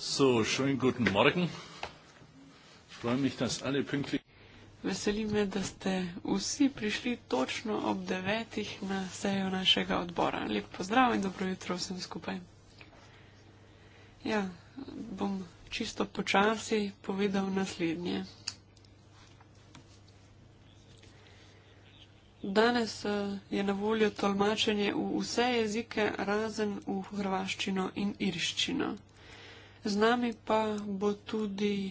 So, schönen guten Morgen. Ich freue mich, dass alle pünktlich. Veseli me, da ste vsi prišli točno ob devetih na sejo našega odbora. Lep pozdrav in dobro jutro vsem skupaj. Ja, bom čisto počasi povedal naslednje. Danes eh, je na voljo tolmačenje v vse jezike, razen v hrvaščino in irščino. Z nami pa bo tudi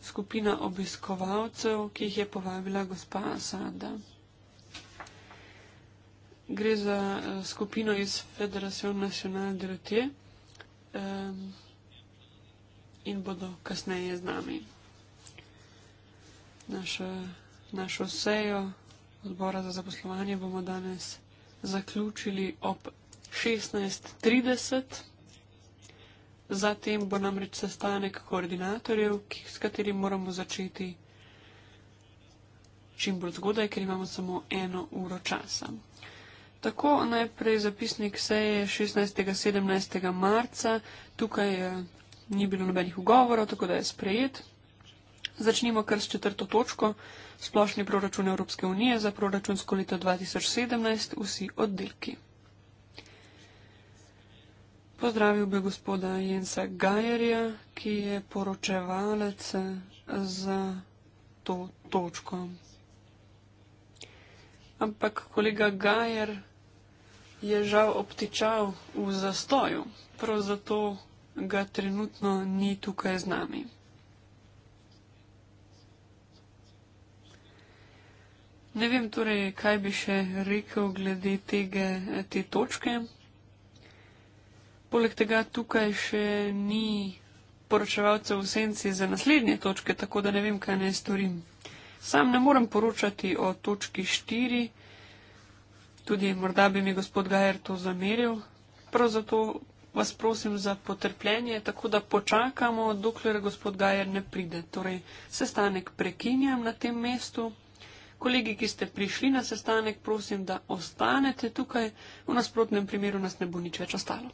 skupina obiskovalcev, ki jih je povabila gospa Asada. Gre za eh, skupino iz Federacion National Dirotje um, ehm, in bodo kasneje z nami. Naša, našo sejo odbora za zaposlovanje bomo danes zaključili ob 16.30. Zatem bo namreč sestanek koordinatorjev, s katerim moramo začeti čim bolj zgodaj, ker imamo samo eno uro časa. Tako najprej zapisnik seje 16.17. marca, tukaj eh, ni bilo nobenih ugovorov, tako da je sprejet. Začnimo kar s četrto točko, splošni proračun Evropske unije za proračunsko leto 2017, vsi oddelki. Pozdravil bi gospoda Jensa Gajerja, ki je poročevalec za to točko. Ampak kolega Gajer je žal obtičal v zastoju, prav zato ga trenutno ni tukaj z nami. Ne vem torej, kaj bi še rekel glede tega, te točke. Poleg tega tukaj še ni poročevalcev v senci za naslednje točke, tako da ne vem, kaj naj storim. Sam ne morem poročati o točki 4, tudi morda bi mi gospod Gajer to zameril. Prav zato vas prosim za potrpljenje, tako da počakamo, dokler gospod Gajer ne pride. Torej, sestanek prekinjam na tem mestu. Kolegi, ki ste prišli na sestanek, prosim, da ostanete tukaj, v nasprotnem primeru nas ne bo nič več ostalo.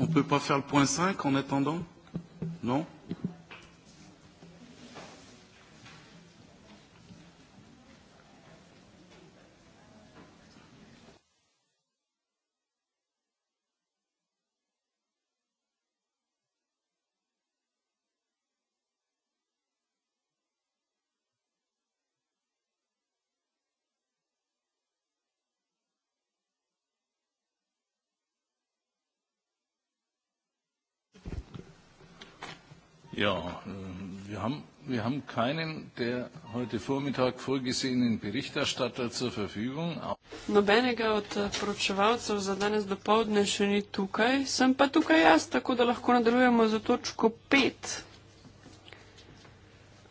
on ne peut pas faire le point cinq en attendant? non? Ja, wir haben, wir haben keinen der heute Vormittag vorgesehenen Berichterstatter zur Verfügung. Nobenega od eh, poročevalcev za danes do povdne še ni tukaj, sem pa tukaj jaz, tako da lahko nadaljujemo za točko 5.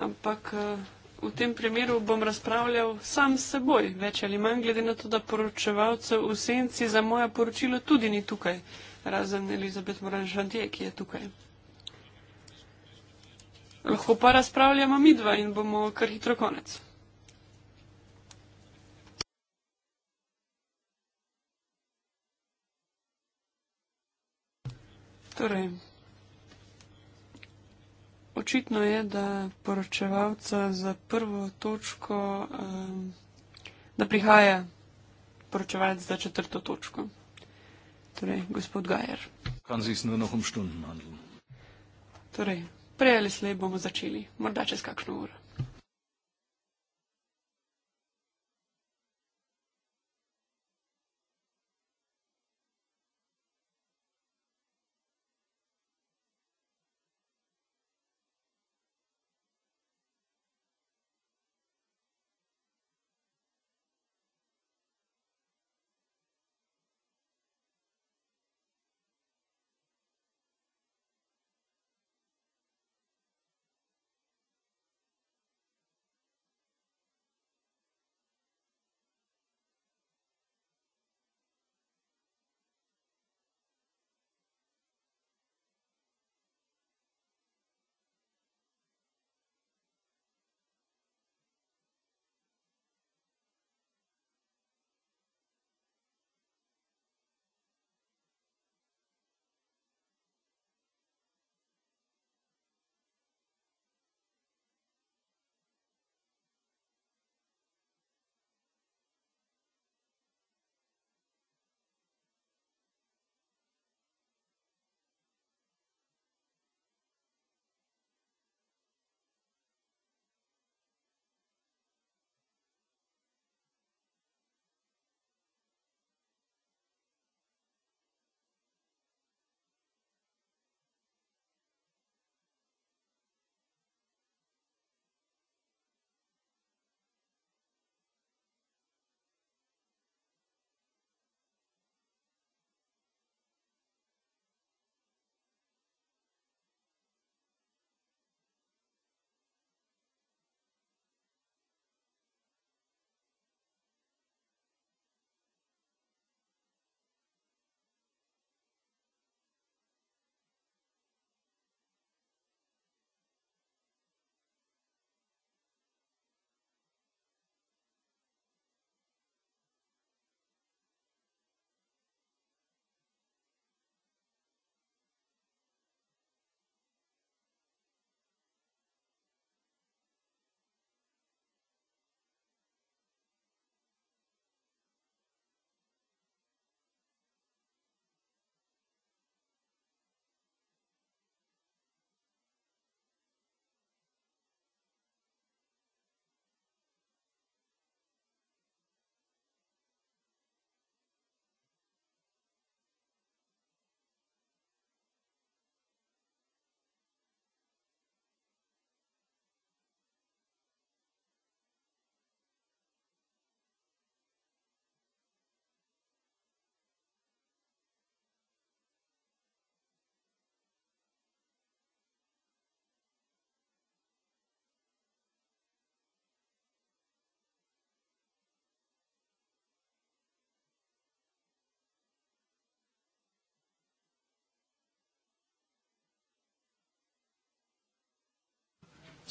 Ampak eh, v tem primeru bom razpravljal sam s seboj, več ali manj, glede na to, da poročevalcev v senci za moja poročilo tudi ni tukaj, razen Elizabet Moran Žandje, ki je tukaj. Lahko pa razpravljamo midva in bomo kar hitro konec. Torej, očitno je, da poročevalca za prvo točko, ehm, da prihaja poročevalec za četrto točko. Torej, gospod Gajer. Kan si snu noh um štunden handlu. Torej, prej ali slej bomo začeli, morda čez kakšno uro.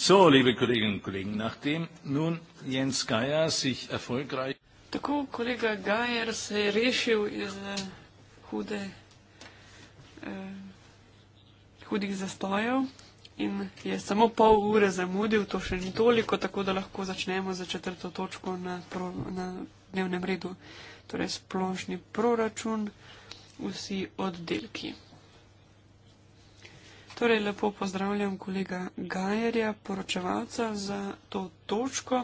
So, liebe Kolleginnen und Kollegen, nachdem nun Jens Geier sich erfolgreich. Tako, kolega Geier se je rešil iz eh, hude, eh, hudih zastojev in je samo pol ure zamudil, to še ni toliko, tako da lahko začnemo za četrto točko na, pro, na dnevnem redu, torej splošni proračun, vsi oddelki. Torej, lepo pozdravljam kolega Gajerja, poročevalca za to točko,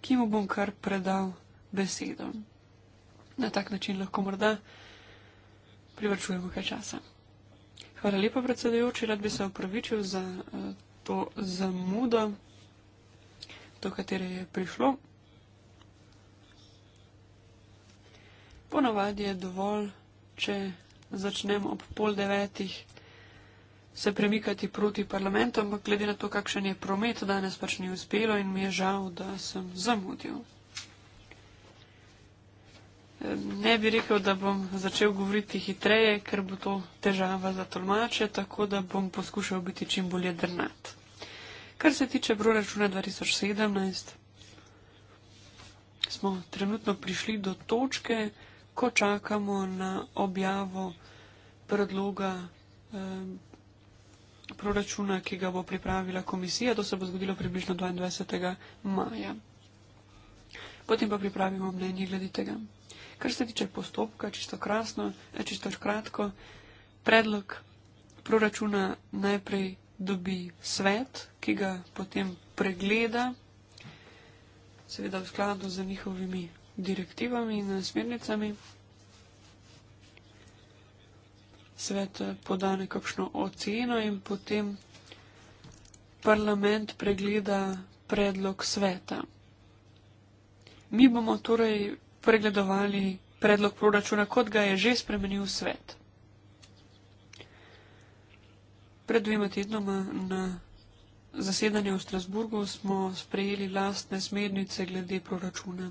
ki mu bom kar predal besedo. Na tak način lahko morda privrčujemo kaj časa. Hvala lepa, predsedajoči, rad bi se opravičil za eh, to zamudo, do katere je prišlo. Ponavadi je dovolj, če začnem ob pol devetih se premikati proti parlamentu, ampak glede na to, kakšen je promet, danes pač ni uspelo in mi je žal, da sem zamudil. Ne bi rekel, da bom začel govoriti hitreje, ker bo to težava za tolmače, tako da bom poskušal biti čim bolje drnat. Kar se tiče proračuna 2017, smo trenutno prišli do točke, ko čakamo na objavo predloga eh, proračuna, ki ga bo pripravila komisija. To se bo zgodilo približno 22. maja. Potem pa pripravimo mnenje glede tega. Kar se tiče postopka, čisto, krasno, čisto kratko, predlog proračuna najprej dobi svet, ki ga potem pregleda, seveda v skladu z njihovimi direktivami in smernicami svet eh, poda nekakšno oceno in potem parlament pregleda predlog sveta. Mi bomo torej pregledovali predlog proračuna, kot ga je že spremenil svet. Pred dvema tednoma na zasedanju v Strasburgu smo sprejeli lastne smernice glede proračuna.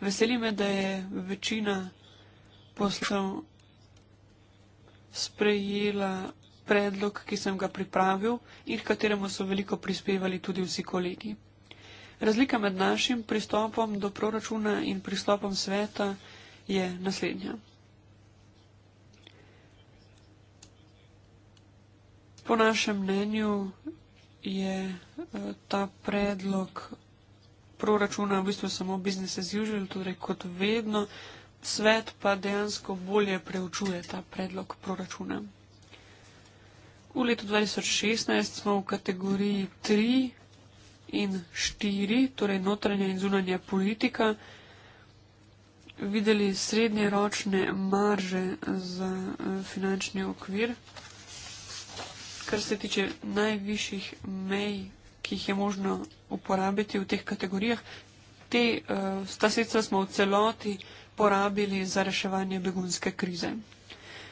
Veseli me, da je večina poslov sprejela predlog, ki sem ga pripravil in k kateremu so veliko prispevali tudi vsi kolegi. Razlika med našim pristopom do proračuna in pristopom sveta je naslednja. Po našem mnenju je eh, ta predlog proračuna v bistvu samo business as usual, torej kot vedno, svet pa dejansko bolje preučuje ta predlog proračuna. V letu 2016 smo v kategoriji 3 in 4, torej notranja in zunanja politika, videli srednjeročne marže za eh, finančni okvir, kar se tiče najvišjih mej, ki jih je možno uporabiti v teh kategorijah. Te, uh, eh, ta sredstva smo v celoti uh, porabili za reševanje begunske krize.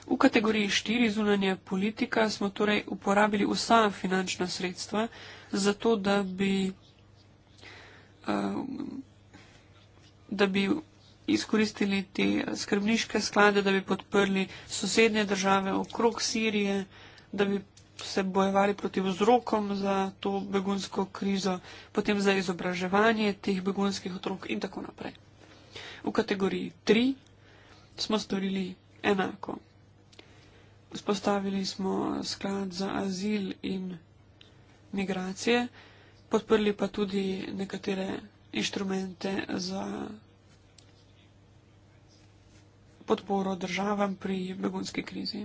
V kategoriji 4 zunanje politika smo torej uporabili vsa finančna sredstva za to, da bi, eh, da bi izkoristili te skrbniške sklade, da bi podprli sosednje države okrog Sirije, da bi se bojevali proti vzrokom za to begunsko krizo, potem za izobraževanje teh begunskih otrok in tako naprej. V kategoriji 3 smo storili enako. Vzpostavili smo sklad za azil in migracije, podprli pa tudi nekatere inštrumente za podporo državam pri begunski krizi.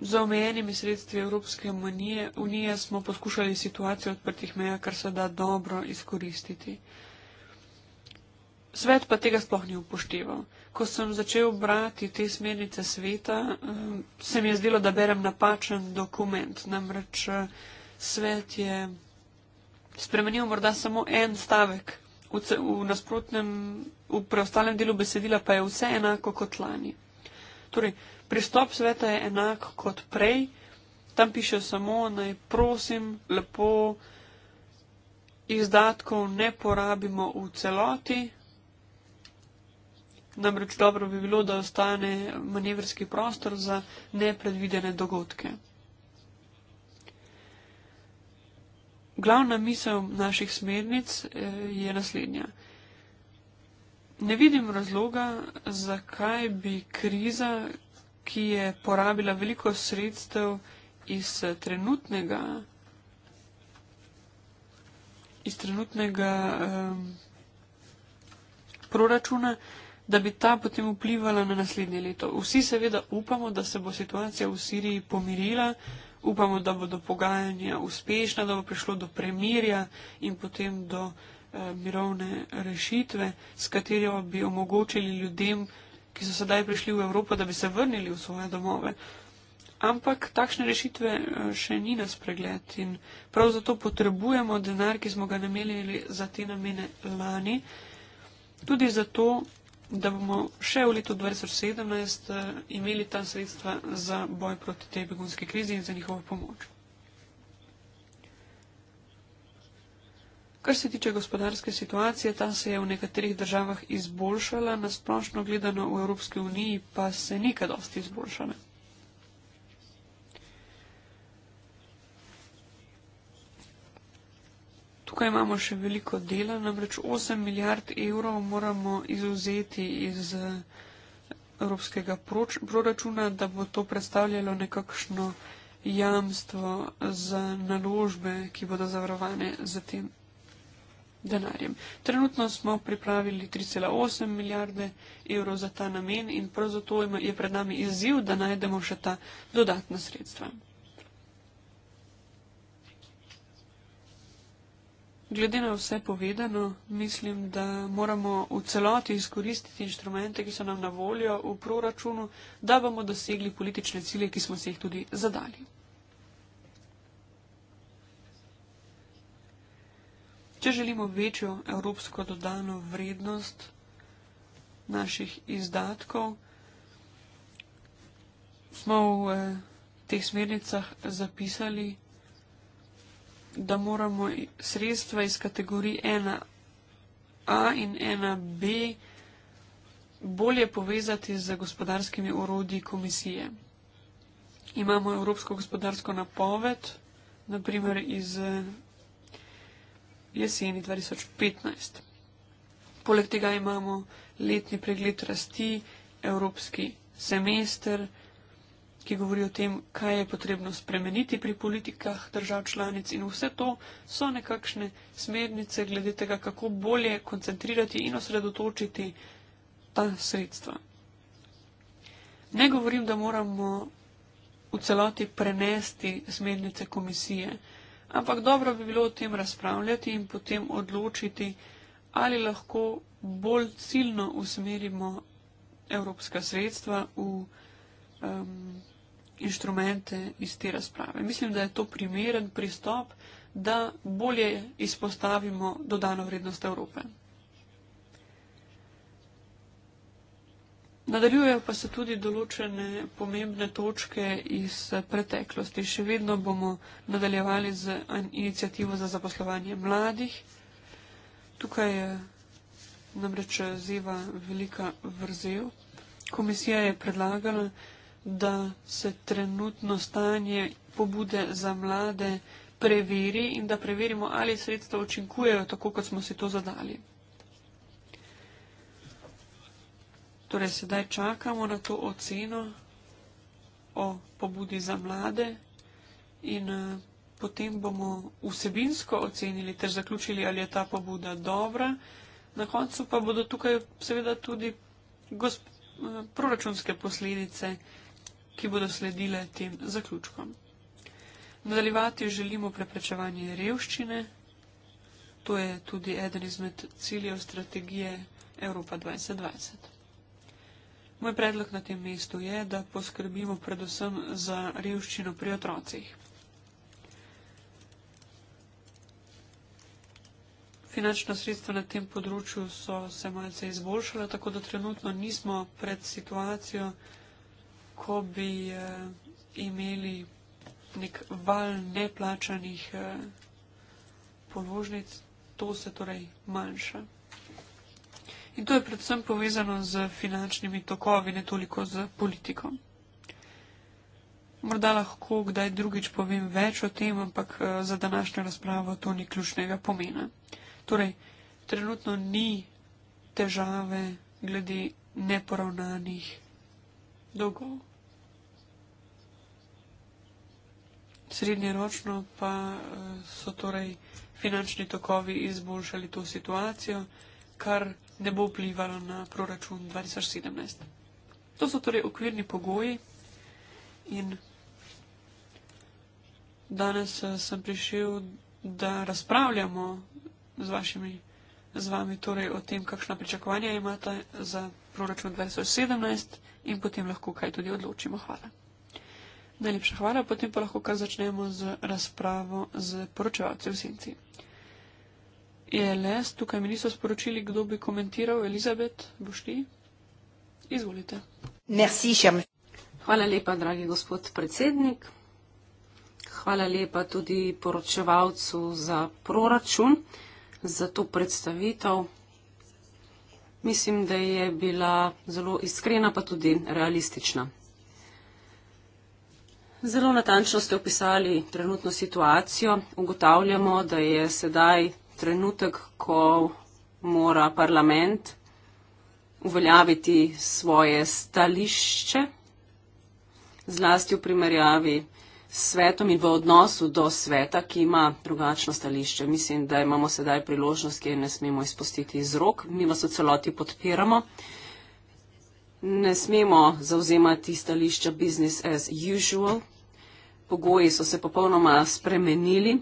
Z omejenimi sredstvi Evropske unije, unije smo poskušali situacijo odprtih meja, kar se da dobro izkoristiti. Svet pa tega sploh ni upošteval. Ko sem začel brati te smernice sveta, eh, se mi je zdelo, da berem napačen dokument. Namreč eh, svet je spremenil morda samo en stavek, v, v, v preostalem delu besedila pa je vse enako kot lani. Torej, pristop sveta je enak kot prej, tam piše samo naj prosim, lepo izdatkov ne porabimo v celoti. Namreč dobro bi bilo, da ostane manevrski prostor za nepredvidene dogodke. Glavna misel naših smernic eh, je naslednja. Ne vidim razloga, zakaj bi kriza, ki je porabila veliko sredstev iz eh, trenutnega, iz trenutnega um, proračuna, da bi ta potem vplivala na naslednje leto. Vsi seveda upamo, da se bo situacija v Siriji pomirila, upamo, da bodo pogajanja uspešna, da bo prišlo do premirja in potem do. Eh, mirovne rešitve, s katero bi omogočili ljudem, ki so sedaj prišli v Evropo, da bi se vrnili v svoje domove. Ampak takšne rešitve eh, še ni na spregled in prav zato potrebujemo denar, ki smo ga namenili za te namene lani, tudi zato, da bomo še v letu 2017 eh, imeli ta sredstva za boj proti tej begunski krizi in za njihovo pomoč. Kar se tiče gospodarske situacije, ta se je v nekaterih državah izboljšala, nasplošno gledano v Evropski uniji pa se ni kaj dosti izboljšala. Tukaj imamo še veliko dela, namreč 8 milijard evrov moramo izuzeti iz eh, evropskega proračuna, da bo to predstavljalo nekakšno jamstvo za naložbe, ki bodo zavarovane za tem denarjem. Trenutno smo pripravili 3,8 milijarde evrov za ta namen in prav zato je pred nami izziv, da najdemo še ta dodatna sredstva. Glede na vse povedano, mislim, da moramo v celoti izkoristiti inštrumente, ki so nam na voljo v proračunu, da bomo dosegli politične cilje, ki smo se jih tudi zadali. Če želimo večjo evropsko dodano vrednost naših izdatkov, smo v eh, teh smernicah zapisali, da moramo sredstva iz kategorij 1a in 1b bolje povezati z gospodarskimi orodji komisije. Imamo Evropsko gospodarsko napoved, naprimer iz eh, jeseni 2015. Poleg tega imamo letni pregled rasti, evropski semester, ki govori o tem, kaj je potrebno spremeniti pri politikah držav članic in vse to so nekakšne smernice glede tega, kako bolje koncentrirati in osredotočiti ta sredstva. Ne govorim, da moramo v celoti prenesti smernice komisije. Ampak dobro bi bilo o tem razpravljati in potem odločiti, ali lahko bolj ciljno usmerimo evropska sredstva v um, inštrumente iz te razprave. Mislim, da je to primeren pristop, da bolje izpostavimo dodano vrednost Evrope. Nadaljujejo pa se tudi določene pomembne točke iz preteklosti. Še vedno bomo nadaljevali z inicijativo za zaposlovanje mladih. Tukaj je eh, namreč eh, zeva velika vrzel. Komisija je predlagala, da se trenutno stanje pobude za mlade preveri in da preverimo, ali sredstva učinkujejo tako, kot smo si to zadali. Torej, sedaj čakamo na to oceno o pobudi za mlade in uh, potem bomo vsebinsko ocenili ter zaključili, ali je ta pobuda dobra. Na koncu pa bodo tukaj seveda tudi gosp, uh, proračunske posledice, ki bodo sledile tem zaključkom. Nadaljevati želimo preprečevanje revščine. To je tudi eden izmed ciljev strategije Evropa 2020. Moj predlog na tem mestu je, da poskrbimo predvsem za revščino pri otrocih. Finančna sredstva na tem področju so se malce izboljšala, tako da trenutno nismo pred situacijo, ko bi eh, imeli nek val neplačanih eh, položnic, to se torej manjša. In to je predvsem povezano z finančnimi tokovi, ne toliko z politiko. Morda lahko kdaj drugič povem več o tem, ampak eh, za današnjo razpravo to ni ključnega pomena. Torej, trenutno ni težave glede neporavnanih dolgov. Srednjeročno pa eh, so torej finančni tokovi izboljšali to situacijo, kar ne bo vplivalo na proračun 2017. To so torej okvirni pogoji in danes eh, sem prišel, da razpravljamo z, vašimi, z vami torej o tem, kakšna pričakovanja imate za proračun 2017 in potem lahko kaj tudi odločimo. Hvala. Najlepša hvala, potem pa lahko kar začnemo z razpravo z poročevalci v Senci. ELS, tukaj mi niso sporočili, kdo bi komentiral. Elizabet, boš ti? Izvolite. Merci, Hvala lepa, dragi gospod predsednik. Hvala lepa tudi poročevalcu za proračun, za to predstavitev. Mislim, da je bila zelo iskrena, pa tudi realistična. Zelo natančno ste opisali trenutno situacijo. Ugotavljamo, da je sedaj trenutek, ko mora parlament uveljaviti svoje stališče, zlasti v primerjavi s svetom in v odnosu do sveta, ki ima drugačno stališče. Mislim, da imamo sedaj priložnost, ki je ne smemo izpustiti iz rok. Mi vas v celoti podpiramo. Ne smemo zauzemati stališča business as usual. Pogoji so se popolnoma spremenili.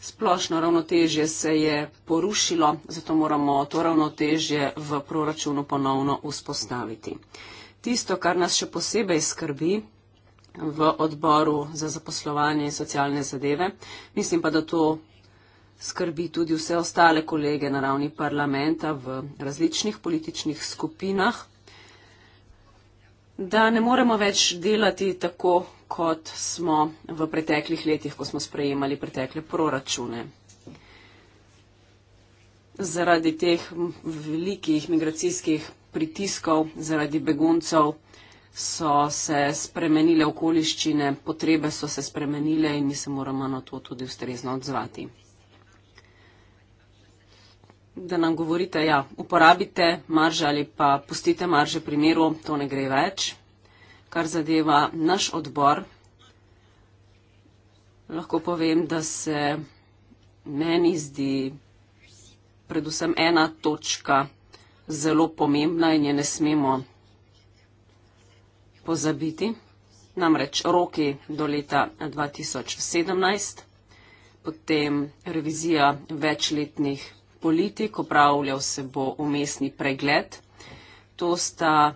Splošno ravnotežje se je porušilo, zato moramo to ravnotežje v proračunu ponovno vzpostaviti. Tisto, kar nas še posebej skrbi v odboru za zaposlovanje in socialne zadeve, mislim pa, da to skrbi tudi vse ostale kolege na ravni parlamenta v različnih političnih skupinah, da ne moremo več delati tako, kot smo v preteklih letih, ko smo sprejemali pretekle proračune. Zaradi teh velikih migracijskih pritiskov, zaradi beguncev so se spremenile okoliščine, potrebe so se spremenile in mi se moramo na to tudi ustrezno odzvati da nam govorite, ja, uporabite marže ali pa pustite marže pri miru, to ne gre več. Kar zadeva naš odbor, lahko povem, da se meni zdi predvsem ena točka zelo pomembna in je ne smemo pozabiti. Namreč roki do leta 2017, potem revizija večletnih politik, opravljal se bo umestni pregled. To sta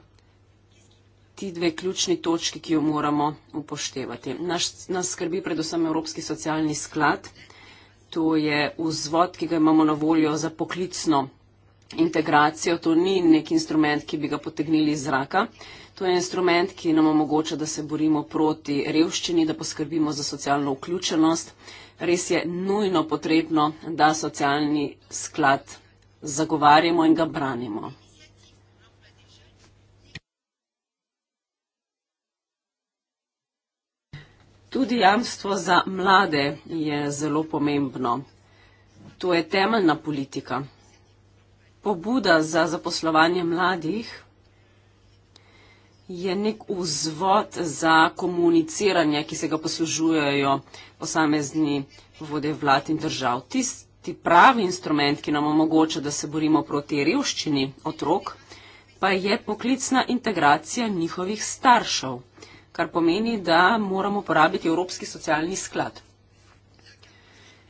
ti dve ključni točki, ki jo moramo upoštevati. Naš, nas skrbi predvsem Evropski socialni sklad. To je vzvod, ki ga imamo na voljo za poklicno integracijo. To ni nek instrument, ki bi ga potegnili iz zraka. To je instrument, ki nam omogoča, da se borimo proti revščini, da poskrbimo za socialno vključenost, res je nujno potrebno, da socialni sklad zagovarjamo in ga branimo. Tudi jamstvo za mlade je zelo pomembno. To je temeljna politika. Pobuda za zaposlovanje mladih je nek vzvod za komuniciranje, ki se ga poslužujejo posamezni vode vlad in držav. Tisti pravi instrument, ki nam omogoča, da se borimo proti revščini otrok, pa je poklicna integracija njihovih staršev, kar pomeni, da moramo porabiti Evropski socialni sklad.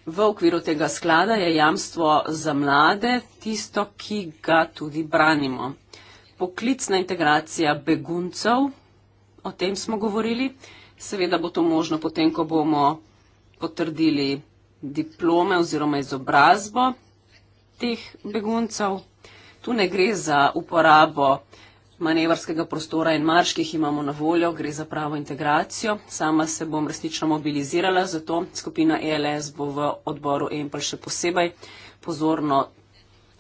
V okviru tega sklada je jamstvo za mlade tisto, ki ga tudi branimo poklicna integracija beguncev, o tem smo govorili. Seveda bo to možno potem, ko bomo potrdili diplome oziroma izobrazbo teh beguncev. Tu ne gre za uporabo manevrskega prostora in marš, ki jih imamo na voljo, gre za pravo integracijo. Sama se bom resnično mobilizirala, zato skupina ELS bo v odboru EMPL še posebej pozorno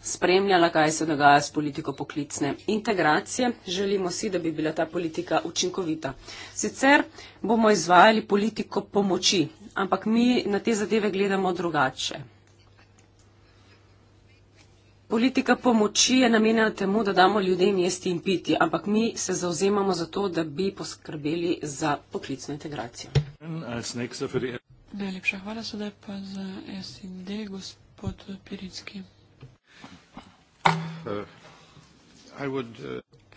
spremljala, kaj se dogaja s politiko poklicne integracije. Želimo si, da bi bila ta politika učinkovita. Sicer bomo izvajali politiko pomoči, ampak mi na te zadeve gledamo drugače. Politika pomoči je namenjena temu, da damo ljudem jesti in piti, ampak mi se zauzemamo za to, da bi poskrbeli za poklicno integracijo. Najlepša hvala sedaj pa za SND, gospod Piricki. Uh, uh,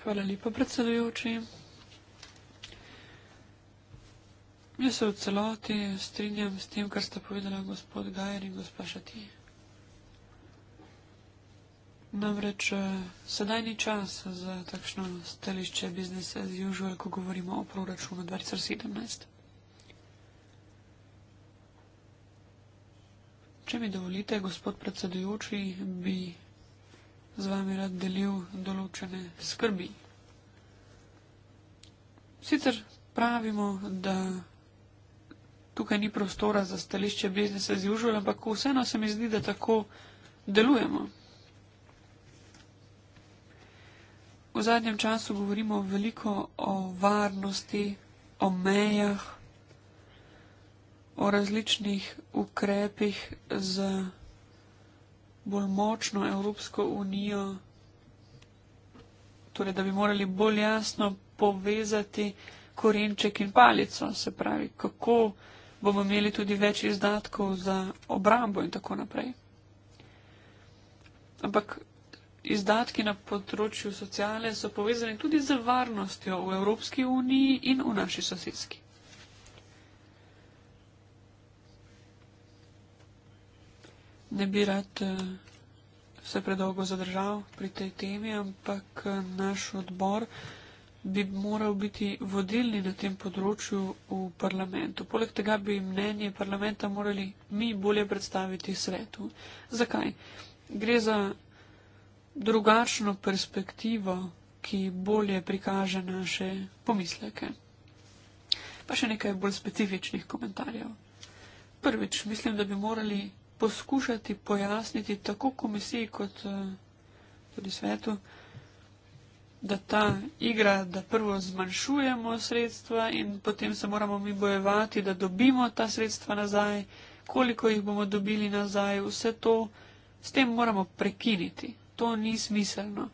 Hvala lepa, predsedujoči. Jaz se v celoti strinjam s tem, kar ste povedali gospod Gajer in gospa Šati. Namreč eh, sedaj ni čas za takšno stališče business as usual, ko govorimo o proračunu 2017. Če mi dovolite, gospod predsedujoči, bi z vami rad delil določene skrbi. Sicer pravimo, da tukaj ni prostora za stališče biznesa z južo, ampak vseeno se mi zdi, da tako delujemo. V zadnjem času govorimo veliko o varnosti, o mejah, o različnih ukrepih za bolj močno Evropsko unijo, torej da bi morali bolj jasno povezati korenček in palico, se pravi, kako bomo imeli tudi več izdatkov za obrambo in tako naprej. Ampak izdatki na področju sociale so povezani tudi z varnostjo v Evropski uniji in v naši sosedski. ne bi rad eh, se predolgo zadržal pri tej temi, ampak eh, naš odbor bi moral biti vodilni na tem področju v parlamentu. Poleg tega bi mnenje parlamenta morali mi bolje predstaviti svetu. Zakaj? Gre za drugačno perspektivo, ki bolje prikaže naše pomisleke. Pa še nekaj bolj specifičnih komentarjev. Prvič, mislim, da bi morali poskušati pojasniti tako komisiji kot eh, tudi svetu, da ta igra, da prvo zmanjšujemo sredstva in potem se moramo mi bojevati, da dobimo ta sredstva nazaj, koliko jih bomo dobili nazaj, vse to, s tem moramo prekiniti. To ni smiselno.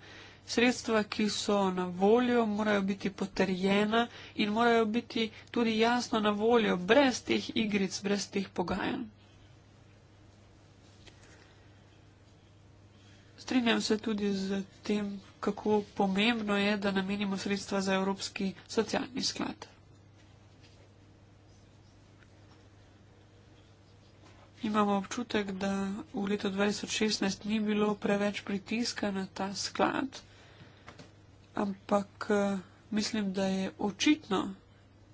Sredstva, ki so na voljo, morajo biti potrjena in morajo biti tudi jasno na voljo, brez teh igric, brez teh pogajanj. Strinjam se tudi z tem, kako pomembno je, da namenimo sredstva za Evropski socialni sklad. Imamo občutek, da v letu 2016 ni bilo preveč pritiska na ta sklad, ampak eh, mislim, da je očitno,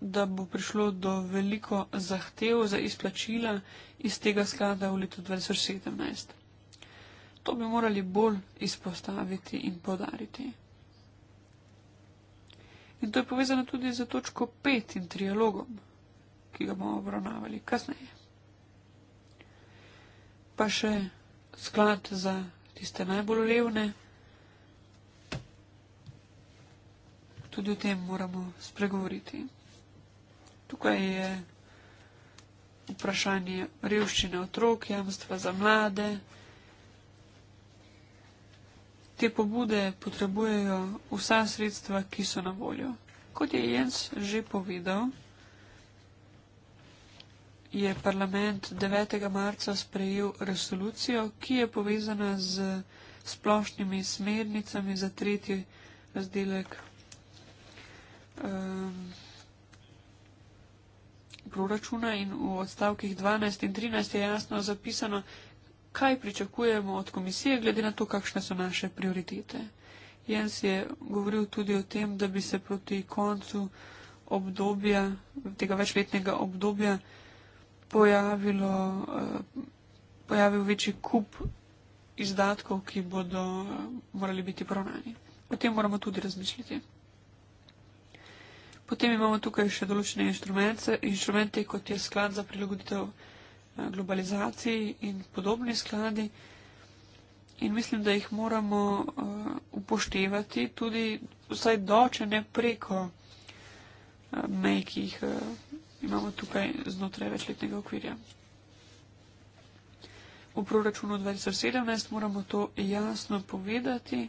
da bo prišlo do veliko zahtev za izplačila iz tega sklada v letu 2017. To bi morali bolj izpostaviti in podariti. In to je povezano tudi z točko 5 in trialogom, ki ga bomo obravnavali kasneje. Pa še sklad za tiste najbolj levne. Tudi o tem moramo spregovoriti. Tukaj je vprašanje revščine otrok, jamstva za mlade te pobude potrebujejo vsa sredstva, ki so na voljo. Kot je Jens že povedal, je parlament 9. marca sprejel resolucijo, ki je povezana z splošnimi smernicami za tretji razdelek um, proračuna in v odstavkih 12 in 13 je jasno zapisano, kaj pričakujemo od komisije, glede na to, kakšne so naše prioritete. Jens je govoril tudi o tem, da bi se proti koncu obdobja, tega večletnega obdobja, pojavilo, eh, pojavil večji kup izdatkov, ki bodo eh, morali biti poravnani. O tem moramo tudi razmišljati. Potem imamo tukaj še določene inštrumente, inštrumente kot je sklad za prilagoditev Eh, globalizaciji in podobni skladi. In mislim, da jih moramo uh, upoštevati tudi vsaj doče ne preko uh, mej, ki jih uh, imamo tukaj znotraj večletnega okvirja. V proračunu 2017 moramo to jasno povedati,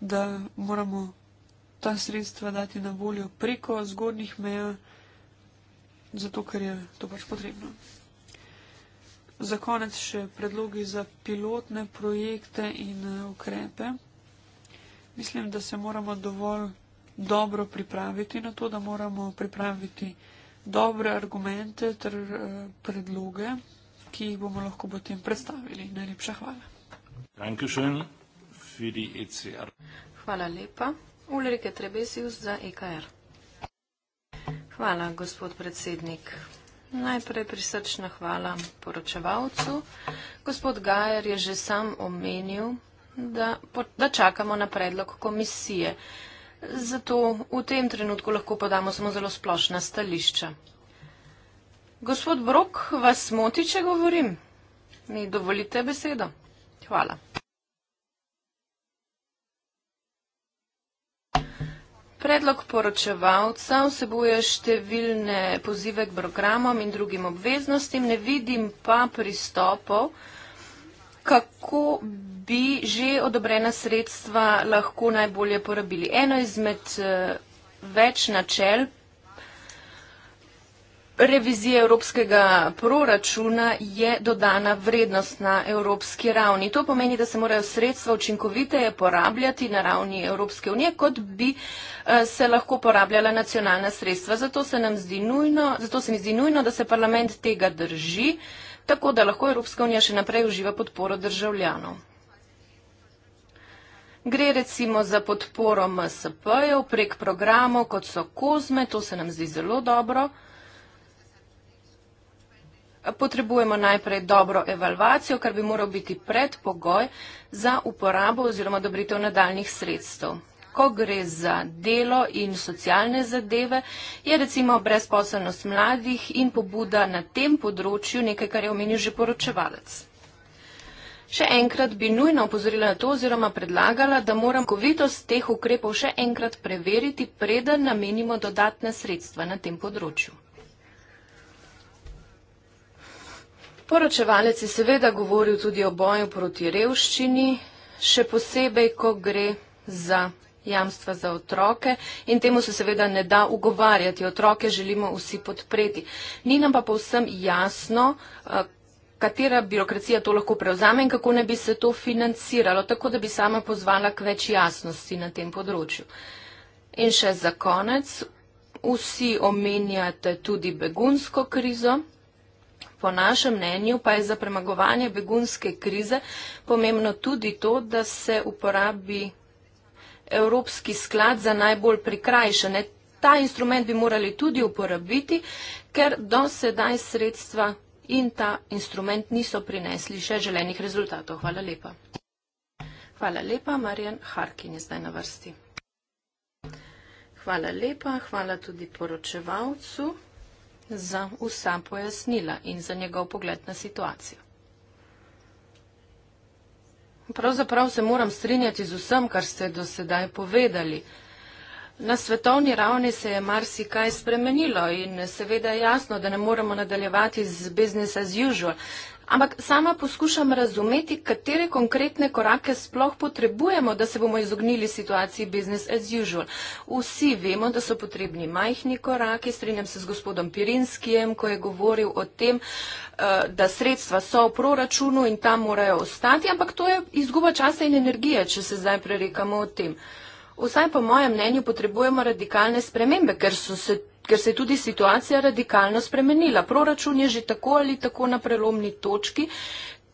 da moramo ta sredstva dati na voljo preko zgodnjih meja zato ker je to pač potrebno. Za konec še predlogi za pilotne projekte in eh, ukrepe. Mislim, da se moramo dovolj dobro pripraviti na to, da moramo pripraviti dobre argumente ter eh, predloge, ki jih bomo lahko potem predstavili. Najlepša hvala. E hvala lepa. Ulrike Trebesius za EKR. Hvala, gospod predsednik. Najprej prisrčna hvala poročevalcu. Gospod Gajer je že sam omenil, da, da čakamo na predlog komisije. Zato v tem trenutku lahko podamo samo zelo splošna stališča. Gospod Brok, vas moti, če govorim? Mi dovolite besedo. Hvala. Predlog poročevalca vsebuje številne pozive k programom in drugim obveznostim, ne vidim pa pristopov, kako bi že odobrena sredstva lahko najbolje porabili. Eno izmed eh, več načel revizije evropskega proračuna je dodana vrednost na evropski ravni. To pomeni, da se morajo sredstva učinkoviteje porabljati na ravni Evropske unije, kot bi eh, se lahko porabljala nacionalna sredstva. Zato se, nujno, zato se mi zdi nujno, da se parlament tega drži, tako da lahko Evropska unija še naprej uživa podporo državljanov. Gre recimo za podporo MSP-jev prek programov, kot so kozme, to se nam zdi zelo dobro potrebujemo najprej dobro evalvacijo, kar bi moral biti predpogoj za uporabo oziroma dobritev nadaljnih sredstev. Ko gre za delo in socialne zadeve, je recimo brezposobnost mladih in pobuda na tem področju nekaj, kar je omenil že poročevalec. Še enkrat bi nujno opozorila na to oziroma predlagala, da moram kovitost teh ukrepov še enkrat preveriti, preden namenimo dodatne sredstva na tem področju. Poročevalec je seveda govoril tudi o boju proti revščini, še posebej, ko gre za jamstva za otroke in temu se seveda ne da ugovarjati. Otroke želimo vsi podpreti. Ni nam pa povsem jasno, katera birokracija to lahko prevzame in kako ne bi se to financiralo, tako da bi sama pozvala k več jasnosti na tem področju. In še za konec, vsi omenjate tudi begunsko krizo. Po našem mnenju pa je za premagovanje begunske krize pomembno tudi to, da se uporabi Evropski sklad za najbolj prikrajšene. Ta instrument bi morali tudi uporabiti, ker do sedaj sredstva in ta instrument niso prinesli še želenih rezultatov. Hvala lepa. Hvala lepa. Marjan Harkin je zdaj na vrsti. Hvala lepa. Hvala tudi poročevalcu za vsa pojasnila in za njegov pogled na situacijo. Pravzaprav se moram strinjati z vsem, kar ste do sedaj povedali. Na svetovni ravni se je marsikaj spremenilo in seveda je jasno, da ne moremo nadaljevati z business as usual, Ampak sama poskušam razumeti, katere konkretne korake sploh potrebujemo, da se bomo izognili situaciji business as usual. Vsi vemo, da so potrebni majhni koraki. Strinjam se z gospodom Pirinskijem, ko je govoril o tem, eh, da sredstva so v proračunu in tam morajo ostati, ampak to je izguba časa in energije, če se zdaj prerekamo o tem. Vsaj po mojem mnenju potrebujemo radikalne spremembe, ker so se ker se je tudi situacija radikalno spremenila. Proračun je že tako ali tako na prelomni točki.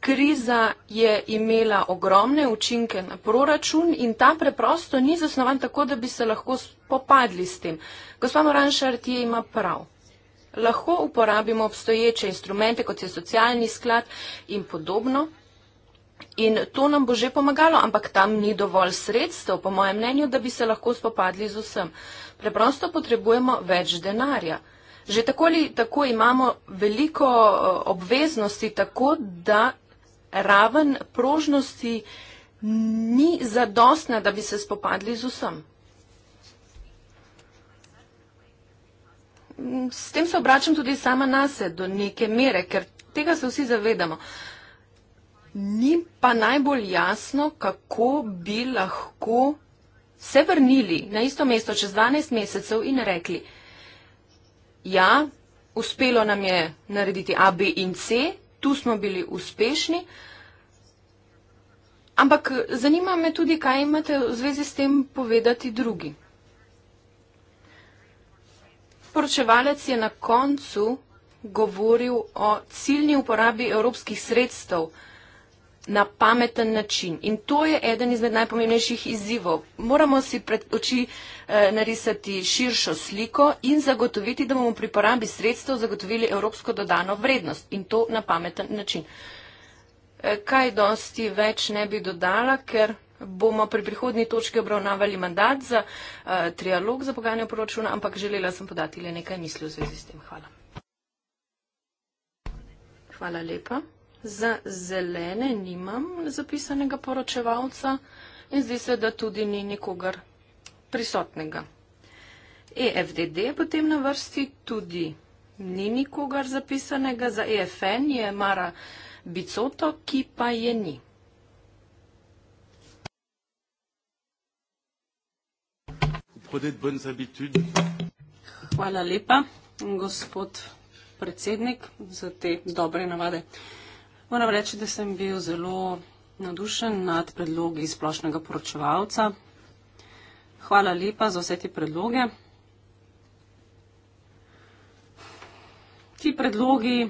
Kriza je imela ogromne učinke na proračun in ta preprosto ni zasnovan tako, da bi se lahko popadli s tem. Gospod Moranšart je ima prav. Lahko uporabimo obstoječe instrumente, kot je socialni sklad in podobno. In to nam bo že pomagalo, ampak tam ni dovolj sredstev, po mojem mnenju, da bi se lahko spopadli z vsem. Uh, Preprosto potrebujemo več denarja. Že tako ali tako imamo veliko eh, obveznosti, tako da raven prožnosti ni zadostna, da bi se spopadli z vsem. Mm, s tem se obračam tudi sama na se, do neke mere, ker tega se vsi zavedamo. Ni pa najbolj jasno, kako bi lahko se vrnili na isto mesto čez 12 mesecev in rekli, ja, uspelo nam je narediti A, B in C, tu smo bili uspešni, ampak zanima me tudi, kaj imate v zvezi s tem povedati drugi. Poročevalec je na koncu govoril o ciljni uporabi evropskih sredstev na pameten način. In to je eden izmed najpomembnejših izzivov. Moramo si pred oči eh, narisati širšo sliko in zagotoviti, da bomo pri porabi sredstev zagotovili evropsko dodano vrednost in to na pameten način. Eh, kaj dosti več ne bi dodala, ker bomo pri prihodnji točki obravnavali mandat za eh, trialog za poganje proračuna, ampak želela sem podati le nekaj misli v zvezi s tem. Hvala. Hvala lepa. Za zelene nimam zapisanega poročevalca in zdi se, da tudi ni nikogar prisotnega. EFDD je potem na vrsti, tudi ni nikogar zapisanega, za EFN je Mara Bicoto, ki pa je ni. Hvala lepa, gospod predsednik, za te dobre navade. Moram reči, da sem bil zelo nadušen nad predlogi splošnega poročevalca. Hvala lepa za vse te predloge. Ti predlogi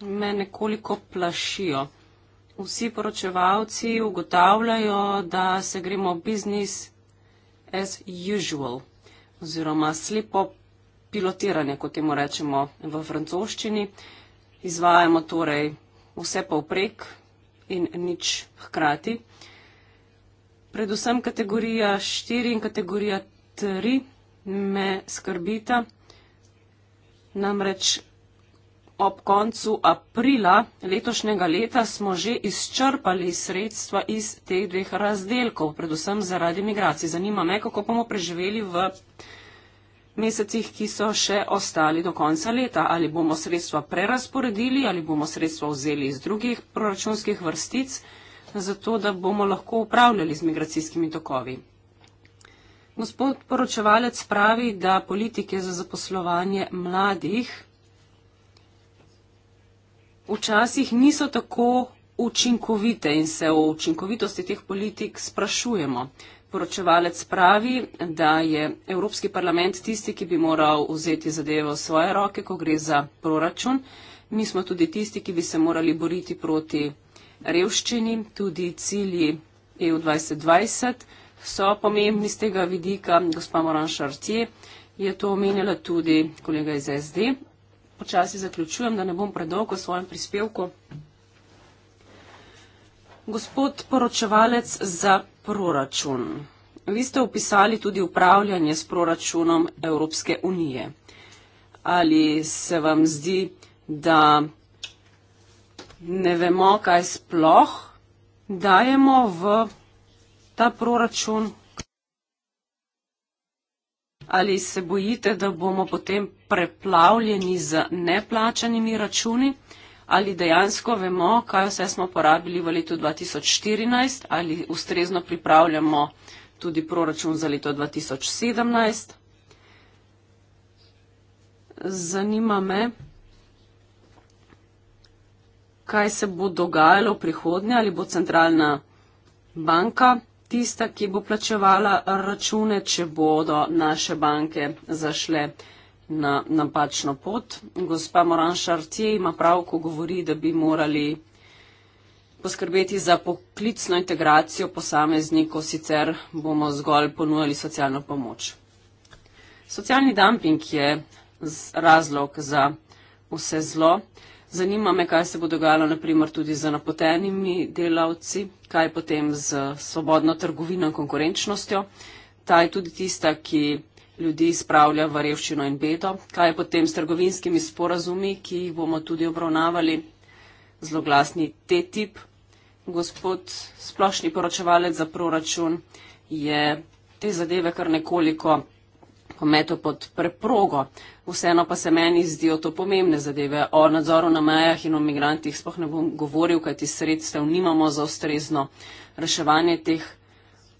me nekoliko plašijo. Vsi poročevalci ugotavljajo, da se gremo business as usual oziroma slepo pilotiranje, kot temu rečemo v francoščini. Izvajamo torej vse povprek in nič hkrati. Predvsem kategorija 4 in kategorija 3 me skrbita. Namreč ob koncu aprila letošnjega leta smo že izčrpali sredstva iz teh dveh razdelkov, predvsem zaradi migracij. Zanima me, kako bomo preživeli v mesecih, ki so še ostali do konca leta. Ali bomo sredstva prerasporedili, ali bomo sredstva vzeli iz drugih proračunskih vrstic, zato da bomo lahko upravljali z migracijskimi tokovi. Gospod poročevalec pravi, da politike za zaposlovanje mladih včasih niso tako učinkovite in se o učinkovitosti teh politik sprašujemo poročevalec pravi, da je Evropski parlament tisti, ki bi moral vzeti zadevo v svoje roke, ko gre za proračun. Mi smo tudi tisti, ki bi se morali boriti proti revščini, tudi cilji EU 2020 so pomembni z tega vidika. Gospa Moran Šartje je to omenjala tudi kolega iz SD. Počasi zaključujem, da ne bom predolgo v svojem prispevku. Gospod poročevalec za proračun. Vi ste opisali tudi upravljanje s proračunom Evropske unije. Ali se vam zdi, da ne vemo, kaj sploh dajemo v ta proračun? Ali se bojite, da bomo potem preplavljeni z neplačanimi računi? ali dejansko vemo, kaj vse smo porabili v letu 2014, ali ustrezno pripravljamo tudi proračun za leto 2017. Zanima me, kaj se bo dogajalo v prihodnje, ali bo centralna banka tista, ki bo plačevala račune, če bodo naše banke zašle na napačno pot. Gospa Moran Šartier ima prav, ko govori, da bi morali poskrbeti za poklicno integracijo posameznikov, sicer bomo zgolj ponujali socialno pomoč. Socialni dumping je razlog za vse zlo. Zanima me, kaj se bo dogajalo naprimer tudi za napotenimi delavci, kaj potem z svobodno trgovino in konkurenčnostjo. Ta je tudi tista, ki ljudi spravlja v revščino in bedo, kaj je potem s trgovinskimi sporazumi, ki jih bomo tudi obravnavali, zloglasni TTIP. Gospod splošni poročevalec za proračun je te zadeve kar nekoliko pometo pod preprogo. Vseeno pa se meni zdijo to pomembne zadeve. O nadzoru na mejah in o migrantih spoh ne bom govoril, kajti sredstev nimamo za ustrezno reševanje teh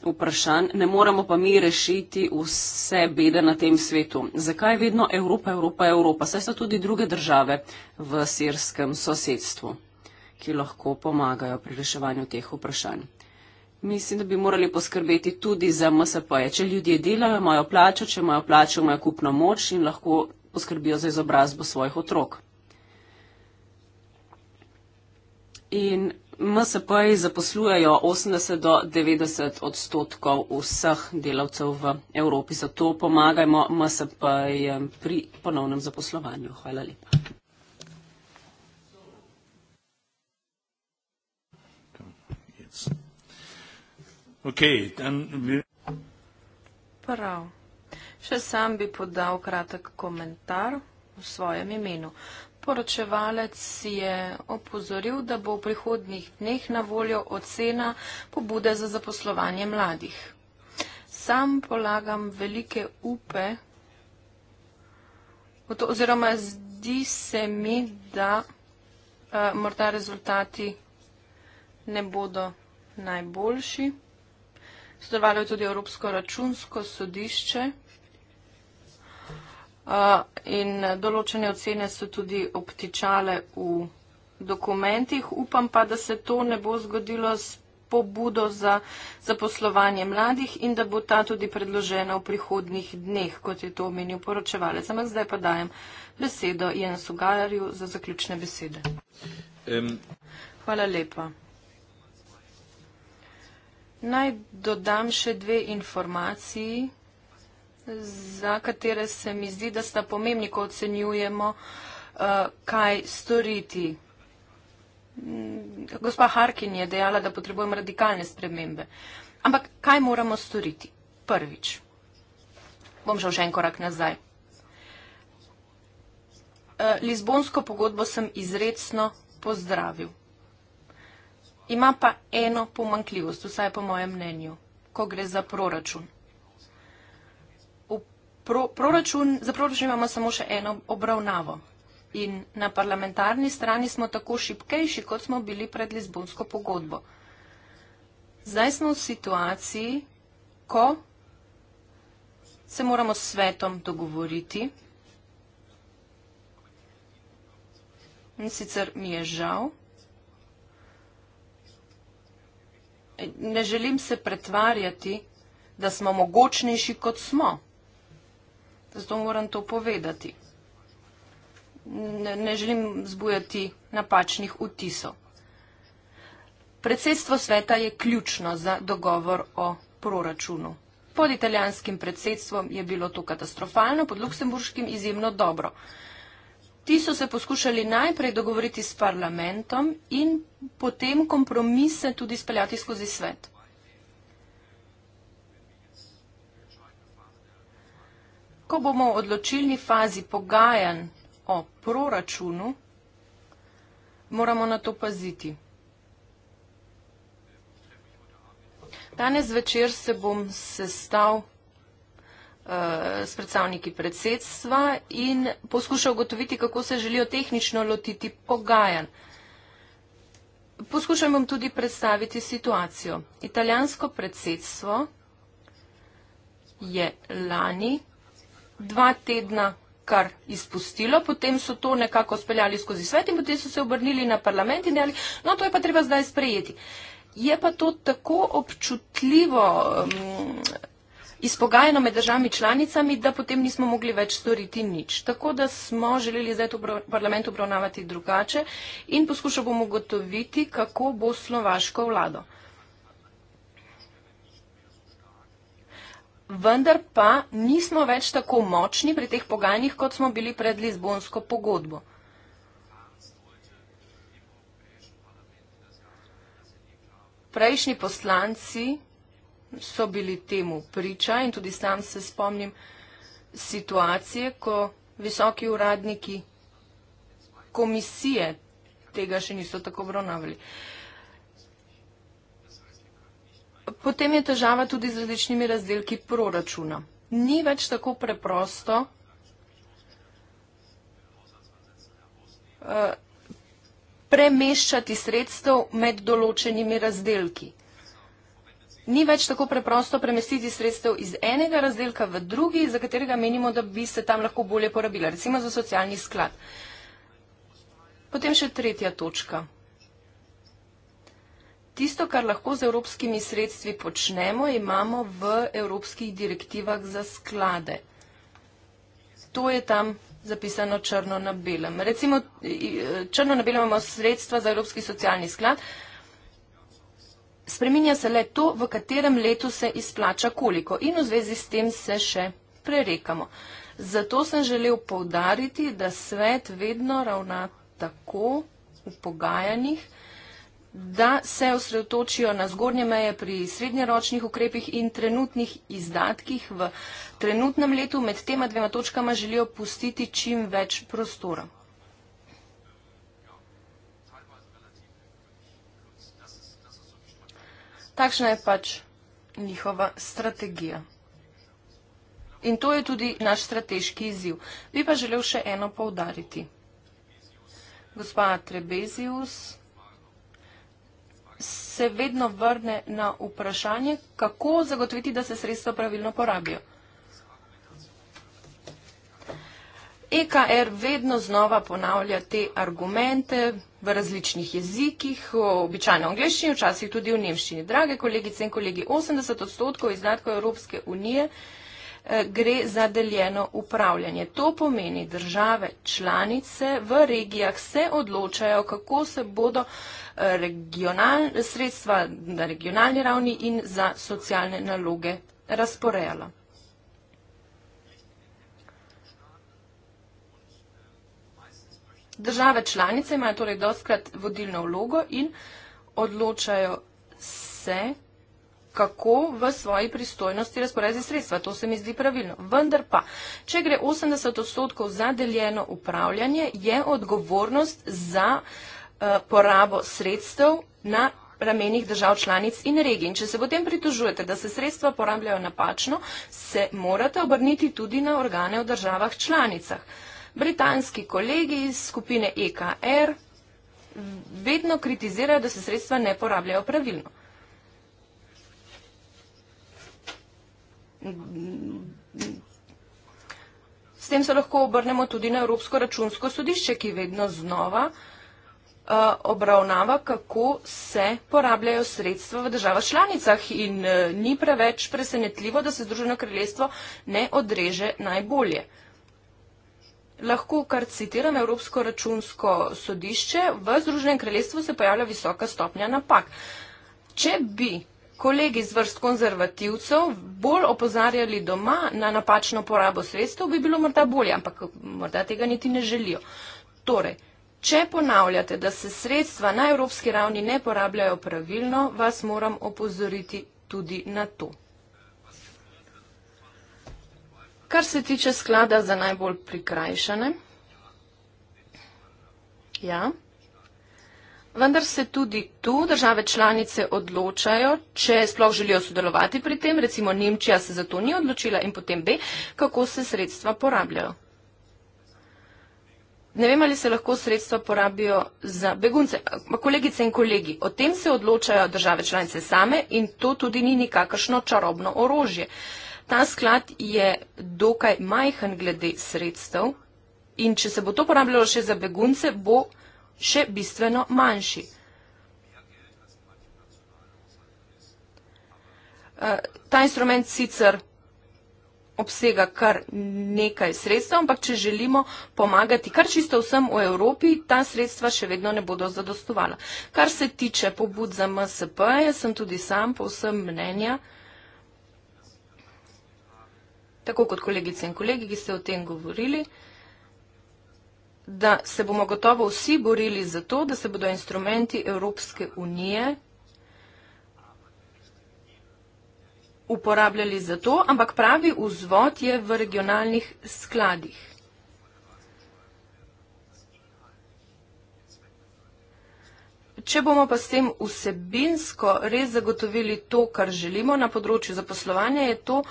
vprašanj, ne moremo pa mi rešiti vse bede na tem svetu. Zakaj vedno Evropa, Evropa, Evropa? Saj so tudi druge države v sirskem sosedstvu, ki lahko pomagajo pri reševanju teh vprašanj. Mislim, da bi morali poskrbeti tudi za MSP-je. Če ljudje delajo, imajo plačo, če imajo plačo, imajo kupno moč in lahko poskrbijo za izobrazbo svojih otrok. In MSP-ji zaposlujejo 80 do 90 odstotkov vseh delavcev v Evropi. Zato pomagajmo MSP-jem pri ponovnem zaposlovanju. Hvala lepa. Prav. Še sam bi podal kratek komentar v svojem imenu. Poročevalec je opozoril, da bo v prihodnih dneh na voljo ocena pobude za zaposlovanje mladih. Sam polagam velike upe, oziroma zdi se mi, da eh, morda rezultati ne bodo najboljši. Sodelovalo je tudi Evropsko računsko sodišče in določene ocene so tudi obtičale v dokumentih. Upam pa, da se to ne bo zgodilo s pobudo za zaposlovanje mladih in da bo ta tudi predložena v prihodnih dneh, kot je to omenil poročevalec. Ampak zdaj pa dajem besedo Jensu Galerju za zaključne besede. Um. Hvala lepa. Naj dodam še dve informaciji za katere se mi zdi, da sta pomembni, ko ocenjujemo, eh, kaj storiti. Mm, gospa Harkin je dejala, da potrebujemo radikalne spremembe. Ampak kaj moramo storiti? Prvič. Bom šel še en korak nazaj. Eh, Lizbonsko pogodbo sem izredno pozdravil. Ima pa eno pomankljivost, vsaj po mojem mnenju, ko gre za proračun pro, proračun, za proračun imamo samo še eno obravnavo. In na parlamentarni strani smo tako šipkejši, kot smo bili pred Lizbonsko pogodbo. Zdaj smo v situaciji, ko se moramo s svetom dogovoriti. In sicer mi je žal. Ne želim se pretvarjati, da smo mogočnejši, kot smo zato moram to povedati. Ne, ne želim zbujati napačnih vtisov. Predsedstvo sveta je ključno za dogovor o proračunu. Pod italijanskim predsedstvom je bilo to katastrofalno, pod luksemburškim izjemno dobro. Ti so se poskušali najprej dogovoriti s parlamentom in potem kompromise tudi speljati skozi svet. ko bomo v odločilni fazi pogajanj o proračunu, moramo na to paziti. Danes večer se bom sestal eh, s predstavniki predsedstva in poskušal gotoviti, kako se želijo tehnično lotiti pogajanj. Poskušam vam tudi predstaviti situacijo. Italijansko predsedstvo je lani dva tedna kar izpustilo, potem so to nekako speljali skozi svet in potem so se obrnili na parlament in dejali, no to je pa treba zdaj sprejeti. Je pa to tako občutljivo um, mm, izpogajeno med državami članicami, da potem nismo mogli več storiti nič. Tako da smo želeli zdaj to parlament obravnavati drugače in poskušali bomo ugotoviti, kako bo slovaško vlado. vendar pa nismo več tako močni pri teh pogajanjih, kot smo bili pred Lizbonsko pogodbo. Prejšnji poslanci so bili temu priča in tudi sam se spomnim situacije, ko visoki uradniki komisije tega še niso tako obravnavali. Uh, Potem je težava tudi z različnimi razdelki proračuna. Ni več tako preprosto eh, premeščati sredstev med določenimi razdelki. Ni več tako preprosto premestiti sredstev iz enega razdelka v drugi, za katerega menimo, da bi se tam lahko bolje porabila, recimo za socialni sklad. Potem še tretja točka. Tisto, kar lahko z evropskimi sredstvi počnemo, imamo v evropskih direktivah za sklade. To je tam zapisano črno na belem. Recimo, črno na belem imamo sredstva za Evropski socialni sklad. Spreminja se le to, v katerem letu se izplača koliko in v zvezi s tem se še prerekamo. Zato sem želel povdariti, da svet vedno ravna tako v pogajanjih, da se osredotočijo na zgornje meje pri srednjeročnih ukrepih in trenutnih izdatkih v trenutnem letu. Med tema dvema točkama želijo pustiti čim več prostora. Takšna je pač njihova strategija. In to je tudi naš strateški izziv. Bi pa želel še eno poudariti. Gospa Trebezius se vedno vrne na vprašanje, kako zagotoviti, da se sredstva pravilno porabijo. EKR er vedno znova ponavlja te argumente v različnih jezikih, običajno v angliščini, včasih tudi v nemščini. Drage kolegice in kolegi, 80 odstotkov izdatkov Evropske unije Eh, gre za deljeno upravljanje. To pomeni, države članice v regijah se odločajo, kako se bodo eh, regional, sredstva na regionalni ravni in za socialne naloge razporejala. Države članice imajo torej doskrat vodilno vlogo in odločajo se, kako v svoji pristojnosti razporedi sredstva. To se mi zdi pravilno. Vendar pa, če gre 80 odstotkov za deljeno upravljanje, je odgovornost za uh, porabo sredstev na ramenih držav članic in regij. In če se potem pritožujete, da se sredstva porabljajo napačno, se morate obrniti tudi na organe v državah članicah. Britanski kolegi iz skupine EKR vedno kritizirajo, da se sredstva ne porabljajo pravilno. S tem se lahko obrnemo tudi na Evropsko računsko sodišče, ki vedno znova eh, obravnava, kako se porabljajo sredstva v državah članicah in eh, ni preveč presenetljivo, da se Združeno kraljestvo ne odreže najbolje. Lahko kar citiram Evropsko računsko sodišče, v Združenem kraljestvu se pojavlja visoka stopnja napak. Če bi kolegi z vrst konzervativcev bolj opozarjali doma na napačno porabo sredstev, bi bilo morda bolje, ampak morda tega niti ne želijo. Torej, če ponavljate, da se sredstva na evropski ravni ne porabljajo pravilno, vas moram opozoriti tudi na to. Kar se tiče sklada za najbolj prikrajšane. Ja. Vendar se tudi tu države članice odločajo, če sploh želijo sodelovati pri tem, recimo Nemčija se za to ni odločila in potem ve, kako se sredstva porabljajo. Ne vem, ali se lahko sredstva porabijo za begunce. Kolegice in kolegi, o tem se odločajo države članice same in to tudi ni nikakršno čarobno orožje. Ta sklad je dokaj majhen glede sredstev in če se bo to porabljalo še za begunce, bo še bistveno manjši. Eh, ta instrument sicer obsega kar nekaj sredstva, ampak če želimo pomagati kar čisto vsem v Evropi, ta sredstva še vedno ne bodo zadostovala. Kar se tiče pobud za MSP, jaz sem tudi sam povsem mnenja, tako kot kolegice in kolegi, ki ste o tem govorili, da se bomo gotovo vsi borili za to, da se bodo instrumenti Evropske unije uporabljali za to, ampak pravi vzvod je v regionalnih skladih. Če bomo pa s tem vsebinsko res zagotovili to, kar želimo na področju zaposlovanja, je to,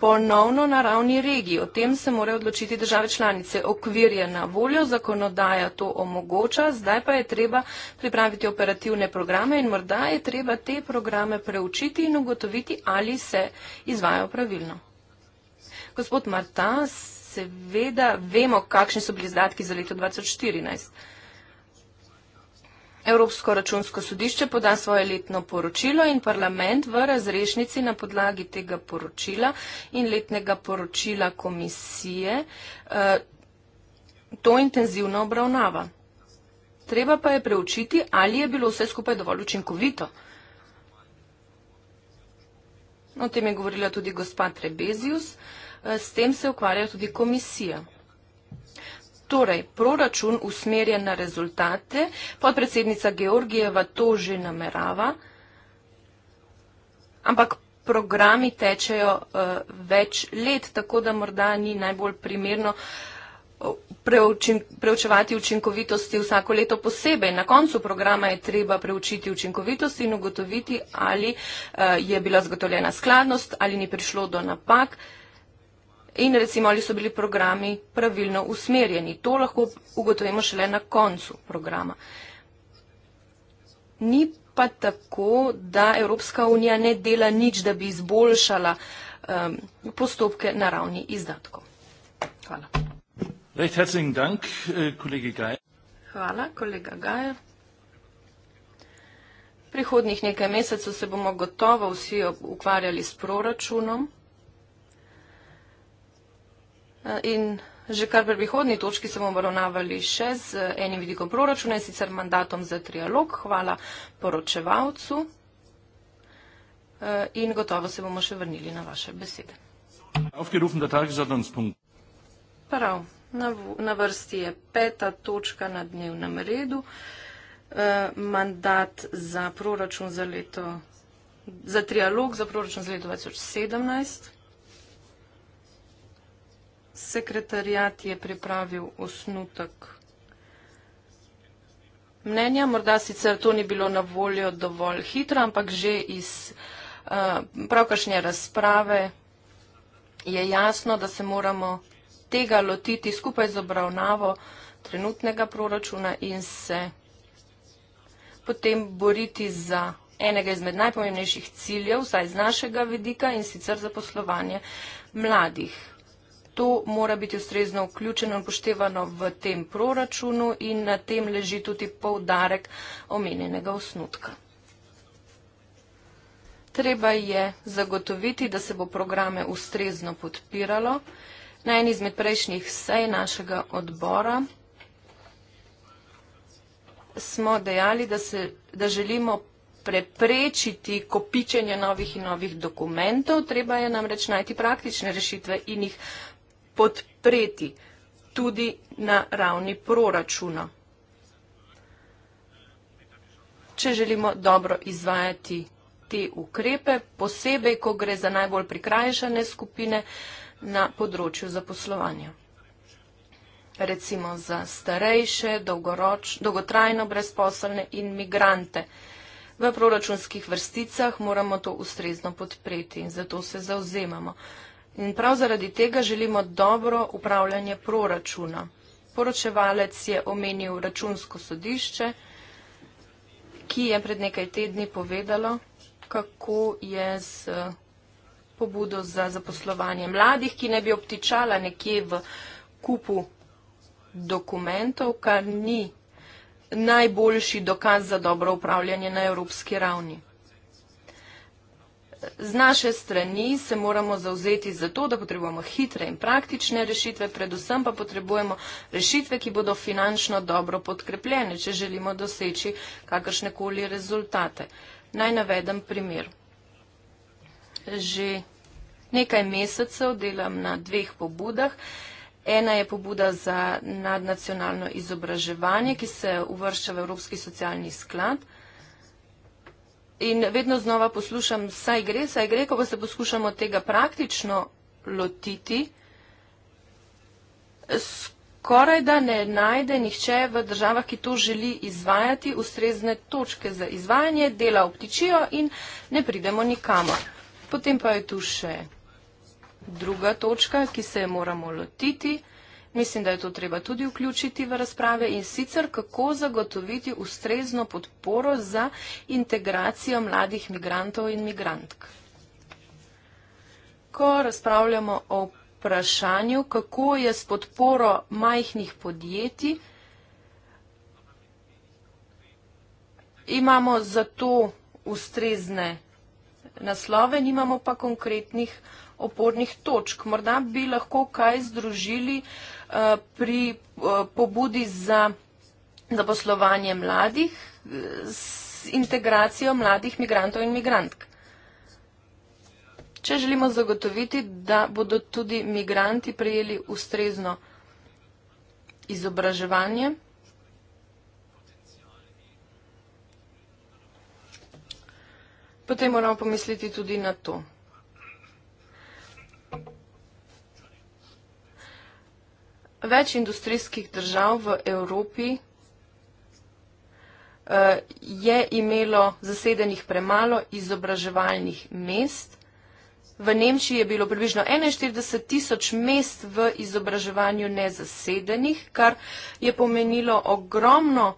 ponovno na ravni regij. O tem se morajo odločiti države članice. Okvir je na voljo, zakonodaja to omogoča, zdaj pa je treba pripraviti operativne programe in morda je treba te programe preučiti in ugotoviti, ali se izvajo pravilno. Gospod Marta, seveda vemo, kakšni so bili izdatki za leto 2014. Evropsko računsko sodišče poda svoje letno poročilo in parlament v razrešnici na podlagi tega poročila in letnega poročila komisije eh, to intenzivno obravnava. Treba pa je preučiti, ali je bilo vse skupaj dovolj učinkovito. O tem je govorila tudi gospa Trebezius, eh, s tem se ukvarja tudi komisija. Torej, proračun usmerja na rezultate, podpredsednica Georgijeva to že namerava, ampak programi tečejo uh, več let, tako da morda ni najbolj primerno preučin, preučevati učinkovitosti vsako leto posebej. Na koncu programa je treba preučiti učinkovitost in ugotoviti, ali uh, je bila zagotovljena skladnost, ali ni prišlo do napak. Uh, in recimo ali so bili programi pravilno usmerjeni. To lahko ugotovimo šele na koncu programa. Ni pa tako, da Evropska unija ne dela nič, da bi izboljšala um, postopke na ravni izdatkov. Hvala. Äh, Hvala, kolega Gaja. Prihodnih nekaj mesecev se bomo gotovo vsi ukvarjali s proračunom. In že kar pri prihodni točki se bomo obravnavali še z enim vidikom proračuna in sicer mandatom za trialog. Hvala poročevalcu eh, in gotovo se bomo še vrnili na vaše besede. Prav, na, na vrsti je peta točka na dnevnem redu. Eh, mandat za proračun za leto, za trialog za proračun za leto 2017 sekretarjat je pripravil osnutek. Mnenja, morda sicer to ni bilo na voljo dovolj hitro, ampak že iz eh, pravkašnje razprave je jasno, da se moramo tega lotiti skupaj z obravnavo trenutnega proračuna in se potem boriti za enega izmed najpomembnejših ciljev, vsaj z našega vidika, in sicer za poslovanje mladih. To mora biti ustrezno vključeno in poštevano v tem proračunu in na tem leži tudi poudarek omenjenega osnutka. Treba je zagotoviti, da se bo programe ustrezno podpiralo. Na eni izmed prejšnjih sej našega odbora smo dejali, da, se, da želimo preprečiti kopičenje novih in novih dokumentov. Treba je namreč najti praktične rešitve in jih podpreti tudi na ravni proračuna. Če želimo dobro izvajati te ukrepe, posebej, ko gre za najbolj prikrajšane skupine na področju zaposlovanja. Recimo za starejše, dolgoroč, dolgotrajno brezposelne in migrante. V proračunskih vrsticah moramo to ustrezno podpreti in zato se zauzemamo. In prav zaradi tega želimo dobro upravljanje proračuna. Poročevalec je omenil računsko sodišče, ki je pred nekaj tedni povedalo, kako je z eh, pobudo za zaposlovanje mladih, ki ne bi obtičala nekje v kupu dokumentov, kar ni najboljši dokaz za dobro upravljanje na evropski ravni z naše strani se moramo zauzeti za to, da potrebujemo hitre in praktične rešitve, predvsem pa potrebujemo rešitve, ki bodo finančno dobro podkrepljene, če želimo doseči kakršnekoli rezultate. Naj navedem primer. Že nekaj mesecev delam na dveh pobudah. Ena je pobuda za nadnacionalno izobraževanje, ki se uvršča v Evropski socialni sklad in vedno znova poslušam, saj gre, saj gre, ko pa se poskušamo tega praktično lotiti, skoraj da ne najde nihče v državah, ki to želi izvajati, ustrezne točke za izvajanje, dela obtičijo in ne pridemo nikamo. Potem pa je tu še druga točka, ki se je moramo lotiti. Mislim, da je to treba tudi vključiti v razprave in sicer kako zagotoviti ustrezno podporo za integracijo mladih migrantov in migrantk. Ko razpravljamo o vprašanju, kako je s podporo majhnih podjetij, imamo za to ustrezne naslove, nimamo pa konkretnih opornih točk. Morda bi lahko kaj združili uh, pri eh, pobudi za zaposlovanje mladih s integracijo mladih migrantov in migrantk. Če želimo zagotoviti, da bodo tudi migranti prijeli ustrezno izobraževanje, potem moramo pomisliti tudi na to. Več industrijskih držav v Evropi eh, je imelo zasedenih premalo izobraževalnih mest. V Nemčiji je bilo približno 41 tisoč mest v izobraževanju nezasedenih, kar je pomenilo ogromno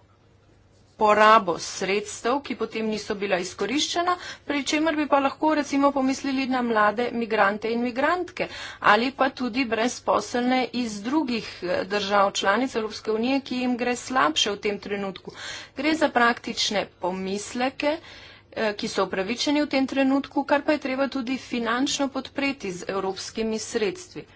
porabo sredstev, ki potem niso bila izkoriščena, pri čemer bi pa lahko recimo pomislili na mlade migrante in migrantke ali pa tudi brezposelne iz drugih eh, držav članic Evropske unije, ki jim gre slabše v tem trenutku. Gre za praktične pomisleke eh, ki so upravičeni v tem trenutku, kar pa je treba tudi finančno podpreti z evropskimi sredstvi.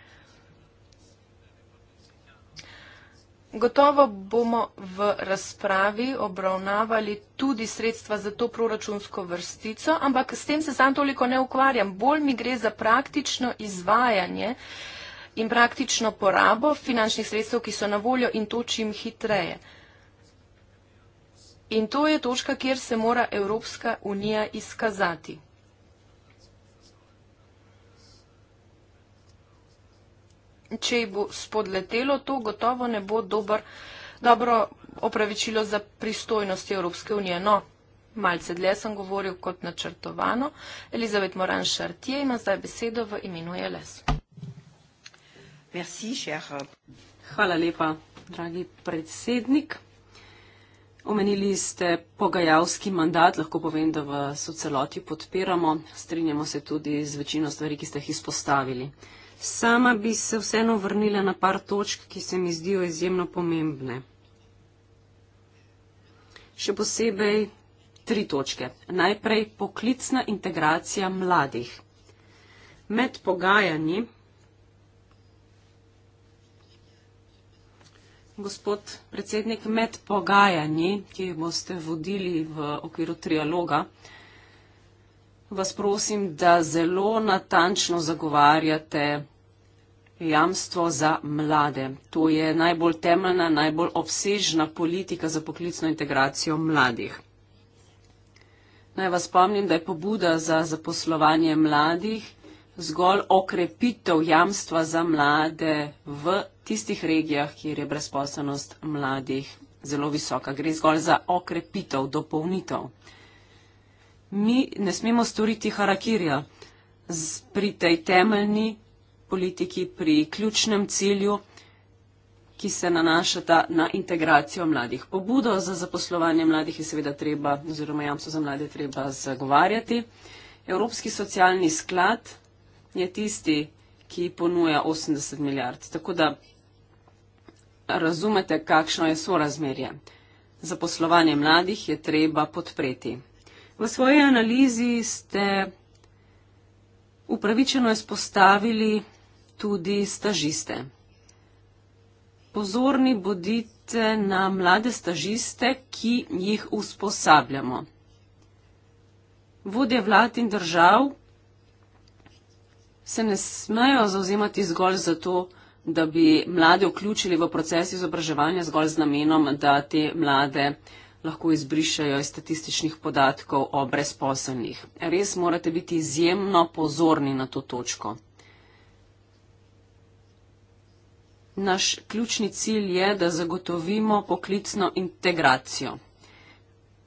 Gotovo bomo v razpravi obravnavali tudi sredstva za to proračunsko vrstico, ampak s tem se sam toliko ne ukvarjam. Bolj mi gre za praktično izvajanje in praktično porabo finančnih sredstev, ki so na voljo in to čim hitreje. In to je točka, kjer se mora Evropska unija izkazati. če ji bo spodletelo, to gotovo ne bo dober, dobro opravičilo za pristojnosti Evropske unije. No, malce dlje sem govoril kot načrtovano. Elizabet Moran Šartje ima zdaj besedo v imenu JLS. E Merci, Hvala lepa, dragi predsednik. Omenili ste pogajalski mandat, lahko povem, da vas v celoti podpiramo, strinjamo se tudi z večino stvari, ki ste jih izpostavili. Uh, Sama bi se vseeno vrnila na par točk, ki se mi zdijo izjemno pomembne. Še posebej tri točke. Najprej poklicna integracija mladih. Med pogajanji Gospod predsednik, med pogajanji, ki boste vodili v okviru trialoga, vas prosim, da zelo natančno zagovarjate jamstvo za mlade. To je najbolj temeljna, najbolj obsežna politika za poklicno integracijo mladih. Naj vas spomnim, da je pobuda za zaposlovanje mladih zgolj okrepitev jamstva za mlade v tistih regijah, kjer je brezposobnost mladih zelo visoka. Gre zgolj za okrepitev, dopolnitev mi ne smemo storiti harakirja z, pri tej temeljni politiki, pri ključnem cilju, ki se nanašata na integracijo mladih. Pobudo za zaposlovanje mladih je seveda treba, oziroma jamstvo za mlade treba zagovarjati. Evropski socialni sklad je tisti, ki ponuja 80 milijard. Tako da razumete, kakšno je sorazmerje. Zaposlovanje mladih je treba podpreti. V svoji analizi ste upravičeno izpostavili tudi stažiste. Pozorni bodite na mlade stažiste, ki jih usposabljamo. Vode vlad in držav se ne smejo zauzemati zgolj zato, da bi mlade vključili v proces izobraževanja zgolj z namenom, da te mlade lahko izbrišajo iz statističnih podatkov o brezposelnih. Res morate biti izjemno pozorni na to točko. Naš ključni cilj je, da zagotovimo poklicno integracijo.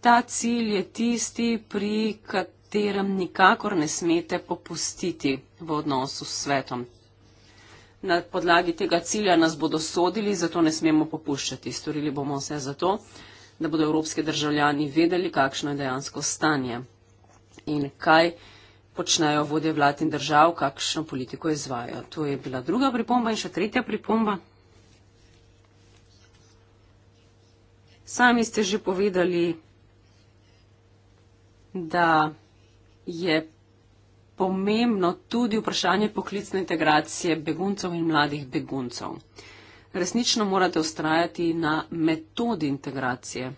Ta cilj je tisti, pri katerem nikakor ne smete popustiti v odnosu s svetom. Na podlagi tega cilja nas bodo sodili, zato ne smemo popuščati. Storili bomo vse za to da bodo evropski državljani vedeli, kakšno je dejansko stanje in kaj počnejo vode vlad in držav, kakšno politiko izvajo. To je bila druga pripomba in še tretja pripomba. Sami ste že povedali, da je pomembno tudi vprašanje poklicne integracije beguncev in mladih beguncev resnično morate ustrajati na metodi integracije.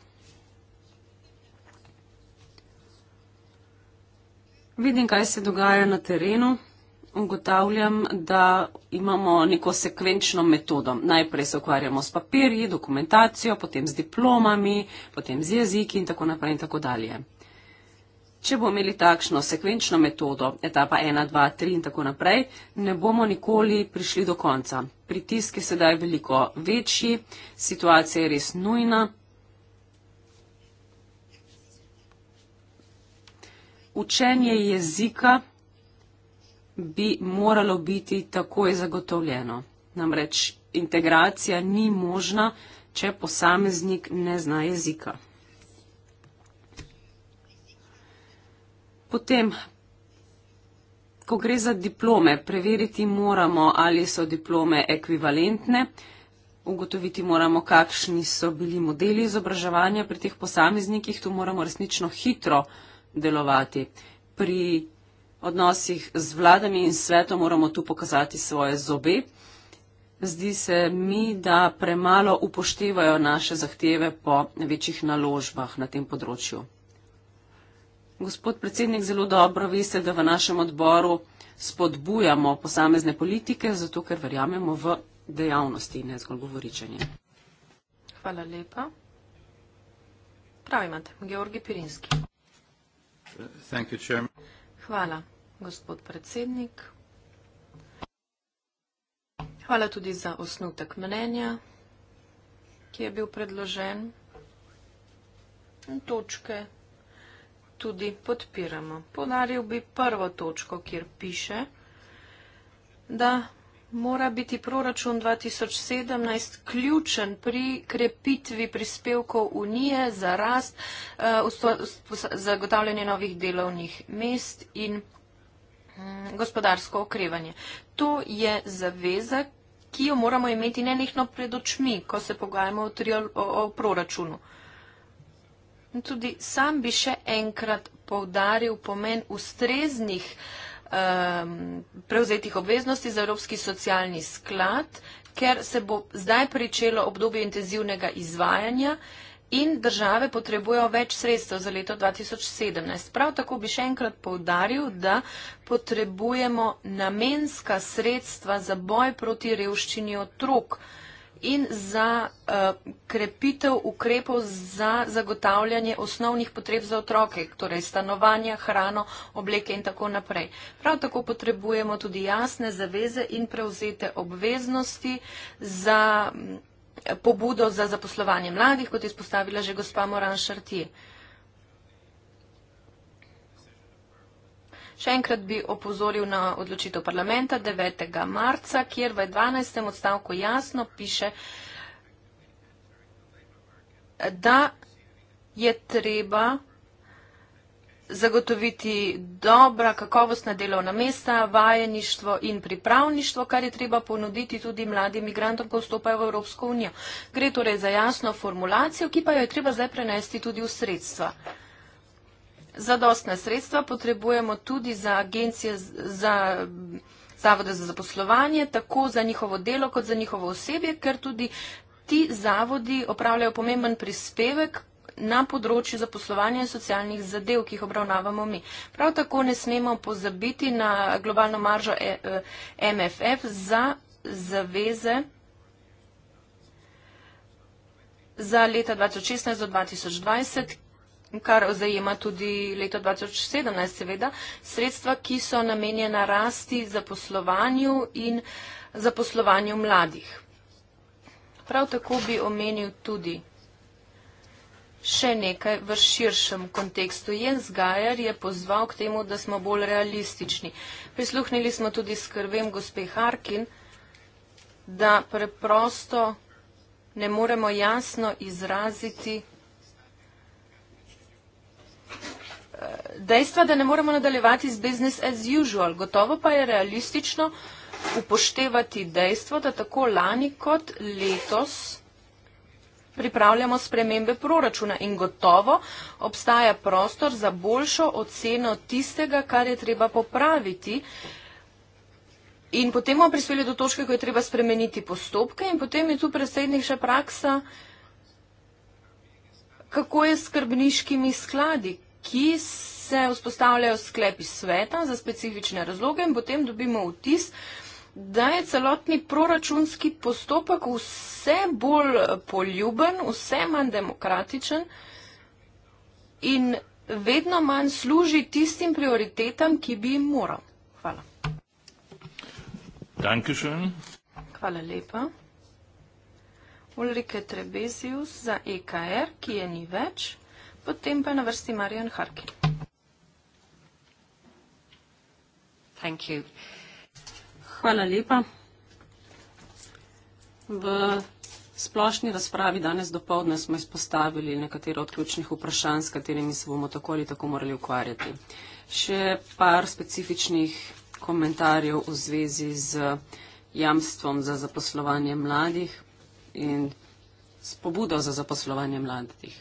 Vidim, kaj se dogaja na terenu. Ugotavljam, da imamo neko sekvenčno metodo. Najprej se ukvarjamo s papirji, dokumentacijo, potem z diplomami, potem z jeziki in tako naprej in tako dalje. Če bomo imeli takšno sekvenčno metodo, etapa 1, 2, 3 in tako naprej, ne bomo nikoli prišli do konca. Pritisk je sedaj veliko večji, situacija je res nujna. Učenje jezika bi moralo biti takoj zagotovljeno. Namreč integracija ni možna, če posameznik ne zna jezika. Potem, ko gre za diplome, preveriti moramo, ali so diplome ekvivalentne. Ugotoviti moramo, kakšni so bili modeli izobraževanja pri teh posameznikih. Tu moramo resnično hitro delovati. Pri odnosih z vladami in svetom moramo tu pokazati svoje zobe. Zdi se mi, da premalo upoštevajo naše zahteve po večjih naložbah na tem področju gospod predsednik, zelo dobro veste, da v našem odboru spodbujamo posamezne politike, zato ker verjamemo v dejavnosti in ne zgolj govoričenje. Hvala lepa. Prav imate, Georgi Pirinski. Thank you, Hvala, gospod predsednik. Hvala tudi za osnutek mnenja, ki je bil predložen. In točke, tudi podpiramo. Podaril bi prvo točko, kjer piše, da mora biti proračun 2017 ključen pri krepitvi prispevkov Unije za rast, eh, zagotavljanje novih delovnih mest in mm, gospodarsko okrevanje. To je zaveza, ki jo moramo imeti nenehno pred očmi, ko se pogajamo o, o, o proračunu. In tudi sam bi še enkrat povdaril pomen ustreznih um, prevzetih obveznosti za Evropski socialni sklad, ker se bo zdaj pričelo obdobje intenzivnega izvajanja in države potrebujejo več sredstev za leto 2017. Prav tako bi še enkrat povdaril, da potrebujemo namenska sredstva za boj proti revščini otrok in za eh, krepitev ukrepov za zagotavljanje osnovnih potreb za otroke, torej stanovanja, hrano, obleke in tako naprej. Prav tako potrebujemo tudi jasne zaveze in prevzete obveznosti za mm, pobudo za zaposlovanje mladih, kot je spostavila že gospa Moran Šartije. Še enkrat bi opozoril na odločitev parlamenta 9. marca, kjer v 12. odstavku jasno piše, da je treba zagotoviti dobra, kakovostna delovna mesta, vajeništvo in pripravništvo, kar je treba ponuditi tudi mladim migrantom, ko vstopajo v Evropsko unijo. Gre torej za jasno formulacijo, ki pa jo je treba zdaj prenesti tudi v sredstva. Zadostna sredstva potrebujemo tudi za agencije, za zavode za zaposlovanje, tako za njihovo delo, kot za njihovo osebje, ker tudi ti zavodi opravljajo pomemben prispevek na področju zaposlovanja in socialnih zadev, ki jih obravnavamo mi. Prav tako ne smemo pozabiti na globalno maržo e, e, MFF za zaveze za leta 2016 do 2020 kar zajema tudi leto 2017, seveda, sredstva, ki so namenjena rasti zaposlovanju in zaposlovanju mladih. Prav tako bi omenil tudi še nekaj v širšem kontekstu. Jens Gajer je pozval k temu, da smo bolj realistični. Prisluhnili smo tudi skrbem gospe Harkin, da preprosto ne moremo jasno izraziti dejstva, da ne moremo nadaljevati z business as usual. Gotovo pa je realistično upoštevati dejstvo, da tako lani kot letos pripravljamo spremembe proračuna in gotovo obstaja prostor za boljšo oceno tistega, kar je treba popraviti. In potem bomo prispeli do točke, ko je treba spremeniti postopke in potem je tu predsedniša praksa, kako je s skrbniškimi skladi, ki se vzpostavljajo sklepi sveta za specifične razloge in potem dobimo vtis, da je celotni proračunski postopek vse bolj poljuben, vse manj demokratičen in vedno manj služi tistim prioritetam, ki bi jim moral. Hvala. Dankeschön. Hvala lepa. Ulrike Trebezius za EKR, ki je ni več. Potem pa je na vrsti Marjan Harki. Thank you. Hvala lepa. V splošni razpravi danes dopoledne smo izpostavili nekatere od ključnih vprašanj, s katerimi se bomo tako ali tako morali ukvarjati. Še par specifičnih komentarjev v zvezi z jamstvom za zaposlovanje mladih in s pobudo za zaposlovanje mladih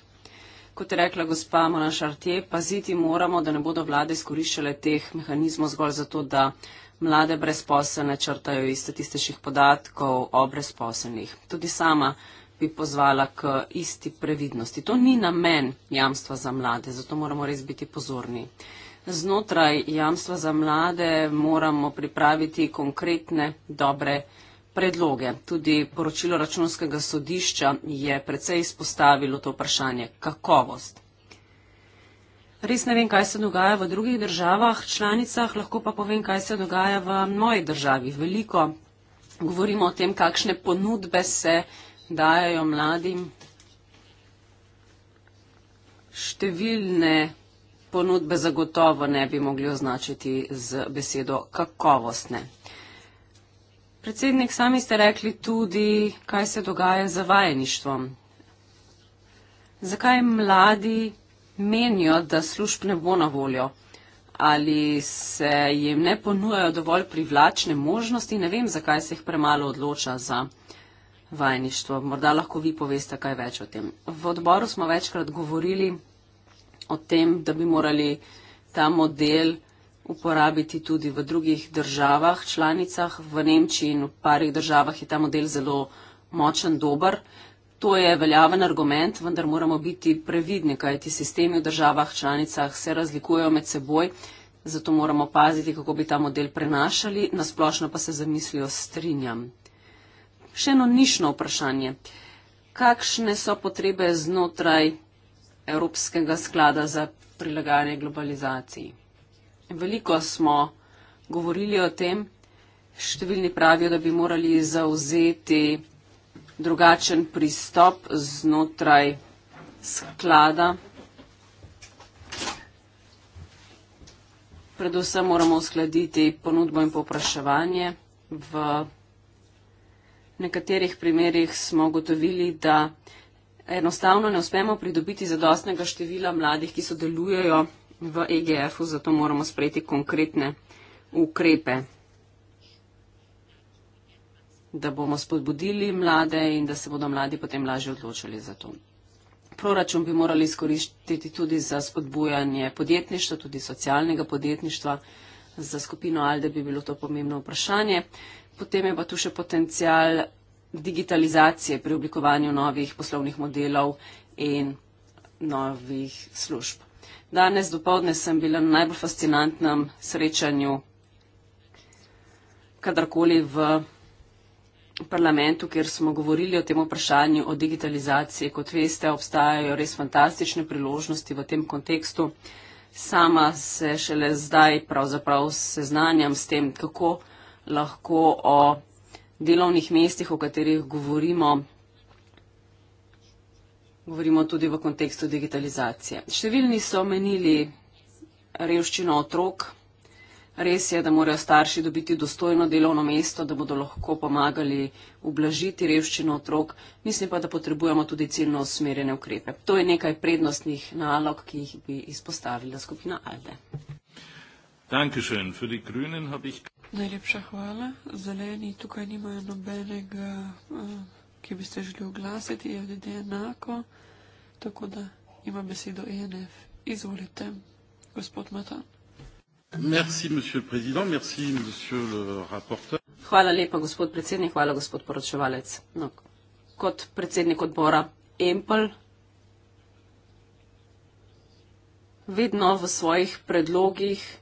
kot je rekla gospa Mona Šartje, paziti moramo, da ne bodo vlade izkoriščale teh mehanizmov zgolj zato, da mlade brezposelne črtajo iz statističnih podatkov o brezposelnih. Tudi sama bi pozvala k isti previdnosti. To ni namen jamstva za mlade, zato moramo res biti pozorni. Znotraj jamstva za mlade moramo pripraviti konkretne, dobre predloge. Tudi poročilo računskega sodišča je precej izpostavilo to vprašanje kakovost. Res ne vem, kaj se dogaja v drugih državah, članicah, lahko pa povem, kaj se dogaja v moji državi. Veliko govorimo o tem, kakšne ponudbe se dajajo mladim. Številne ponudbe zagotovo ne bi mogli označiti z besedo kakovostne. Predsednik, sami ste rekli tudi, kaj se dogaja z vajeništvom. Zakaj mladi menijo, da služb ne bo na voljo? Ali se jim ne ponujajo dovolj privlačne možnosti? Ne vem, zakaj se jih premalo odloča za vajeništvo. Morda lahko vi poveste kaj več o tem. V odboru smo večkrat govorili o tem, da bi morali ta model uporabiti tudi v drugih državah, članicah. V Nemčiji in v parih državah je ta model zelo močen, dober. To je veljaven argument, vendar moramo biti previdni, kaj ti sistemi v državah, članicah se razlikujejo med seboj, zato moramo paziti, kako bi ta model prenašali. Nasplošno pa se zamislijo strinjam. Še eno nišno vprašanje. Kakšne so potrebe znotraj Evropskega sklada za prilagajanje globalizaciji? Veliko smo govorili o tem. Številni pravijo, da bi morali zauzeti drugačen pristop znotraj sklada. Predvsem moramo uskladiti ponudbo in popraševanje. V nekaterih primerjih smo ugotovili, da enostavno ne uspemo pridobiti zadostnega števila mladih, ki sodelujejo v EGF-u, zato moramo sprejeti konkretne ukrepe, da bomo spodbudili mlade in da se bodo mladi potem lažje odločili za to. Proračun bi morali izkoristiti tudi za spodbujanje podjetništva, tudi socialnega podjetništva. Za skupino Alde bi bilo to pomembno vprašanje. Potem je pa tu še potencial digitalizacije pri oblikovanju novih poslovnih modelov in novih služb. Danes dopoledne sem bila na najbolj fascinantnem srečanju kadarkoli v parlamentu, kjer smo govorili o tem vprašanju o digitalizaciji. Kot veste, obstajajo res fantastične priložnosti v tem kontekstu. Sama se šele zdaj pravzaprav seznanjam s tem, kako lahko o delovnih mestih, o katerih govorimo, govorimo tudi v kontekstu digitalizacije. Številni so menili revščino otrok. Res je, da morajo starši dobiti dostojno delovno mesto, da bodo lahko pomagali ublažiti revščino otrok. Mislim pa, da potrebujemo tudi ciljno usmerjene ukrepe. To je nekaj prednostnih nalog, ki jih bi izpostavila skupina Alde. Najlepša hvala. Zeleni tukaj nimajo nobenega, eh, ki bi se želel oglasiti, je vede enako tako da ima besedo ENF. Izvolite, gospod Matan. Merci, Merci, hvala lepa, gospod predsednik, hvala, gospod poročevalec. No, kot predsednik odbora Empel vedno v svojih predlogih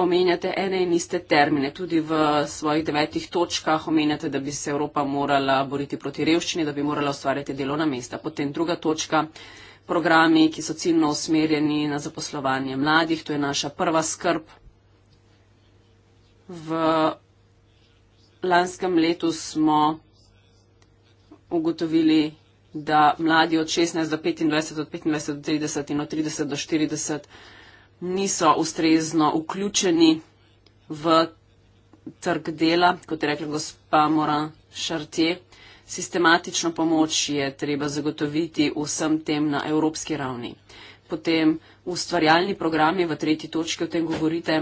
omenjate ene in iste termine. Tudi v svojih devetih točkah omenjate, da bi se Evropa morala boriti proti revščini, da bi morala ustvarjati delovna mesta. Potem druga točka, programi, ki so ciljno usmerjeni na zaposlovanje mladih, to je naša prva skrb. V lanskem letu smo ugotovili, da mladi od 16 do 25, od 25 do 30 in od 30 do 40 niso ustrezno vključeni v trg dela, kot je rekla gospa Mora Šartje. Sistematično pomoč je treba zagotoviti vsem tem na evropski ravni. Potem ustvarjalni programi v tretji točki o tem govorite,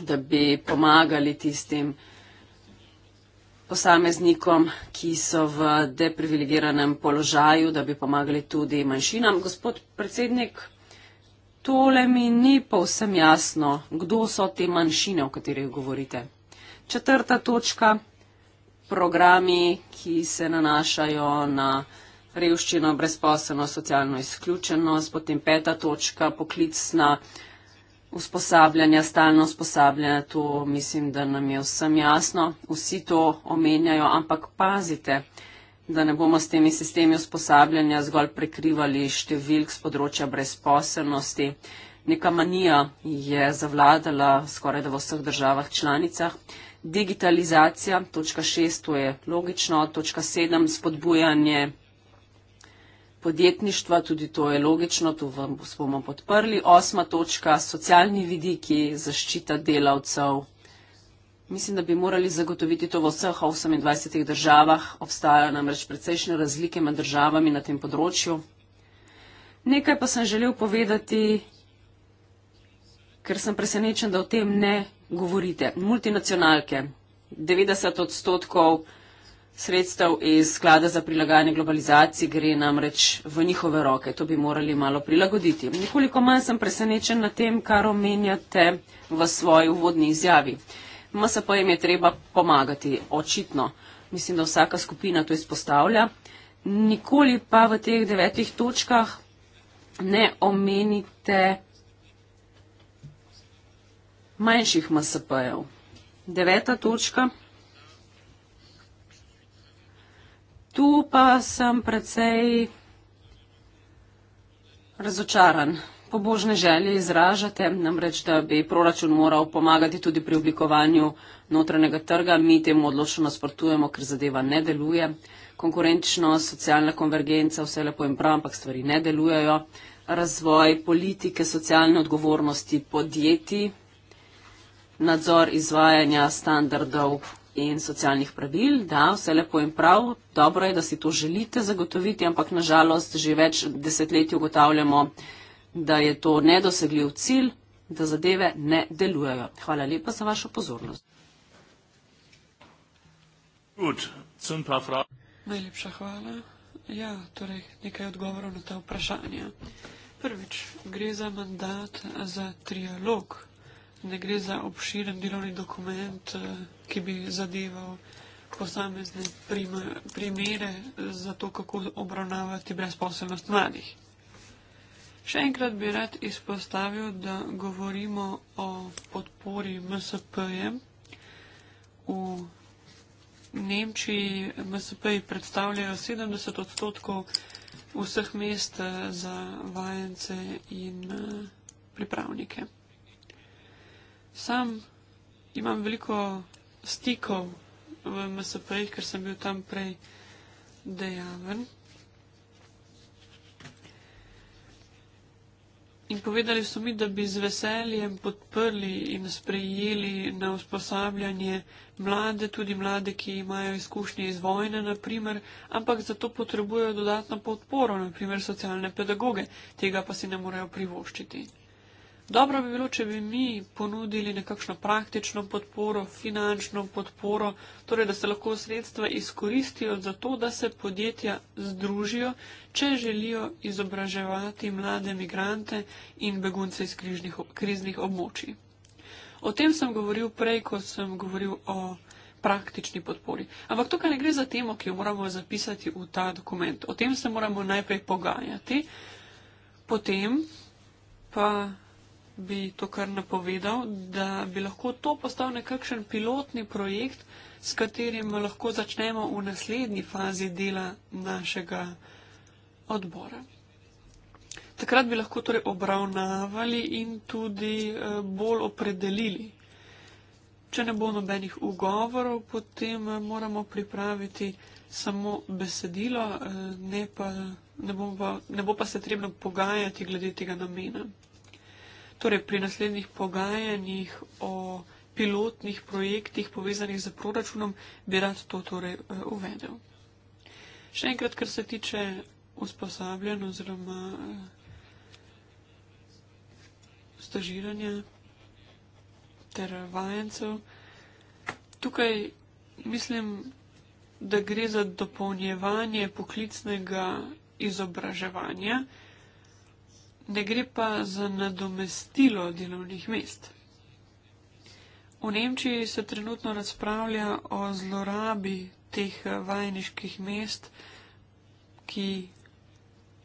da bi pomagali tistim posameznikom, ki so v deprivilegiranem položaju, da bi pomagali tudi manjšinam. Gospod predsednik, Tole mi ni povsem jasno, kdo so te manjšine, o katerih govorite. Četrta točka, programi, ki se nanašajo na revščino, brezposobnost, socialno izključenost, potem peta točka, poklicna usposabljanja, stalno usposabljanja, to mislim, da nam je vsem jasno, vsi to omenjajo, ampak pazite, da ne bomo s temi sistemi usposabljanja zgolj prekrivali številk z področja brezposelnosti. Neka manija je zavladala skoraj da v vseh državah članicah. Digitalizacija, točka šest, to je logično, točka sedem, spodbujanje podjetništva, tudi to je logično, tu bomo podprli. Osma točka, socialni vidiki, zaščita delavcev, Mislim, da bi morali zagotoviti to v vseh 28 državah. Obstajajo namreč precejšnje razlike med državami na tem področju. Nekaj pa sem želel povedati, ker sem presenečen, da o tem ne govorite. Multinacionalke. 90 odstotkov sredstev iz sklada za prilagajanje globalizaciji gre namreč v njihove roke. To bi morali malo prilagoditi. Nekoliko manj sem presenečen na tem, kar omenjate v svoji uvodni izjavi. MSP jim je treba pomagati, očitno. Mislim, da vsaka skupina to izpostavlja. Nikoli pa v teh devetih točkah ne omenite manjših MSP-jev. Deveta točka. Tu pa sem precej razočaran pobožne želje izražate, namreč, da bi proračun moral pomagati tudi pri oblikovanju notranjega trga. Mi temu odločno nasprotujemo, ker zadeva ne deluje. Konkurenčnost, socialna konvergenca, vse lepo in prav, ampak stvari ne delujejo. Razvoj politike, socialne odgovornosti podjetij, nadzor izvajanja standardov in socialnih pravil, da vse lepo in prav, dobro je, da si to želite zagotoviti, ampak nažalost že več desetletij ugotavljamo, da je to nedosegljiv cilj, da zadeve ne delujejo. Hvala lepa za vašo pozornost. Najlepša hvala. Ja, torej nekaj odgovorov na ta vprašanja. Prvič, gre za mandat za trialog. Ne gre za obširen delovni dokument, ki bi zadeval posamezne primere za to, kako obravnavati brezposobnost mladih. Še enkrat bi rad izpostavil, da govorimo o podpori MSP-jem. V Nemčiji MSP-ji predstavljajo 70 odstotkov vseh mest eh, za vajence in eh, pripravnike. Sam imam veliko stikov v MSP-jih, ker sem bil tam prej dejaven. in povedali so mi, da bi z veseljem podprli in sprejeli na usposabljanje mlade, tudi mlade, ki imajo izkušnje iz vojne, naprimer, ampak za to potrebujejo dodatno podporo, naprimer socialne pedagoge, tega pa si ne morejo privoščiti. Dobro bi bilo, če bi mi ponudili nekakšno praktično podporo, finančno podporo, torej da se lahko sredstva izkoristijo za to, da se podjetja združijo, če želijo izobraževati mlade migrante in begunce iz križnih, kriznih območij. O tem sem govoril prej, ko sem govoril o praktični podpori. Ampak tukaj ne gre za temo, ki jo moramo zapisati v ta dokument. O tem se moramo najprej pogajati, potem pa bi to kar napovedal, da bi lahko to postal nekakšen pilotni projekt, s katerim lahko začnemo v naslednji fazi dela našega odbora. Takrat bi lahko torej obravnavali in tudi eh, bolj opredelili. Če ne bo nobenih ugovorov, potem eh, moramo pripraviti samo besedilo, ne, eh, pa, ne, pa, ne bo pa se trebno pogajati glede tega namena. Torej, pri naslednjih pogajanjih o pilotnih projektih povezanih z proračunom bi rad to torej eh, uvedel. Še enkrat, kar se tiče usposabljanja oziroma eh, stažiranja ter vajencev. Tukaj mislim, da gre za dopolnjevanje poklicnega izobraževanja, ne gre pa za nadomestilo delovnih mest. V Nemčiji se trenutno razpravlja o zlorabi teh vajniških mest, ki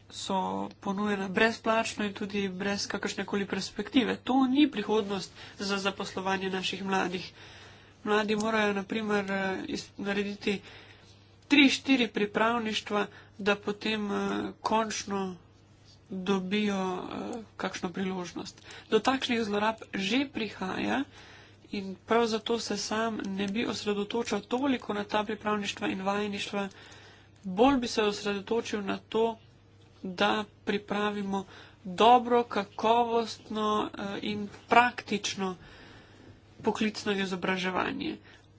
so ponujena brezplačno in tudi brez kakršnekoli perspektive. To ni prihodnost za zaposlovanje naših mladih. Mladi morajo naprimer narediti tri, štiri pripravništva, da potem eh, končno dobijo uh, kakšno priložnost. Do takšnih zlorab že prihaja in prav zato se sam ne bi osredotočal toliko na ta pripravništva in vajeništva, bolj bi se osredotočil na to, da pripravimo dobro, kakovostno uh, in praktično poklicno izobraževanje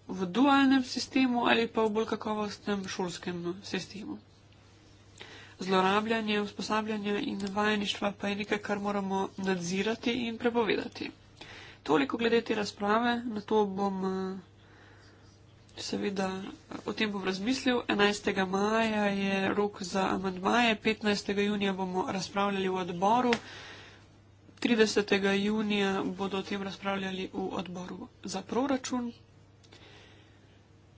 v dualnem sistemu ali pa v bolj kakovostnem šolskem sistemu. Zlorabljanje, usposabljanje in vajeništva pa je nekaj, kar moramo nadzirati in prepovedati. Toliko glede te razprave, na to bom eh, seveda o tem bom razmislil. 11. maja je rok za amandmaje, 15. junija bomo razpravljali v odboru, 30. junija bodo o tem razpravljali v odboru za proračun,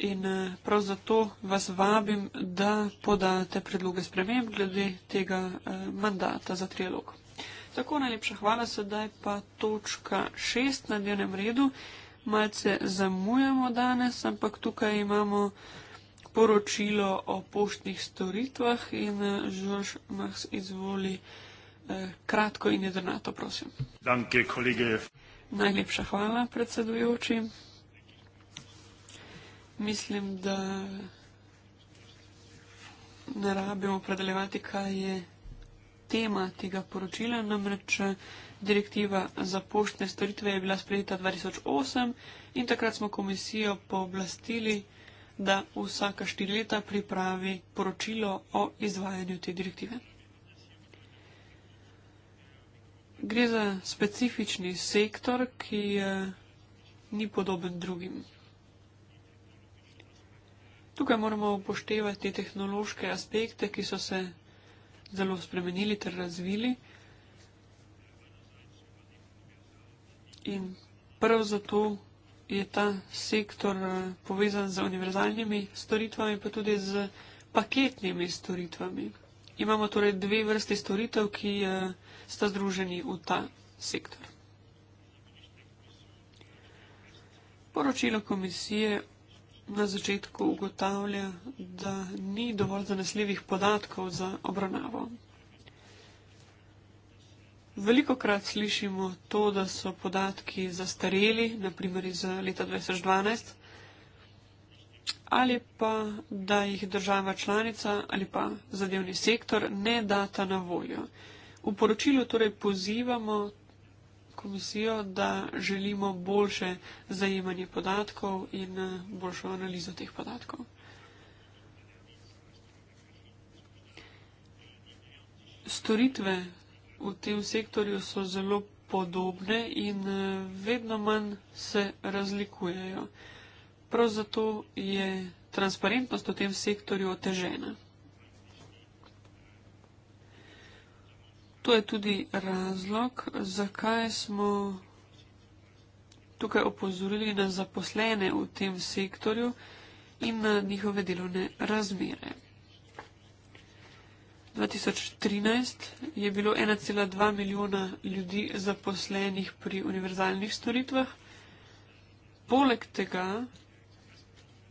in eh, prav zato vas vabim, da podate predloge sprememb glede tega eh, mandata za trilog. Tako najlepša hvala, sedaj pa točka šest na dnevnem redu. Malce zamujamo danes, ampak tukaj imamo poročilo o poštnih storitvah in Žorž eh, Mahs izvoli kratko in jedrnato, prosim. Danke, Najlepša hvala, predsedujoči. Mislim, da ne rabimo predelevati, kaj je tema tega poročila. Namreč eh, direktiva za poštne storitve je bila sprejeta 2008 in takrat smo komisijo pooblastili, da vsaka štiri leta pripravi poročilo o izvajanju te direktive. Gre za specifični sektor, ki eh, ni podoben drugim. Tukaj moramo upoštevati tehnološke aspekte, ki so se zelo spremenili ter razvili. In prav zato je ta sektor eh, povezan z univerzalnimi storitvami, pa tudi z paketnimi storitvami. Imamo torej dve vrsti storitev, ki eh, sta združeni v ta sektor. Poročilo komisije na začetku ugotavlja, da ni dovolj zanesljivih podatkov za obravnavo. Veliko krat slišimo to, da so podatki zastareli, naprimer iz leta 2012, ali pa da jih država članica ali pa zadevni sektor ne data na voljo. V poročilu torej pozivamo komisijo, da želimo boljše zajemanje podatkov in eh, boljšo analizo teh podatkov. Storitve v tem sektorju so zelo podobne in eh, vedno manj se razlikujejo. Prav zato je transparentnost v tem sektorju otežena. To je tudi razlog, zakaj smo tukaj opozorili na zaposlene v tem sektorju in na njihove delovne razmere. 2013 je bilo 1,2 milijona ljudi zaposlenih pri univerzalnih storitvah. Poleg tega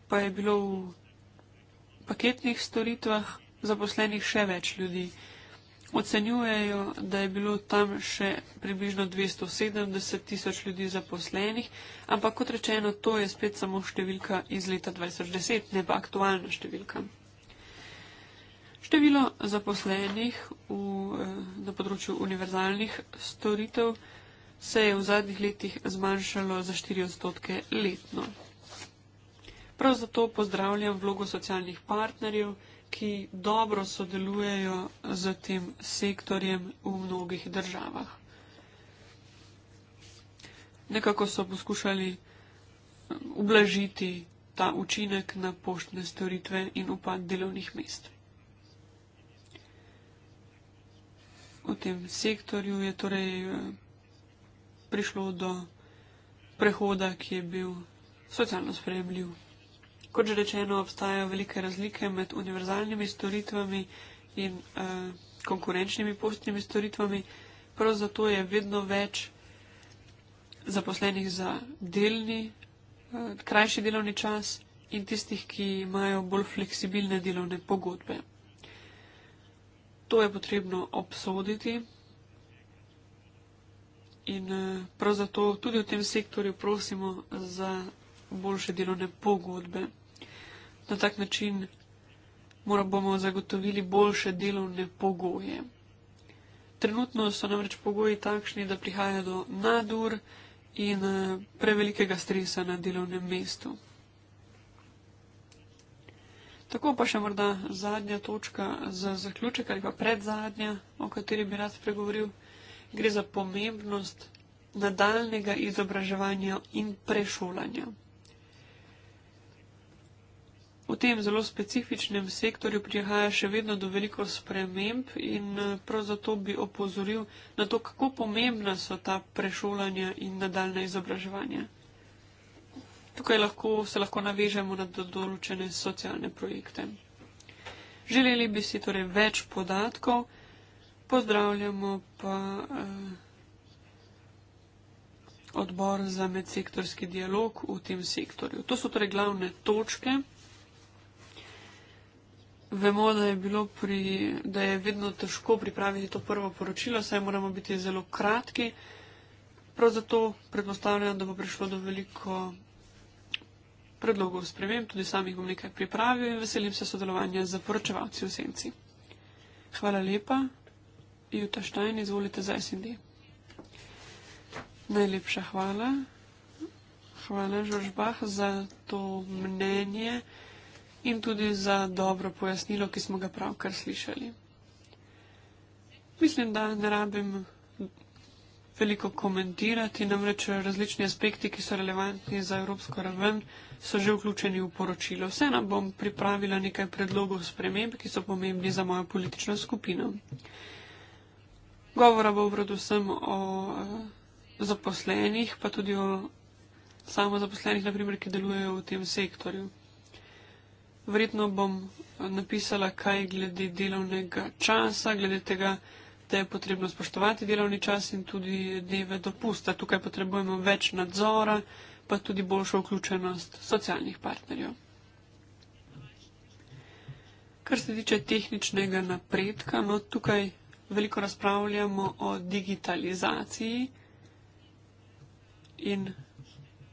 pa je bilo v paketnih storitvah zaposlenih še več ljudi. Ocenjujejo, da je bilo tam še približno 270 tisoč ljudi zaposlenih, ampak kot rečeno, to je spet samo številka iz leta 2010, ne pa aktualna številka. Število zaposlenih v, eh, na področju univerzalnih storitev se je v zadnjih letih zmanjšalo za 4 odstotke letno. Prav zato pozdravljam vlogo socialnih partnerjev ki dobro sodelujejo z tem sektorjem v mnogih državah. Nekako so poskušali eh, ublažiti ta učinek na poštne storitve in upad delovnih mest. V tem sektorju je torej eh, prišlo do prehoda, ki je bil socialno sprejemljiv. Kot že rečeno, obstajajo velike razlike med univerzalnimi storitvami in eh, konkurenčnimi poštnimi storitvami. Prav zato je vedno več zaposlenih za delni, eh, krajši delovni čas in tistih, ki imajo bolj fleksibilne delovne pogodbe. To je potrebno obsoditi in eh, prav zato tudi v tem sektorju prosimo za boljše delovne pogodbe. Na tak način moramo bomo zagotovili boljše delovne pogoje. Trenutno so namreč pogoji takšni, da prihaja do nadur in eh, prevelikega stresa na delovnem mestu. Tako pa še morda zadnja točka za zaključek ali pa predzadnja, o kateri bi rad spregovoril, gre za pomembnost nadaljnega izobraževanja in prešolanja. V tem zelo specifičnem sektorju prihaja še vedno do veliko sprememb in eh, prav zato bi opozoril na to, kako pomembna so ta prešolanja in nadaljne izobraževanja. Tukaj lahko, se lahko navežemo na določene socialne projekte. Želeli bi si torej več podatkov, pozdravljamo pa eh, odbor za medsektorski dialog v tem sektorju. To so torej glavne točke. Vemo, da je, pri, da je vedno težko pripraviti to prvo poročilo, saj moramo biti zelo kratki. Prav zato predpostavljam, da bo prišlo do veliko predlogov sprememb, tudi sam jih bom nekaj pripravil in veselim se sodelovanja z poročevalci v Senci. Hvala lepa. Juta Štajn, izvolite za SND. Najlepša hvala. Hvala, Žoržbah, za to mnenje in tudi za dobro pojasnilo, ki smo ga pravkar slišali. Mislim, da ne rabim veliko komentirati, namreč različni aspekti, ki so relevantni za evropsko raven, so že vključeni v poročilo. Vseeno bom pripravila nekaj predlogov sprememb, ki so pomembni za mojo politično skupino. Govora bo predvsem o eh, zaposlenih, pa tudi o samozaposlenih, naprimer, ki delujejo v tem sektorju. Verjetno bom napisala kaj glede delovnega časa, glede tega, da je potrebno spoštovati delovni čas in tudi dneve dopusta. Tukaj potrebujemo več nadzora, pa tudi boljšo vključenost socialnih partnerjev. Kar se tiče tehničnega napredka, no tukaj veliko razpravljamo o digitalizaciji in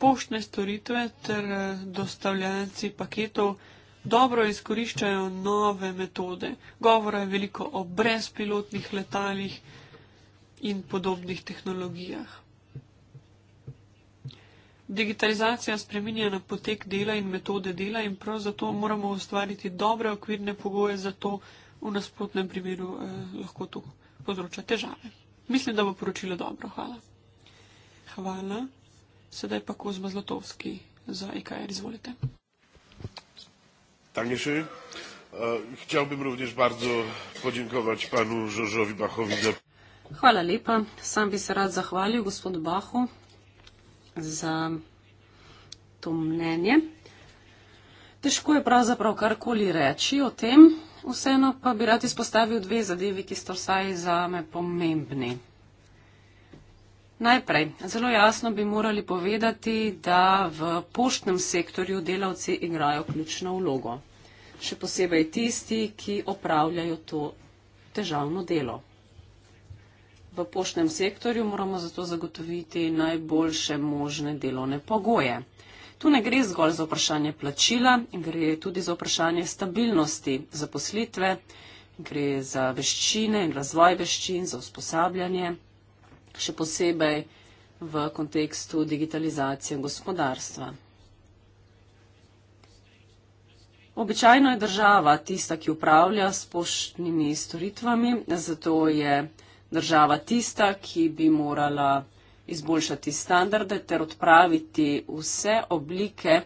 poštne storitve ter eh, dostavljanci paketov dobro izkoriščajo nove metode. Govora je veliko o brezpilotnih letalih in podobnih tehnologijah. Digitalizacija spreminja na potek dela in metode dela in prav zato moramo ustvariti dobre okvirne pogoje za to, v nasprotnem primeru eh, lahko to povzroča težave. Mislim, da bo poročilo dobro. Hvala. Hvala. Sedaj pa Kozma Zlatovski za IKR. E Izvolite. Dankeschön. E, chciałbym również bardzo podziękować panu Żorzowi Bachowi za. Hvala lepa. Sam bi se rad zahvalil gospodu Bahu za to mnenje. Težko je pravzaprav karkoli reči o tem, vseeno pa bi rad izpostavil dve zadevi, ki sta vsaj zame pomembni. Najprej, zelo jasno bi morali povedati, da v poštnem sektorju delavci igrajo ključno vlogo. Še posebej tisti, ki opravljajo to težavno delo. V poštnem sektorju moramo zato zagotoviti najboljše možne delovne pogoje. Tu ne gre zgolj za vprašanje plačila, gre tudi za vprašanje stabilnosti zaposlitve, gre za veščine in razvoj veščin, za usposabljanje še posebej v kontekstu digitalizacije gospodarstva. Običajno je država tista, ki upravlja s poštnimi storitvami, zato je država tista, ki bi morala izboljšati standarde ter odpraviti vse oblike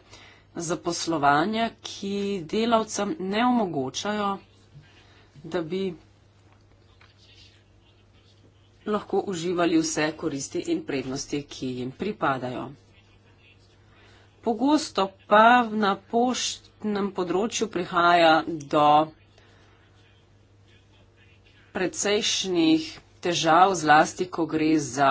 zaposlovanja, ki delavcem ne omogočajo, da bi lahko uživali vse koristi in prednosti, ki jim pripadajo. Pogosto pa na poštnem področju prihaja do precejšnjih težav, zlasti ko gre za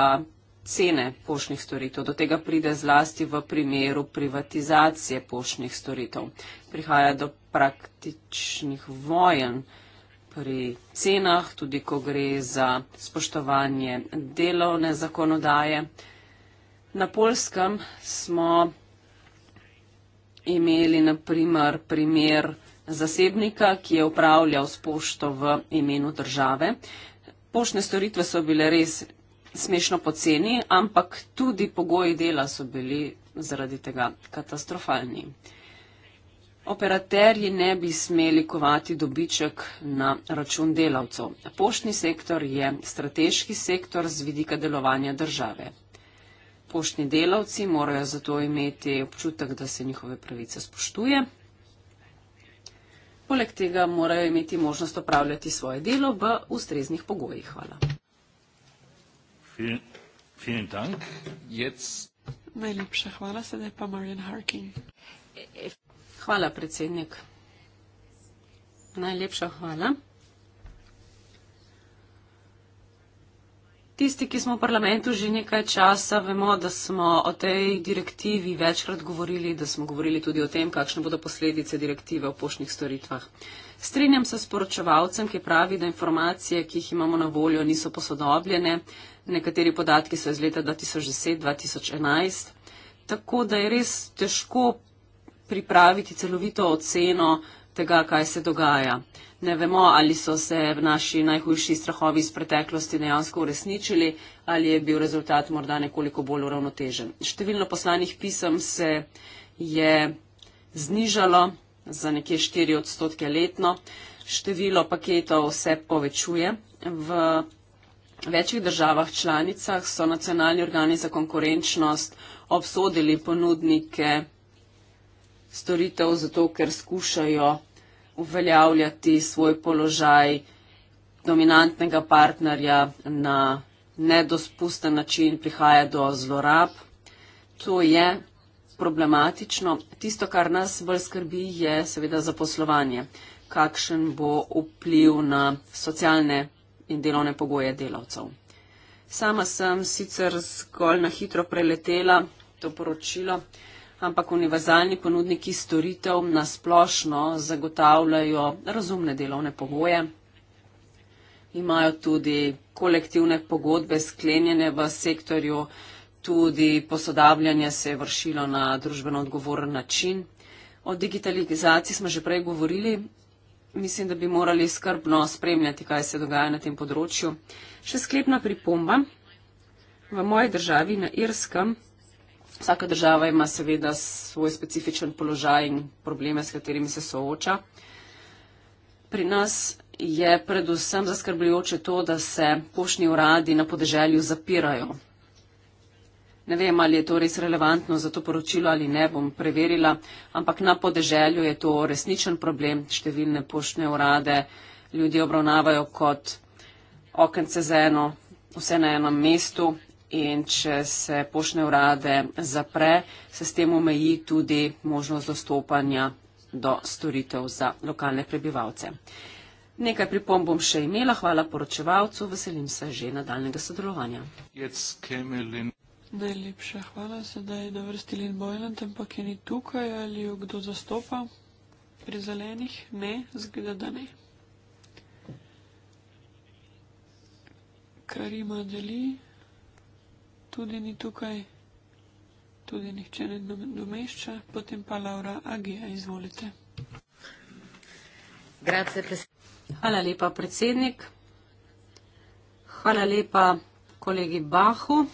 cene poštnih storitev. Do tega pride zlasti v primeru privatizacije poštnih storitev. Prihaja do praktičnih vojen pri cenah, tudi ko gre za spoštovanje delovne zakonodaje. Na polskem smo imeli naprimer primer zasebnika, ki je upravljal s pošto v imenu države. Poštne storitve so bile res smešno poceni, ampak tudi pogoji dela so bili zaradi tega katastrofalni. Operaterji ne bi smeli kovati dobiček na račun delavcev. Poštni sektor je strateški sektor z vidika delovanja države. Poštni delavci morajo zato imeti občutek, da se njihove pravice spoštuje. Poleg tega morajo imeti možnost opravljati svoje delo v ustreznih pogojih. Hvala. Najlepša hvala, sedaj pa Marjan Harkin. Hvala, predsednik. Najlepša hvala. Tisti, ki smo v parlamentu že nekaj časa, vemo, da smo o tej direktivi večkrat govorili, da smo govorili tudi o tem, kakšne bodo posledice direktive o poštnih storitvah. Strinjam se s poročevalcem, ki pravi, da informacije, ki jih imamo na voljo, niso posodobljene. Nekateri podatki so iz leta 2010-2011. Tako da je res težko pripraviti celovito oceno tega, kaj se dogaja. Ne vemo, ali so se naši najhujši strahovi iz preteklosti dejansko uresničili, ali je bil rezultat morda nekoliko bolj uravnotežen. Število poslanih pisem se je znižalo za nekje 4 odstotke letno, število paketov se povečuje. V večjih državah članicah so nacionalni organi za konkurenčnost obsodili ponudnike storitev, zato ker skušajo uveljavljati svoj položaj dominantnega partnerja na nedospusten način, prihaja do zlorab. To je problematično. Tisto, kar nas bolj skrbi, je seveda zaposlovanje. Kakšen bo vpliv na socialne in delovne pogoje delavcev. Sama sem sicer zgolj na hitro preletela to poročilo ampak univerzalni ponudniki storitev nasplošno zagotavljajo razumne delovne pogoje. Imajo tudi kolektivne pogodbe sklenjene v sektorju, tudi posodabljanje se je vršilo na družbeno odgovoren način. O digitalizaciji smo že prej govorili. Mislim, da bi morali skrbno spremljati, kaj se dogaja na tem področju. Še sklepna pripomba. V moji državi na Irskem Vsaka država ima seveda svoj specifičen položaj in probleme, s katerimi se sooča. Pri nas je predvsem zaskrbljujoče to, da se poštni uradi na podeželju zapirajo. Ne vem, ali je to res relevantno za to poročilo ali ne, bom preverila, ampak na podeželju je to resničen problem. Številne poštne urade ljudje obravnavajo kot okence za eno, vse na enem mestu in če se poštne urade zapre, se s tem omeji tudi možnost dostopanja do storitev za lokalne prebivalce. Nekaj pripomb bom še imela, hvala poročevalcu, veselim se že nadaljnega sodelovanja. Najlepša hvala, sedaj je dovrstili in bojlen, ampak je ni tukaj ali jo kdo zastopa pri zelenih? Ne, zgleda, da ne. Karima deli tudi ni tukaj, tudi nihče ne domešča, potem pa Laura Agija, izvolite. Hvala lepa, predsednik. Hvala lepa, kolegi Bahu.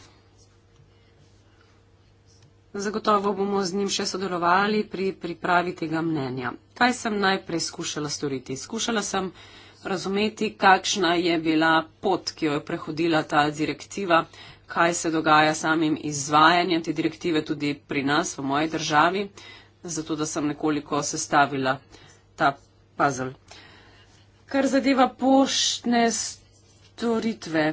Zagotovo bomo z njim še sodelovali pri pripravi tega mnenja. Kaj sem najprej skušala storiti? Skušala sem razumeti, kakšna je bila pot, ki jo je prehodila ta direktiva kaj se dogaja samim izvajanjem te direktive tudi pri nas, v moji državi, zato da sem nekoliko sestavila ta puzzle. Kar zadeva poštne storitve.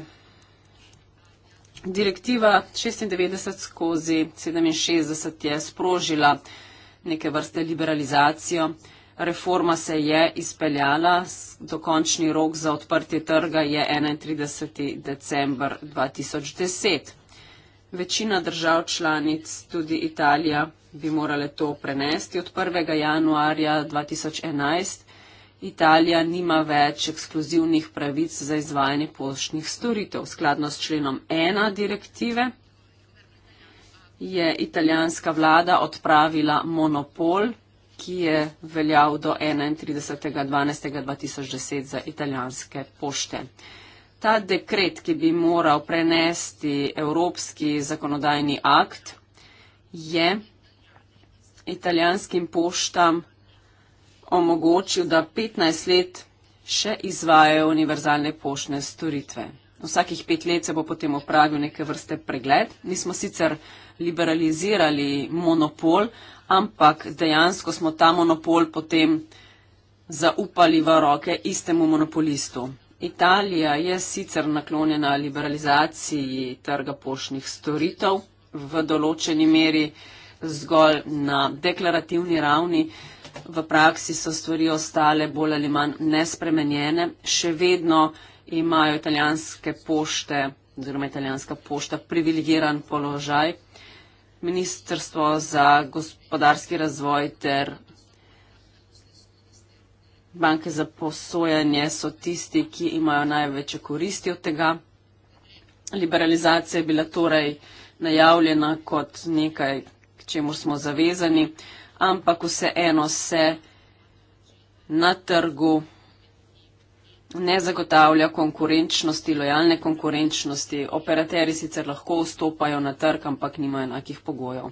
Direktiva 96 skozi 67 je sprožila neke vrste liberalizacijo reforma se je izpeljala, dokončni rok za odprtje trga je 31. december 2010. Večina držav članic, tudi Italija, bi morale to prenesti. Od 1. januarja 2011 Italija nima več ekskluzivnih pravic za izvajanje poštnih storitev. Skladno s členom 1 direktive je italijanska vlada odpravila monopol ki je veljal do 31.12.2010 za italijanske pošte. Ta dekret, ki bi moral prenesti evropski zakonodajni akt, je italijanskim poštam omogočil, da 15 let še izvajajo univerzalne poštne storitve. Vsakih pet let se bo potem opravil neke vrste pregled. Nismo sicer liberalizirali monopol, ampak dejansko smo ta monopol potem zaupali v roke istemu monopolistu. Italija je sicer naklonjena liberalizaciji trga poštnih storitev v določeni meri zgolj na deklarativni ravni. V praksi so stvari ostale bolj ali manj nespremenjene. Še vedno imajo italijanske pošte oziroma italijanska pošta privilegiran položaj Ministrstvo za gospodarski razvoj ter banke za posojanje so tisti, ki imajo največje koristi od tega. Liberalizacija je bila torej najavljena kot nekaj, k čemu smo zavezani, ampak vseeno se na trgu ne zagotavlja konkurenčnosti, lojalne konkurenčnosti. Operateri sicer lahko vstopajo na trg, ampak nimajo enakih pogojev.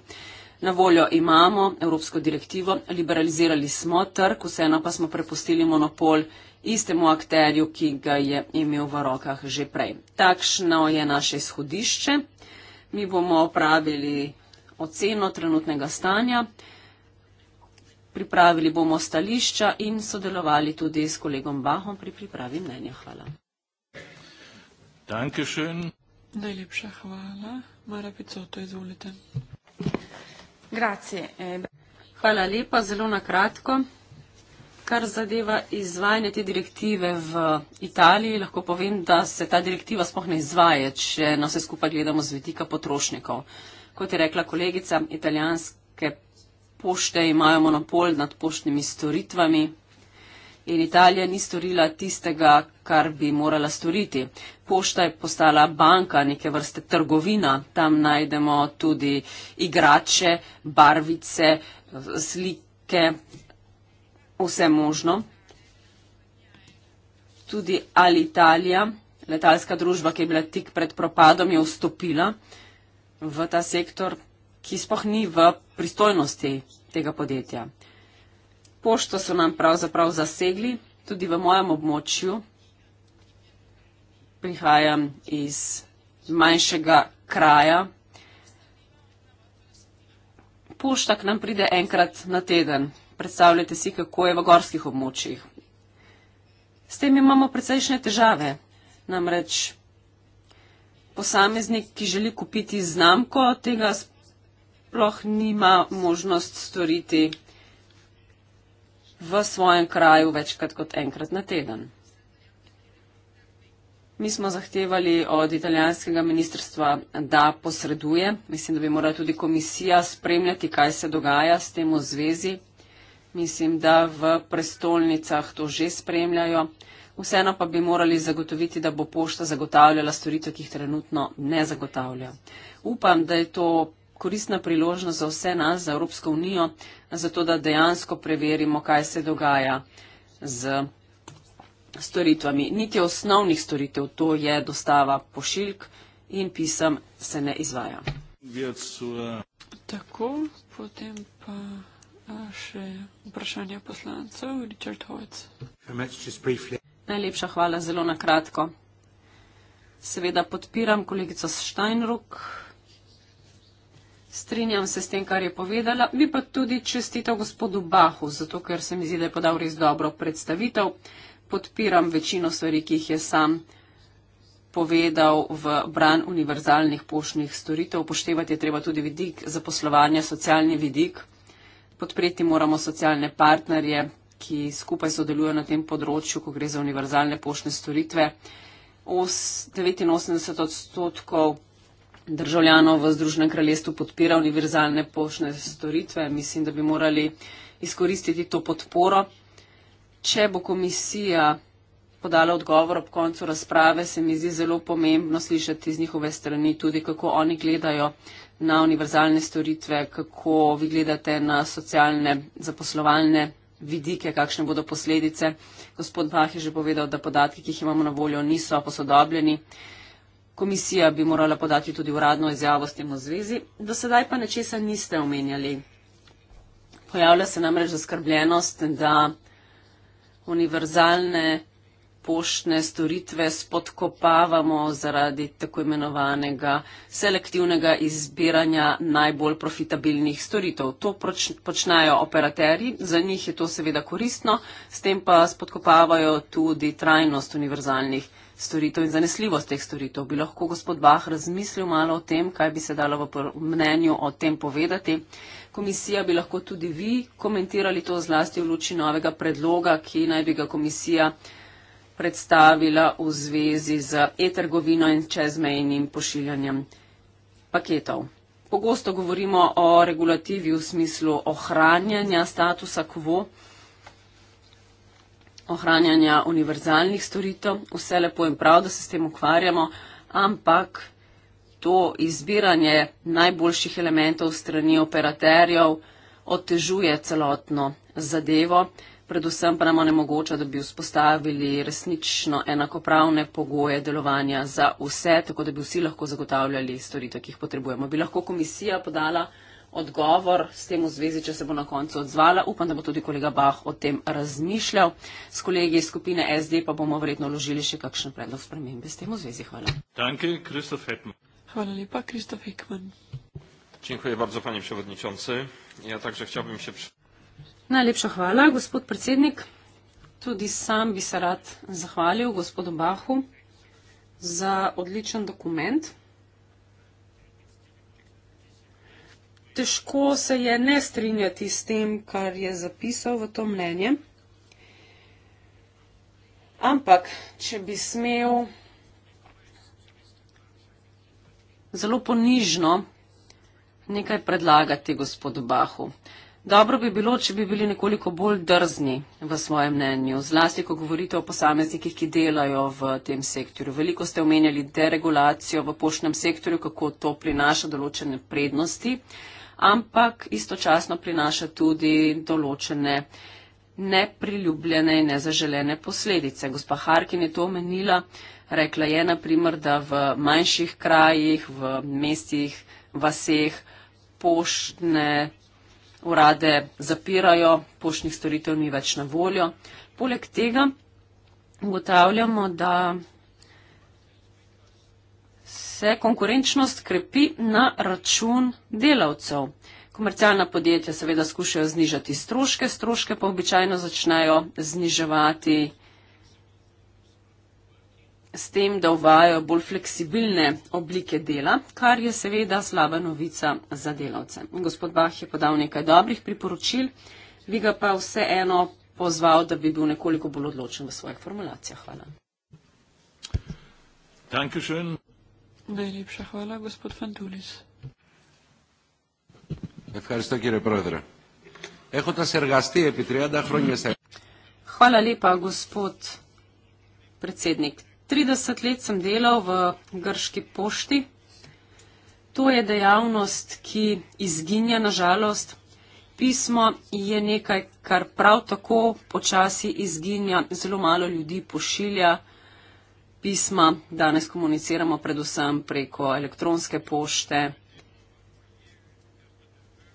Na voljo imamo Evropsko direktivo, liberalizirali smo trg, vseeno pa smo prepustili monopol istemu akterju, ki ga je imel v rokah že prej. Takšno je naše izhodišče. Mi bomo opravili oceno trenutnega stanja. Pripravili bomo stališča in sodelovali tudi s kolegom Bahom pri pripravi mnenja. Hvala. Dankeschön. Najlepša hvala. Mara Picoto, izvolite. Grazie. Eh, hvala lepa, zelo na kratko. Kar zadeva izvajanje te direktive v Italiji, lahko povem, da se ta direktiva sploh ne izvaja, če na vse skupaj gledamo z vidika potrošnikov. Kot je rekla kolegica, italijanske pošte imajo monopol nad poštnimi storitvami in Italija ni storila tistega, kar bi morala storiti. Pošta je postala banka, neke vrste trgovina. Tam najdemo tudi igrače, barvice, slike, vse možno. Tudi Alitalija, letalska družba, ki je bila tik pred propadom, je vstopila v ta sektor ki spoh ni v pristojnosti tega podjetja. Pošto so nam pravzaprav zasegli tudi v mojem območju. Prihajam iz manjšega kraja. Pošta k nam pride enkrat na teden. Predstavljate si, kako je v gorskih območjih. S tem imamo precejšnje težave. Namreč posameznik, ki želi kupiti znamko, tega sploh nima možnost storiti v svojem kraju večkrat kot enkrat na teden. Mi smo zahtevali od italijanskega ministrstva, da posreduje. Mislim, da bi morala tudi komisija spremljati, kaj se dogaja s tem v zvezi. Mislim, da v prestolnicah to že spremljajo. Vseeno pa bi morali zagotoviti, da bo pošta zagotavljala storitve, ki jih trenutno ne zagotavlja. Upam, da je to koristna priložnost za vse nas, za Evropsko unijo, zato da dejansko preverimo, kaj se dogaja z storitvami. Niti osnovnih storitev, to je dostava pošiljk in pisem se ne izvaja. Tako, potem pa še vprašanje poslancev. Richard Hoyc. Najlepša hvala, zelo na kratko. Seveda podpiram kolegico Steinruck. Strinjam se s tem, kar je povedala, bi pa tudi čestital gospodu Bahu, zato ker se mi zdi, da je podal res dobro predstavitev. Podpiram večino stvari, ki jih je sam povedal v bran univerzalnih poštnih storitev. Poštevati je treba tudi vidik zaposlovanja, socialni vidik. Podpreti moramo socialne partnerje, ki skupaj sodelujo na tem področju, ko gre za univerzalne poštne storitve. Os 89 odstotkov državljanov v Združenem kraljestvu podpira univerzalne poštne storitve. Mislim, da bi morali izkoristiti to podporo. Če bo komisija podala odgovor ob koncu razprave, se mi zdi zelo pomembno slišati z njihove strani tudi, kako oni gledajo na univerzalne storitve, kako vi gledate na socialne zaposlovalne vidike, kakšne bodo posledice. Gospod Bah je že povedal, da podatki, ki jih imamo na voljo, niso posodobljeni. Komisija bi morala podati tudi uradno izjavo s tem v zvezi. Do sedaj pa nečesa niste omenjali. Pojavlja se namreč zaskrbljenost, da univerzalne poštne storitve spodkopavamo zaradi tako imenovanega selektivnega izbiranja najbolj profitabilnih storitev. To počnejo operaterji, za njih je to seveda koristno, s tem pa spodkopavajo tudi trajnost univerzalnih storitev storitev in zanesljivost teh storitev. Bi lahko gospod Bah razmislil malo o tem, kaj bi se dalo v mnenju o tem povedati. Komisija bi lahko tudi vi komentirali to zlasti v luči novega predloga, ki naj bi ga komisija predstavila v zvezi z e-trgovino in čezmejnim pošiljanjem paketov. Pogosto govorimo o regulativi v smislu ohranjanja statusa quo ohranjanja univerzalnih storitev. Vse lepo in prav, da se s tem ukvarjamo, ampak to izbiranje najboljših elementov strani operaterjev otežuje celotno zadevo. Predvsem pa nam onemogoča, da bi vzpostavili resnično enakopravne pogoje delovanja za vse, tako da bi vsi lahko zagotavljali storitev, ki jih potrebujemo. Bi lahko komisija podala odgovor s tem v zvezi, če se bo na koncu odzvala. Upam, da bo tudi kolega Bah o tem razmišljal. S kolegi iz skupine SD pa bomo verjetno vložili še kakšen predlog spremembe s tem v zvezi. Hvala. Danke, Kristof Hekman. Hvala lepa, Kristof Hekman. Čenkuje bardzo, panie przewodniczący. Ja także chciałbym się... Najlepša hvala, gospod predsednik. Tudi sam bi se rad zahvalil gospodu Bahu za odličen dokument. težko se je ne strinjati s tem, kar je zapisal v to mnenje. Ampak, če bi smel zelo ponižno nekaj predlagati gospodu Bahu. Dobro bi bilo, če bi bili nekoliko bolj drzni v svojem mnenju, zlasti, ko govorite o posameznikih, ki delajo v tem sektorju. Veliko ste omenjali deregulacijo v poštnem sektorju, kako to prinaša določene prednosti. Uh, ampak istočasno prinaša tudi določene nepriljubljene in nezaželene posledice. Gospa Harkin je to omenila, rekla je naprimer, da v manjših krajih, v mestih, vaseh poštne urade zapirajo, poštnih storitev ni več na voljo. Poleg tega ugotavljamo, da se konkurenčnost krepi na račun delavcev. Komercialna podjetja seveda skušajo znižati stroške, stroške pa običajno začnejo zniževati s tem, da uvajajo bolj fleksibilne oblike dela, kar je seveda slaba novica za delavce. Gospod Bah je podal nekaj dobrih priporočil, vi ga pa vseeno pozval, da bi bil nekoliko bolj odločen v svojih formulacijah. Hvala. Dankeschön. Najlepša hvala, gospod Fantulis. Hvala lepa, gospod predsednik. 30 let sem delal v grški pošti. To je dejavnost, ki izginja na žalost. Pismo je nekaj, kar prav tako počasi izginja. Zelo malo ljudi pošilja pisma, danes komuniciramo predvsem preko elektronske pošte.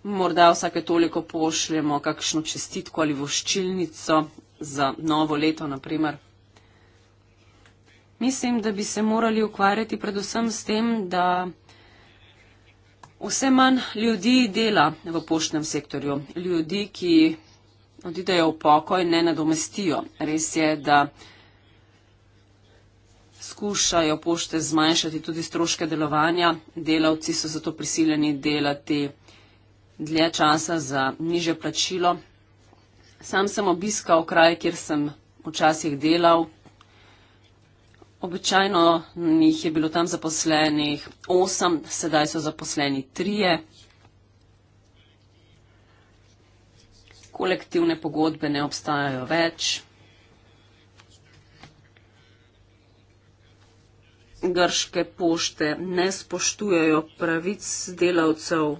Morda vsake toliko pošljemo kakšno čestitko ali voščilnico za novo leto, naprimer. Mislim, da bi se morali ukvarjati predvsem s tem, da vse manj ljudi dela v poštnem sektorju. Ljudi, ki odidejo v pokoj, ne nadomestijo. Res je, da skušajo pošte zmanjšati tudi stroške delovanja. Delavci so zato prisiljeni delati dlje časa za niže plačilo. Sam sem obiskal kraj, kjer sem včasih delal. Običajno jih je bilo tam zaposlenih osem, sedaj so zaposleni trije. Kolektivne pogodbe ne obstajajo več. grške pošte ne spoštujejo pravic delavcev.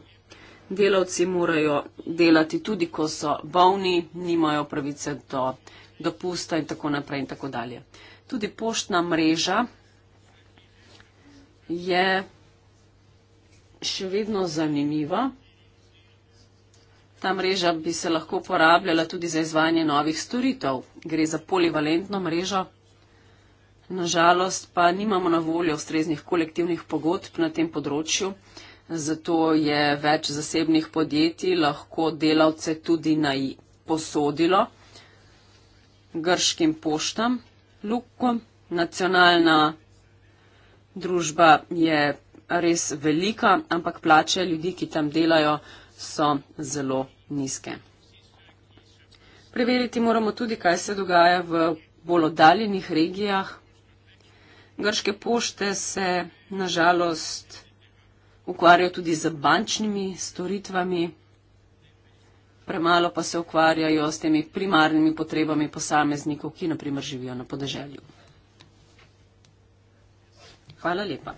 Delavci morajo delati tudi, ko so bolni, nimajo pravice do dopusta in tako naprej in tako dalje. Tudi poštna mreža je še vedno zanimiva. Ta mreža bi se lahko uporabljala tudi za izvajanje novih storitev. Gre za polivalentno mrežo, Nažalost pa nimamo na voljo ustreznih kolektivnih pogodb na tem področju, zato je več zasebnih podjetij lahko delavce tudi naj posodilo grškim poštam, lukom. Nacionalna družba je res velika, ampak plače ljudi, ki tam delajo, so zelo nizke. Preveriti moramo tudi, kaj se dogaja v bolj oddaljenih regijah, grške pošte se nažalost ukvarjajo tudi z bančnimi storitvami, premalo pa se ukvarjajo s temi primarnimi potrebami posameznikov, ki naprimer živijo na podeželju. Hvala lepa.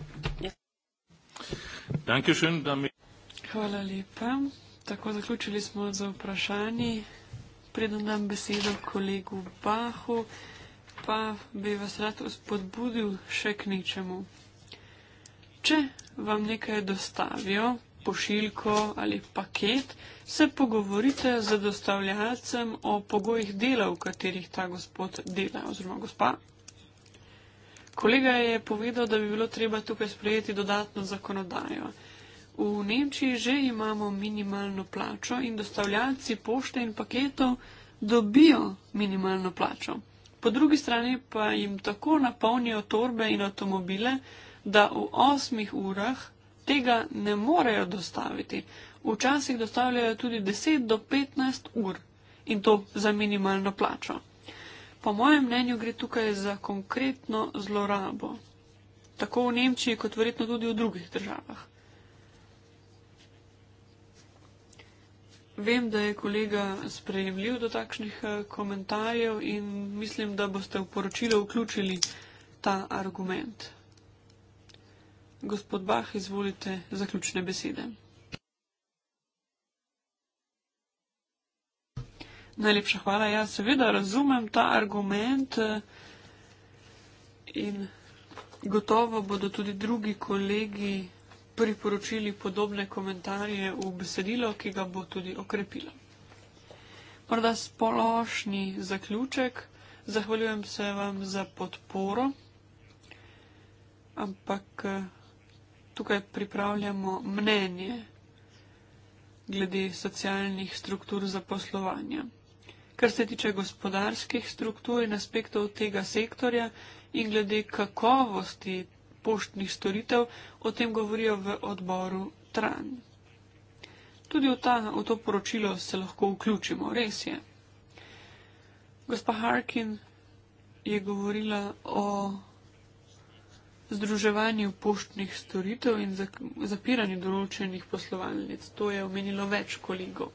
Hvala lepa. Tako zaključili smo za vprašanje. Predam besedo kolegu Bahu pa bi vas rad spodbudil še k nečemu. Če vam nekaj dostavijo, pošiljko ali paket, se pogovorite z dostavljalcem o pogojih dela, v katerih ta gospod dela oziroma gospa. Kolega je povedal, da bi bilo treba tukaj sprejeti dodatno zakonodajo. V Nemčiji že imamo minimalno plačo in dostavljalci pošte in paketov dobijo minimalno plačo po drugi strani pa jim tako napolnijo torbe in avtomobile, da v osmih urah tega ne morejo dostaviti. Včasih dostavljajo tudi 10 do 15 ur in to za minimalno plačo. Po mojem mnenju gre tukaj za konkretno zlorabo, tako v Nemčiji, kot verjetno tudi v drugih državah. Vem, da je kolega sprejemljiv do takšnih eh, komentarjev in mislim, da boste v poročilo vključili ta argument. Gospod Bah, izvolite zaključne besede. Najlepša hvala. Ja, seveda razumem ta argument eh, in gotovo bodo tudi drugi kolegi priporočili podobne komentarje v besedilo, ki ga bo tudi okrepila. Morda splošni zaključek. Zahvaljujem se vam za podporo, ampak eh, tukaj pripravljamo mnenje glede socialnih struktur zaposlovanja. Kar se tiče gospodarskih struktur in aspektov tega sektorja in glede kakovosti poštnih storitev, o tem govorijo v odboru Tran. Tudi v, ta, v to poročilo se lahko vključimo, res je. Gospa Harkin je govorila o združevanju poštnih storitev in zapiranju določenih poslovalnic. To je omenilo več kolegov.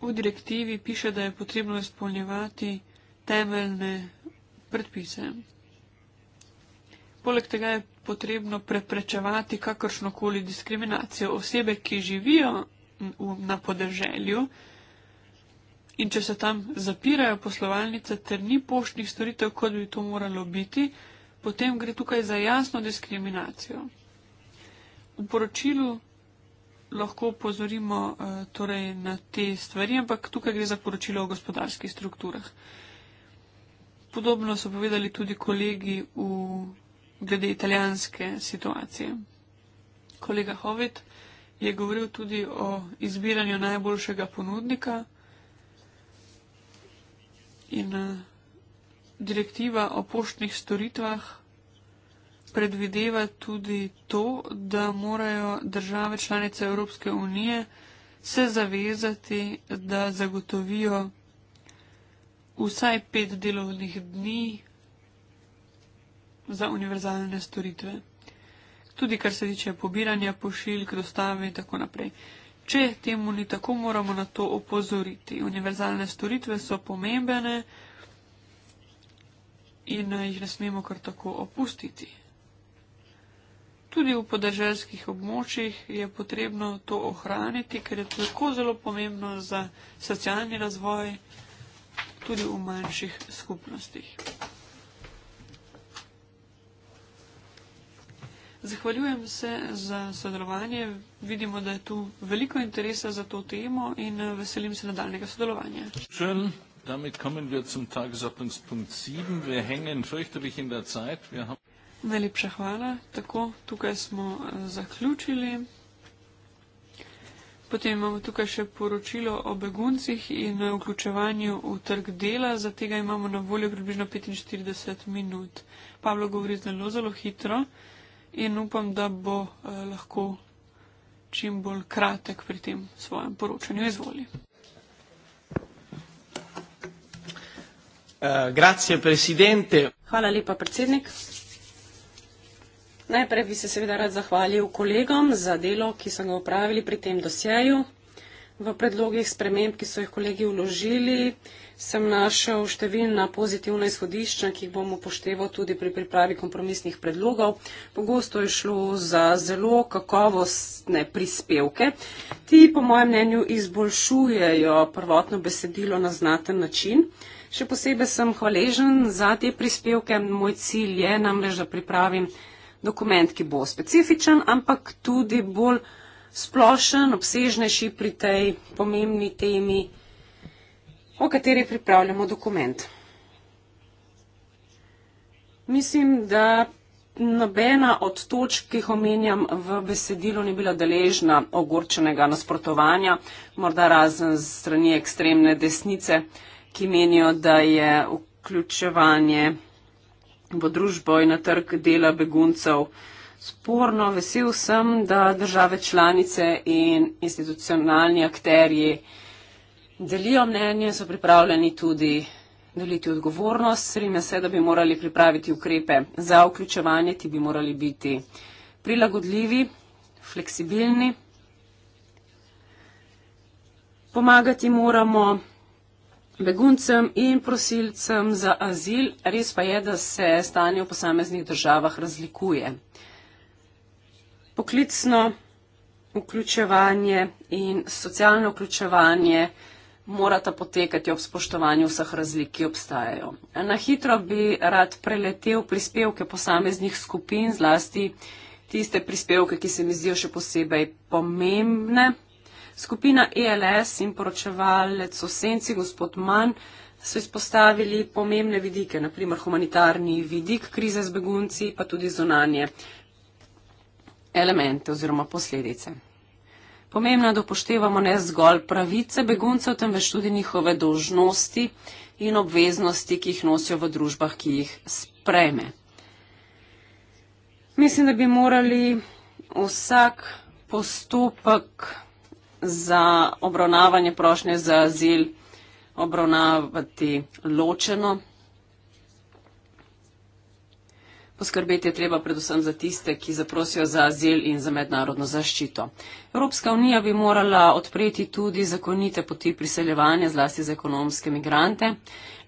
V direktivi piše, da je potrebno izpolnjevati temeljne predpise. Poleg tega je potrebno preprečevati kakršnokoli diskriminacijo osebe, ki živijo na podeželju in če se tam zapirajo poslovalnice, ter ni poštnih storitev, kot bi to moralo biti, potem gre tukaj za jasno diskriminacijo. V poročilu lahko upozorimo eh, torej, na te stvari, ampak tukaj gre za poročilo o gospodarskih strukturah. Podobno so povedali tudi kolegi v glede italijanske situacije. Kolega Hovit je govoril tudi o izbiranju najboljšega ponudnika in eh, direktiva o poštnih storitvah predvideva tudi to, da morajo države članice Evropske unije se zavezati, da zagotovijo vsaj pet delovnih dni za univerzalne storitve. Tudi kar se tiče pobiranja pošiljk, dostave in tako naprej. Če temu ni tako, moramo na to opozoriti. Univerzalne storitve so pomembene in jih ne smemo kar tako opustiti. Tudi v podeželskih območjih je potrebno to ohraniti, ker je tako zelo pomembno za socialni razvoj tudi v manjših skupnostih. Zahvaljujem se za sodelovanje. Vidimo, da je tu veliko interesa za to temo in eh, veselim se nadaljnega sodelovanja. Schön. Damit kommen wir zum Tagesordnungspunkt 7. Wir hängen fürchterlich in der Zeit. Wir haben Najlepša hvala. Tako, tukaj smo eh, zaključili. Potem imamo tukaj še poročilo o beguncih in vključevanju v trg dela. Za tega imamo na voljo približno 45 minut. Pablo govori zelo, zelo hitro in upam, da bo eh, lahko čim bolj kratek pri tem svojem poročanju. Izvoli. Uh, grazie, Hvala lepa, predsednik. Najprej bi se seveda rad zahvalil kolegom za delo, ki so ga upravili pri tem dosjeju. V predlogih sprememb, ki so jih kolegi vložili, sem našel številna pozitivna izhodišča, ki jih bomo upošteval tudi pri pripravi kompromisnih predlogov. Pogosto je šlo za zelo kakovostne prispevke. Ti, po mojem mnenju, izboljšujejo prvotno besedilo na znaten način. Še posebej sem hvaležen za te prispevke. Moj cilj je namreč, da pripravim dokument, ki bo specifičen, ampak tudi bolj splošen, obsežnejši pri tej pomembni temi, o kateri pripravljamo dokument. Mislim, da nobena od točk, ki jih omenjam v besedilu, ni bila deležna ogorčenega nasprotovanja, morda razen strani ekstremne desnice, ki menijo, da je vključevanje v družbo in na trg dela beguncev. Sporno vesel sem, da države članice in institucionalni akterji delijo mnenje in so pripravljeni tudi deliti odgovornost. Srime se, da bi morali pripraviti ukrepe za vključevanje, ti bi morali biti prilagodljivi, fleksibilni. Pomagati moramo beguncem in prosilcem za azil. Res pa je, da se stanje v posameznih državah razlikuje. Poklicno vključevanje in socialno vključevanje morata potekati ob spoštovanju vseh razlik, ki obstajajo. Na hitro bi rad preletel prispevke posameznih skupin, zlasti tiste prispevke, ki se mi zdijo še posebej pomembne. Skupina ELS in poročevalec o senci gospod Mann so izpostavili pomembne vidike, naprimer humanitarni vidik krize z begunci, pa tudi zonanje elemente oziroma posledice. Pomembno je, da upoštevamo ne zgolj pravice beguncev, temveč tudi njihove dožnosti in obveznosti, ki jih nosijo v družbah, ki jih sprejme. Mislim, da bi morali vsak postopek za obravnavanje prošnje za azil obravnavati ločeno. Poskrbeti je treba predvsem za tiste, ki zaprosijo za azil in za mednarodno zaščito. Evropska unija bi morala odpreti tudi zakonite poti priseljevanja zlasti za ekonomske migrante.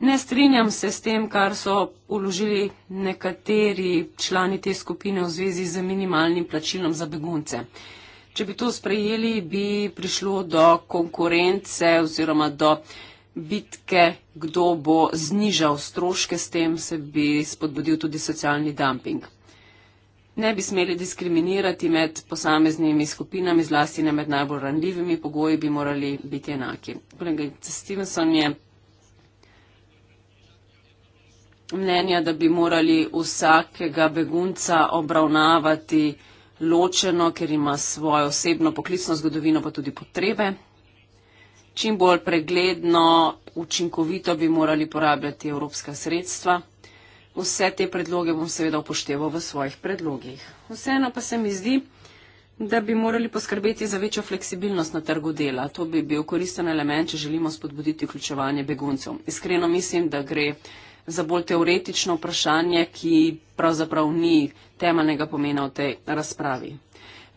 Ne strinjam se s tem, kar so uložili nekateri člani te skupine v zvezi z minimalnim plačilom za begunce. Če bi to sprejeli, bi prišlo do konkurence oziroma do bitke, kdo bo znižal stroške, s tem se bi spodbudil tudi socialni dumping. Ne bi smeli diskriminirati med posameznimi skupinami, zlasti ne med najbolj ranljivimi pogoji, bi morali biti enaki. Kolega Stevenson je mnenja, da bi morali vsakega begunca obravnavati ločeno, ker ima svojo osebno poklicno zgodovino, pa tudi potrebe. Čim bolj pregledno, učinkovito bi morali porabljati evropska sredstva. Vse te predloge bom seveda upošteval v svojih predlogih. Vseeno pa se mi zdi, da bi morali poskrbeti za večjo fleksibilnost na trgu dela. To bi bil koristen element, če želimo spodbuditi vključevanje beguncev. Iskreno mislim, da gre za bolj teoretično vprašanje, ki pravzaprav ni temeljnega pomena v tej razpravi.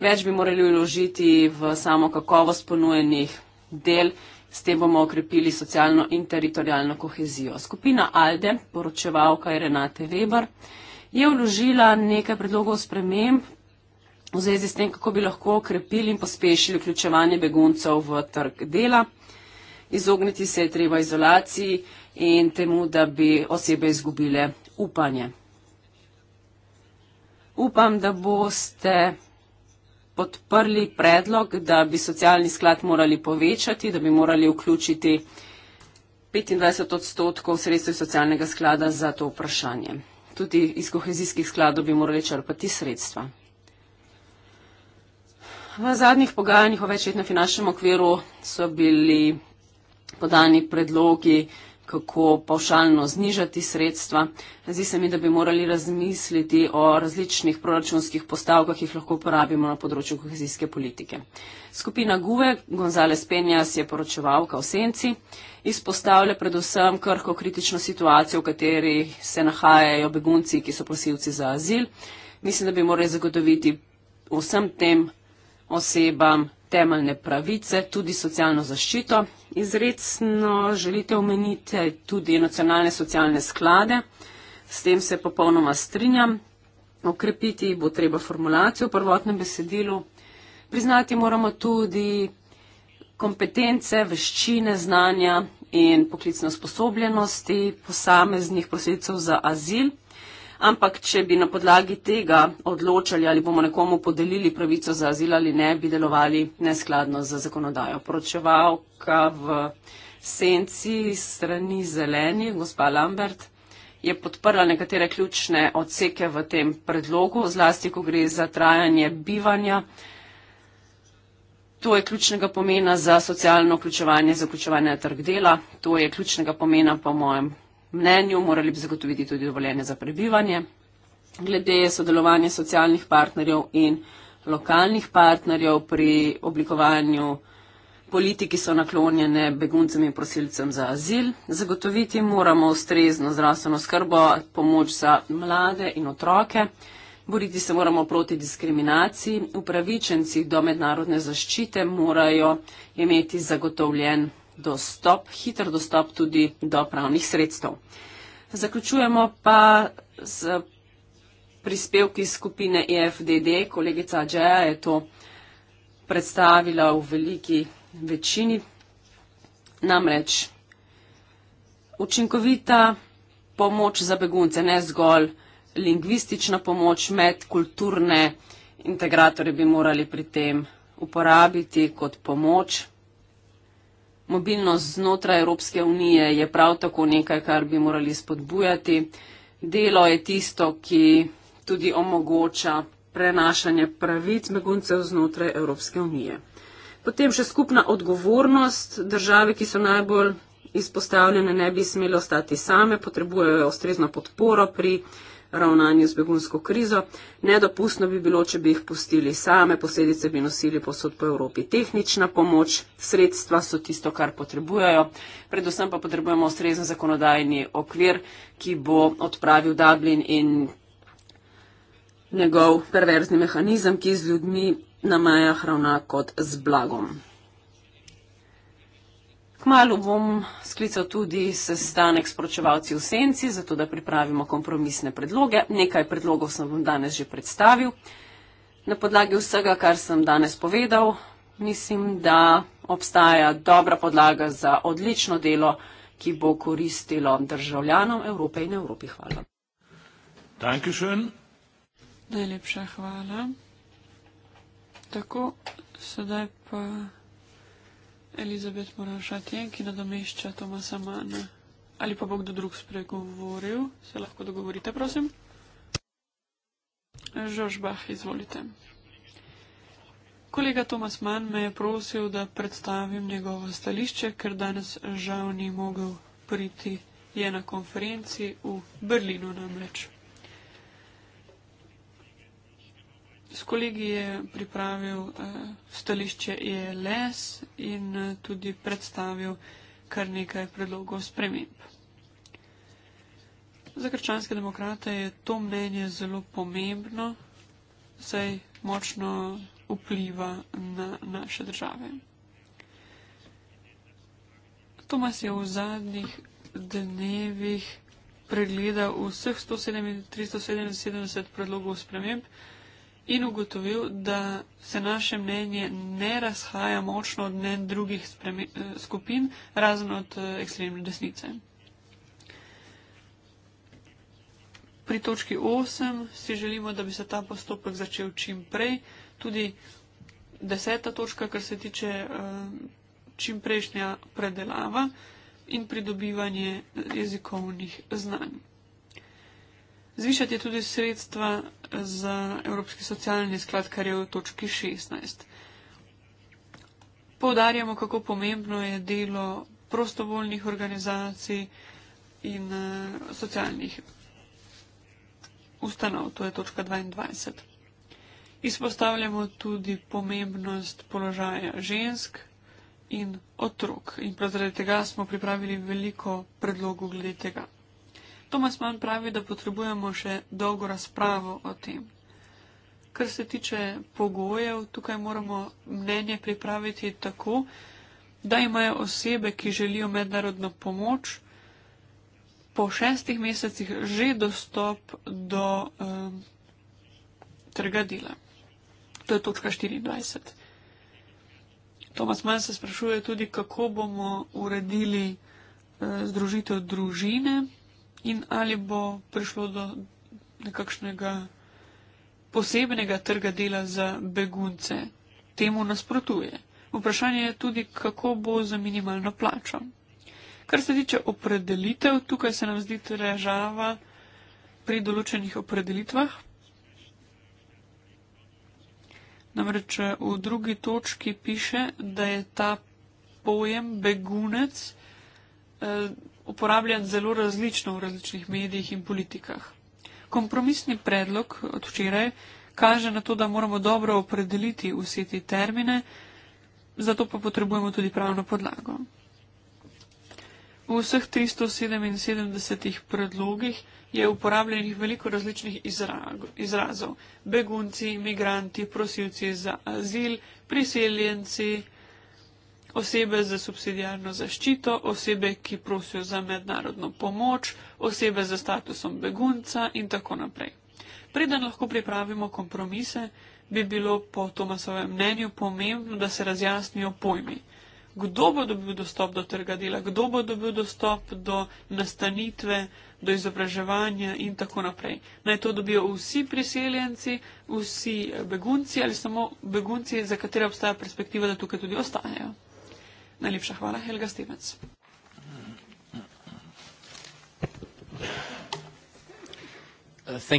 Več bi morali vložiti v samo kakovost ponujenih del, s tem bomo okrepili socialno in teritorijalno kohezijo. Skupina ALDE, poročevalka Renate Weber, je vložila nekaj predlogov sprememb v zvezi s tem, kako bi lahko okrepili in pospešili vključevanje beguncev v trg dela. Izogniti se je treba izolaciji in temu, da bi osebe izgubile upanje. Upam, da boste podprli predlog, da bi socialni sklad morali povečati, da bi morali vključiti 25 odstotkov sredstev socialnega sklada za to vprašanje. Tudi iz kohezijskih skladov bi morali črpati sredstva. V zadnjih pogajanjih o večletnem finančnem okviru so bili podani predlogi, kako pavšalno znižati sredstva. Zdi se mi, da bi morali razmisliti o različnih proračunskih postavkah, ki jih lahko uporabimo na področju kohezijske politike. Skupina GUE, Gonzales Penjas je poročevalka v Senci, izpostavlja predvsem krhko kritično situacijo, v kateri se nahajajo begunci, ki so prosilci za azil. Mislim, da bi morali zagotoviti vsem tem osebam temeljne pravice, tudi socialno zaščito. Izredno želite omeniti tudi nacionalne socialne sklade. S tem se popolnoma strinjam. Okrepiti bo treba formulacijo v prvotnem besedilu. Priznati moramo tudi kompetence, veščine, znanja in poklicno sposobljenosti posameznih prosilcev za azil. Ampak, če bi na podlagi tega odločali, ali bomo nekomu podelili pravico za azil ali ne, bi delovali neskladno z zakonodajo. Poročevalka v senci strani zelenih, gospa Lambert, je podprla nekatere ključne odseke v tem predlogu, zlasti, ko gre za trajanje bivanja. To je ključnega pomena za socialno vključevanje, za vključevanje trg dela. To je ključnega pomena, po mojem mnenju, morali bi zagotoviti tudi dovoljenje za prebivanje. Glede sodelovanja socialnih partnerjev in lokalnih partnerjev pri oblikovanju politiki so naklonjene beguncem in prosilcem za azil. Zagotoviti moramo ustrezno zdravstveno skrbo, pomoč za mlade in otroke. Boriti se moramo proti diskriminaciji. Upravičenci do mednarodne zaščite morajo imeti zagotovljen dostop, hiter dostop tudi do pravnih sredstev. Zaključujemo pa z prispevki skupine EFDD. Kolegica Džeja je to predstavila v veliki večini. Namreč učinkovita pomoč za begunce, ne zgolj lingvistična pomoč med kulturne integratorje bi morali pri tem uporabiti kot pomoč. Mobilnost znotraj Evropske unije je prav tako nekaj, kar bi morali spodbujati. Delo je tisto, ki tudi omogoča prenašanje pravic beguncev znotraj Evropske unije. Potem še skupna odgovornost. Države, ki so najbolj izpostavljene, ne bi smele ostati same, potrebujejo ustrezno podporo pri ravnanju z begunsko krizo. Nedopustno bi bilo, če bi jih pustili same, posledice bi nosili posod po Evropi. Tehnična pomoč, sredstva so tisto, kar potrebujejo. Predvsem pa potrebujemo ustrezen zakonodajni okvir, ki bo odpravil Dublin in njegov perverzni mehanizem, ki z ljudmi na mejah ravna kot z blagom. Kmalo bom sklical tudi sestanek s pročevalci v senci, zato da pripravimo kompromisne predloge. Nekaj predlogov sem vam danes že predstavil. Na podlagi vsega, kar sem danes povedal, mislim, da obstaja dobra podlaga za odlično delo, ki bo koristilo državljanom Evrope in Evropi. Hvala. Dankeschön. Najlepša hvala. Tako, sedaj pa. Elizabet Morošatje, ki nadomešča Tomasa Mana. Ali pa bo kdo drug spregovoril? Se lahko dogovorite, prosim. Žožbah, izvolite. Kolega Tomas Mann me je prosil, da predstavim njegovo stališče, ker danes žal ni mogel priti. Je na konferenci v Berlinu namreč. s kolegi je pripravil uh, stališče ELS in uh, tudi predstavil kar nekaj predlogov sprememb. Za krščanske demokrate je to mnenje zelo pomembno, saj močno vpliva na naše države. Tomas je v zadnjih dnevih pregledal vseh 177 predlogov sprememb in ugotovil, da se naše mnenje ne razhaja močno od mnen drugih eh, skupin, razen od eh, ekstremne desnice. Pri točki 8 si želimo, da bi se ta postopek začel čim prej. Tudi deseta točka, kar se tiče eh, čim prejšnja predelava in pridobivanje jezikovnih znanj. Zvišati je tudi sredstva za Evropski socialni sklad, kar je v točki 16. Povdarjamo, kako pomembno je delo prostovoljnih organizacij in uh, socialnih ustanov, to je točka 22. Izpostavljamo tudi pomembnost položaja žensk in otrok in prav zaradi tega smo pripravili veliko predlogov glede tega. Tomas Mann pravi, da potrebujemo še dolgo razpravo o tem. Kar se tiče pogojev, tukaj moramo mnenje pripraviti tako, da imajo osebe, ki želijo mednarodno pomoč, po šestih mesecih že dostop do um, trga dela. To je točka 24. Tomas Mann se sprašuje tudi, kako bomo uredili uh, združitev družine in ali bo prišlo do nekakšnega posebnega trga dela za begunce. Temu nasprotuje. Vprašanje je tudi, kako bo za minimalno plačo. Kar se tiče opredelitev, tukaj se nam zdi težava pri določenih opredelitvah. Namreč eh, v drugi točki piše, da je ta pojem begunec eh, uporabljen zelo različno v različnih medijih in politikah. Kompromisni predlog od včeraj kaže na to, da moramo dobro opredeliti vse te termine, zato pa potrebujemo tudi pravno podlago. V vseh 377 predlogih je uporabljenih veliko različnih izrazov. Begunci, migranti, prosilci za azil, priseljenci, osebe za subsidijarno zaščito, osebe, ki prosijo za mednarodno pomoč, osebe za statusom begunca in tako naprej. Preden lahko pripravimo kompromise, bi bilo po Tomasovem mnenju pomembno, da se razjasnijo pojmi. Kdo bo dobil dostop do trga dela, kdo bo dobil dostop do nastanitve, do izobraževanja in tako naprej. Naj to dobijo vsi priseljenci, vsi begunci ali samo begunci, za katere obstaja perspektiva, da tukaj tudi ostanejo. Najlepša hvala, Helga Stevec. Uh, uh,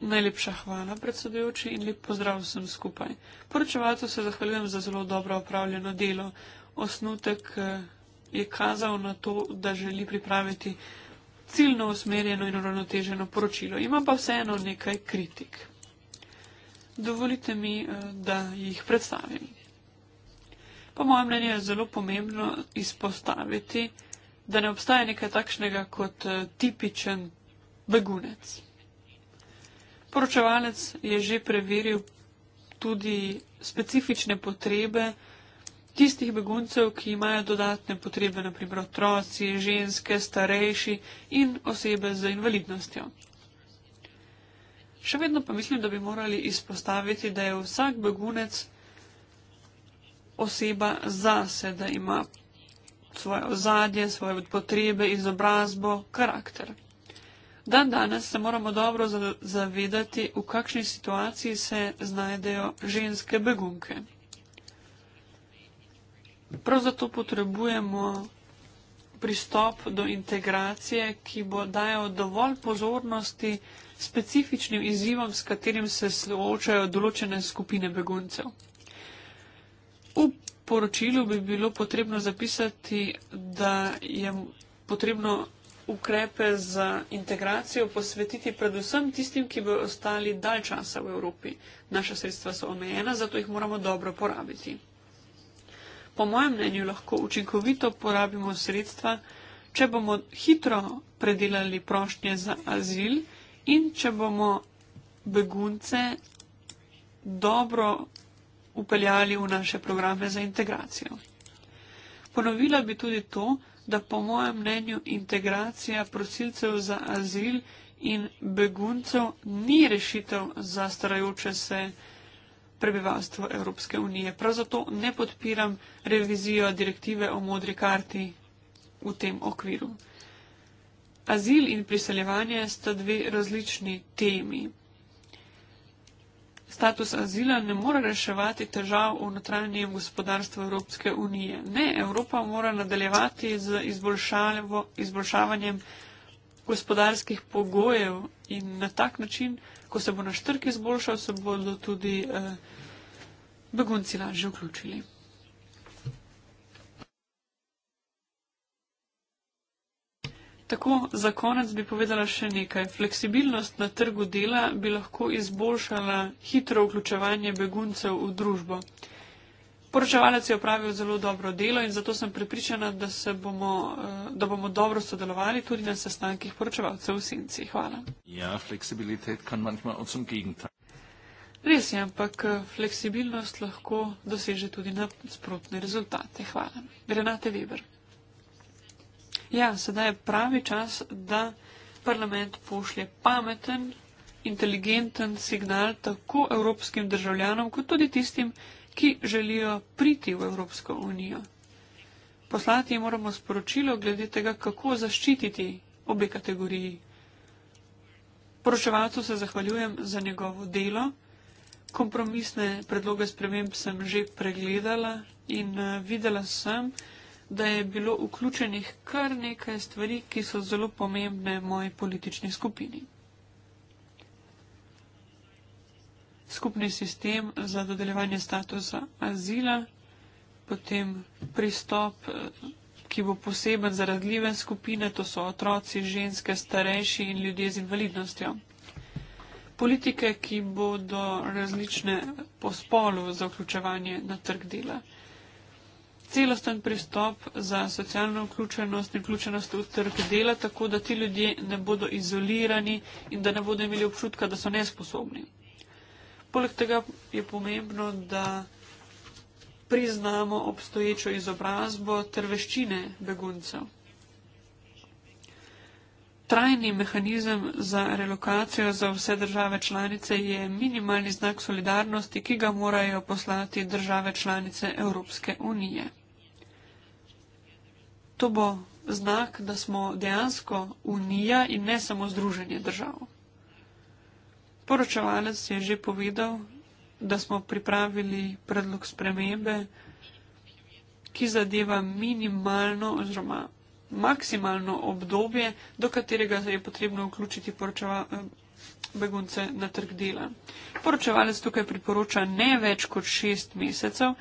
Najlepša hvala, predsedujoči, in lep pozdrav vsem skupaj. Poročevalcu se zahvaljujem za zelo dobro opravljeno delo. Osnutek uh, je kazal na to, da želi pripraviti ciljno usmerjeno in uravnoteženo poročilo. Ima pa vseeno nekaj kritik. Dovolite mi, da jih predstavim. Po mojem mnenju je zelo pomembno izpostaviti, da ne obstaja nekaj takšnega kot eh, tipičen begunec. Poročevalec je že preveril tudi specifične potrebe tistih beguncev, ki imajo dodatne potrebe, naprimer otroci, ženske, starejši in osebe z invalidnostjo. Še vedno pa mislim, da bi morali izpostaviti, da je vsak begunec oseba zase, da ima svoje ozadje, svoje potrebe, izobrazbo, karakter. Dan danes se moramo dobro zavedati, v kakšni situaciji se znajdejo ženske begunke. Prav zato potrebujemo pristop do integracije, ki bo dajal dovolj pozornosti specifičnim izzivom, s katerim se soočajo določene skupine beguncev. V poročilu bi bilo potrebno zapisati, da je potrebno ukrepe za integracijo posvetiti predvsem tistim, ki bi ostali dalj časa v Evropi. Naša sredstva so omejena, zato jih moramo dobro porabiti. Po mojem mnenju lahko učinkovito porabimo sredstva, če bomo hitro predelali prošnje za azil in če bomo begunce dobro upeljali v naše programe za integracijo. Ponovila bi tudi to, da po mojem mnenju integracija prosilcev za azil in beguncev ni rešitev za starajoče se prebivalstvo Evropske unije. Prav zato ne podpiram revizijo direktive o modri karti v tem okviru. Azil in priseljevanje sta dve različni temi status azila ne more reševati težav v notranjem gospodarstvu Evropske unije. Ne, Evropa mora nadaljevati z izboljšavanjem gospodarskih pogojev in na tak način, ko se bo naš trg izboljšal, se bodo tudi eh, begunci lažje vključili. Tako, za konec bi povedala še nekaj. Fleksibilnost na trgu dela bi lahko izboljšala hitro vključevanje beguncev v družbo. Poročevalec je opravil zelo dobro delo in zato sem prepričana, da, se bomo, eh, da bomo dobro sodelovali tudi na sestankih poročevalcev v Sinci. Hvala. Ja, fleksibilitet kan manjma od sem gigantar. Res je, ampak eh, fleksibilnost lahko doseže tudi na sprotne rezultate. Hvala. Renate Weber. Ja, sedaj je pravi čas, da parlament pošlje pameten, inteligenten signal tako evropskim državljanom, kot tudi tistim, ki želijo priti v Evropsko unijo. Poslati jim moramo sporočilo glede tega, kako zaščititi obe kategoriji. Poročevalcu se zahvaljujem za njegovo delo. Kompromisne predloge sprememb sem že pregledala in eh, videla sem, da je bilo vključenih kar nekaj stvari, ki so zelo pomembne moji politični skupini. Skupni sistem za dodeljevanje statusa azila, potem pristop, eh, ki bo poseben za radljive skupine, to so otroci, ženske, starejši in ljudje z invalidnostjo. Politike, ki bodo različne po spolu za vključevanje na trg dela celosten pristop za socialno vključenost in vključenost v trg dela, tako da ti ljudje ne bodo izolirani in da ne bodo imeli občutka, da so nesposobni. Poleg tega je pomembno, da priznamo obstoječo izobrazbo ter veščine beguncev. Trajni mehanizem za relokacijo za vse države članice je minimalni znak solidarnosti, ki ga morajo poslati države članice Evropske unije. To bo znak, da smo dejansko unija in ne samo združenje držav. Poročevalec je že povedal, da smo pripravili predlog spremembe, ki zadeva minimalno oziroma maksimalno obdobje, do katerega je potrebno vključiti poročava, eh, begunce na trg dela. Poročevalec tukaj priporoča ne več kot šest mesecev,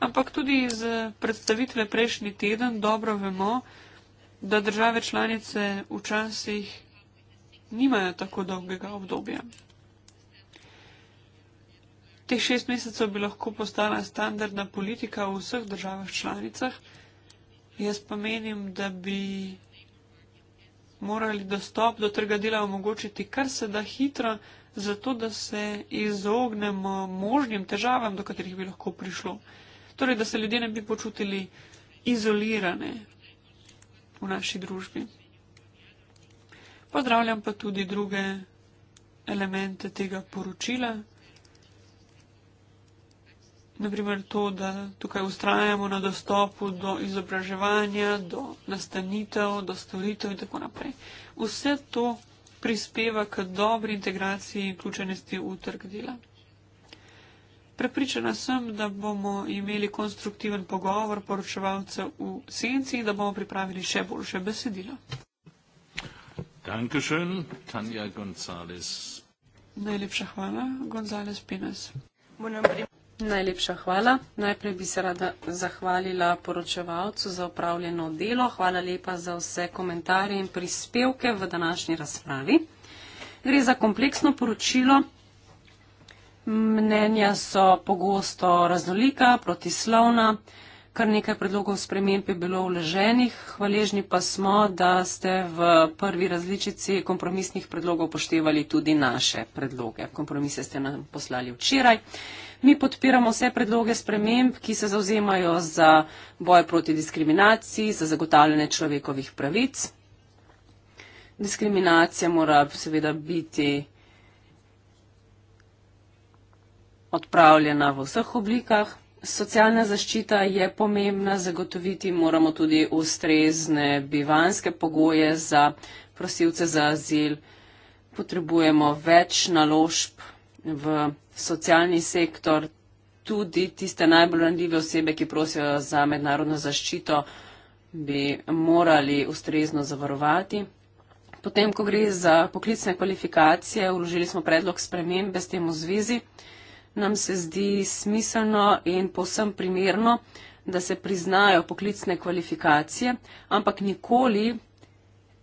ampak tudi iz eh, predstavitve prejšnji teden dobro vemo, da države članice včasih nimajo tako dolgega obdobja. Teh šest mesecev bi lahko postala standardna politika v vseh državah članicah. Jaz pa menim, da bi morali dostop do trga dela omogočiti kar se da hitro, zato da se izognemo možnim težavam, do katerih bi lahko prišlo. Torej, da se ljudje ne bi počutili izolirane v naši družbi. Pozdravljam pa tudi druge elemente tega poročila naprimer to, da tukaj ustrajamo na dostopu do izobraževanja, do nastanitev, do storitev in tako naprej. Vse to prispeva k dobri integraciji in vključenosti v trg dela. Prepričana sem, da bomo imeli konstruktiven pogovor poročevalce v senci in da bomo pripravili še boljše besedilo. Dankeschön, Tanja González. Najlepša hvala, González Pines. Bonem prim. Najlepša hvala. Najprej bi se rada zahvalila poročevalcu za upravljeno delo. Hvala lepa za vse komentarje in prispevke v današnji razpravi. Gre za kompleksno poročilo. Mnenja so pogosto raznolika, protislovna. Kar nekaj predlogov sprememb je bilo vloženih. Hvaležni pa smo, da ste v prvi različici kompromisnih predlogov poštevali tudi naše predloge. Kompromise ste nam poslali včeraj. Mi podpiramo vse predloge sprememb, ki se zauzemajo za boj proti diskriminaciji, za zagotavljanje človekovih pravic. Diskriminacija mora seveda biti odpravljena v vseh oblikah. Socialna zaščita je pomembna, zagotoviti moramo tudi ustrezne bivanske pogoje za prosilce za azil. Potrebujemo več naložb v socialni sektor, tudi tiste najbolj randljive osebe, ki prosijo za mednarodno zaščito, bi morali ustrezno zavarovati. Potem, ko gre za poklicne kvalifikacije, vložili smo predlog spremembe s tem v zvezi. Nam se zdi smiselno in posem primerno, da se priznajo poklicne kvalifikacije, ampak nikoli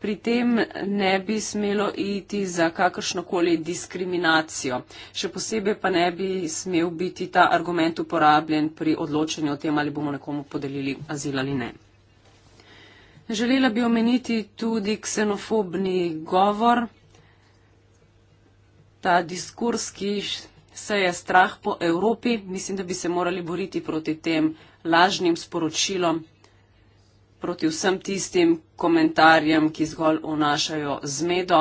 pri tem ne bi smelo iti za kakršnokoli diskriminacijo. Še posebej pa ne bi smel biti ta argument uporabljen pri odločanju o tem, ali bomo nekomu podelili azil ali ne. Želela bi omeniti tudi ksenofobni govor, ta diskurs, ki se je strah po Evropi. Mislim, da bi se morali boriti proti tem lažnim sporočilom proti vsem tistim komentarjem, ki zgolj unašajo zmedo,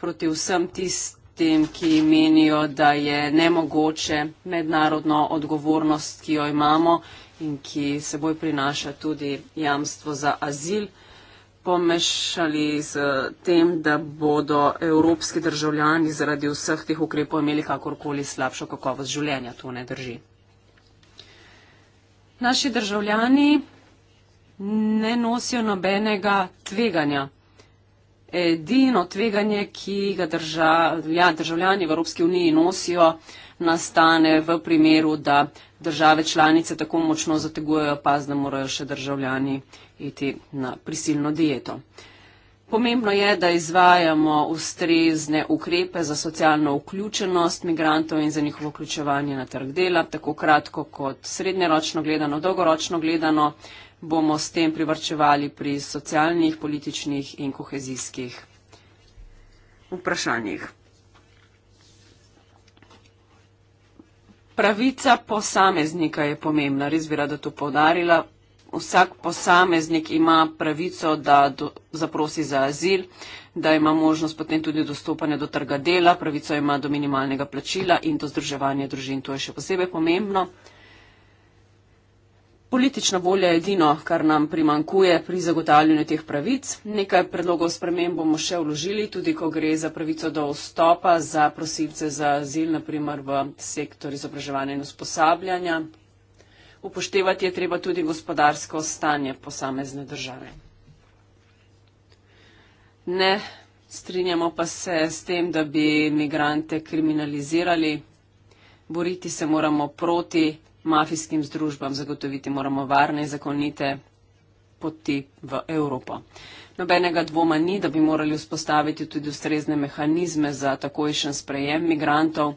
proti vsem tistim, ki menijo, da je nemogoče mednarodno odgovornost, ki jo imamo in ki seboj prinaša tudi jamstvo za azil, pomešali z tem, da bodo evropski državljani zaradi vseh teh ukrepov imeli kakorkoli slabšo kakovost življenja. To ne drži. Naši državljani ne nosijo nobenega tveganja. Edino tveganje, ki ga držav, ja, državljani v Evropski uniji nosijo, nastane v primeru, da države članice tako močno zategujejo pas, da morajo še državljani iti na prisilno dieto. Pomembno je, da izvajamo ustrezne ukrepe za socialno vključenost migrantov in za njihovo vključevanje na trg dela, tako kratko kot srednjeročno gledano, dolgoročno gledano bomo s tem privrčevali pri socialnih, političnih in kohezijskih vprašanjih. Pravica posameznika je pomembna, res bi rada to povdarila. Vsak posameznik ima pravico, da do, zaprosi za azil, da ima možnost potem tudi dostopanja do trga dela, pravico ima do minimalnega plačila in do združevanja družin. To je še posebej pomembno. Politična volja je edino, kar nam primankuje pri zagotavljanju teh pravic. Nekaj predlogov sprememb bomo še vložili, tudi ko gre za pravico do vstopa za prosilce za azil, naprimer v sektor izobraževanja in usposabljanja. Upoštevati je treba tudi gospodarsko stanje posamezne države. Ne strinjamo pa se s tem, da bi imigrante kriminalizirali. Boriti se moramo proti mafijskim združbam zagotoviti moramo varne in zakonite poti v Evropo. Nobenega dvoma ni, da bi morali vzpostaviti tudi ustrezne mehanizme za takojšen sprejem migrantov.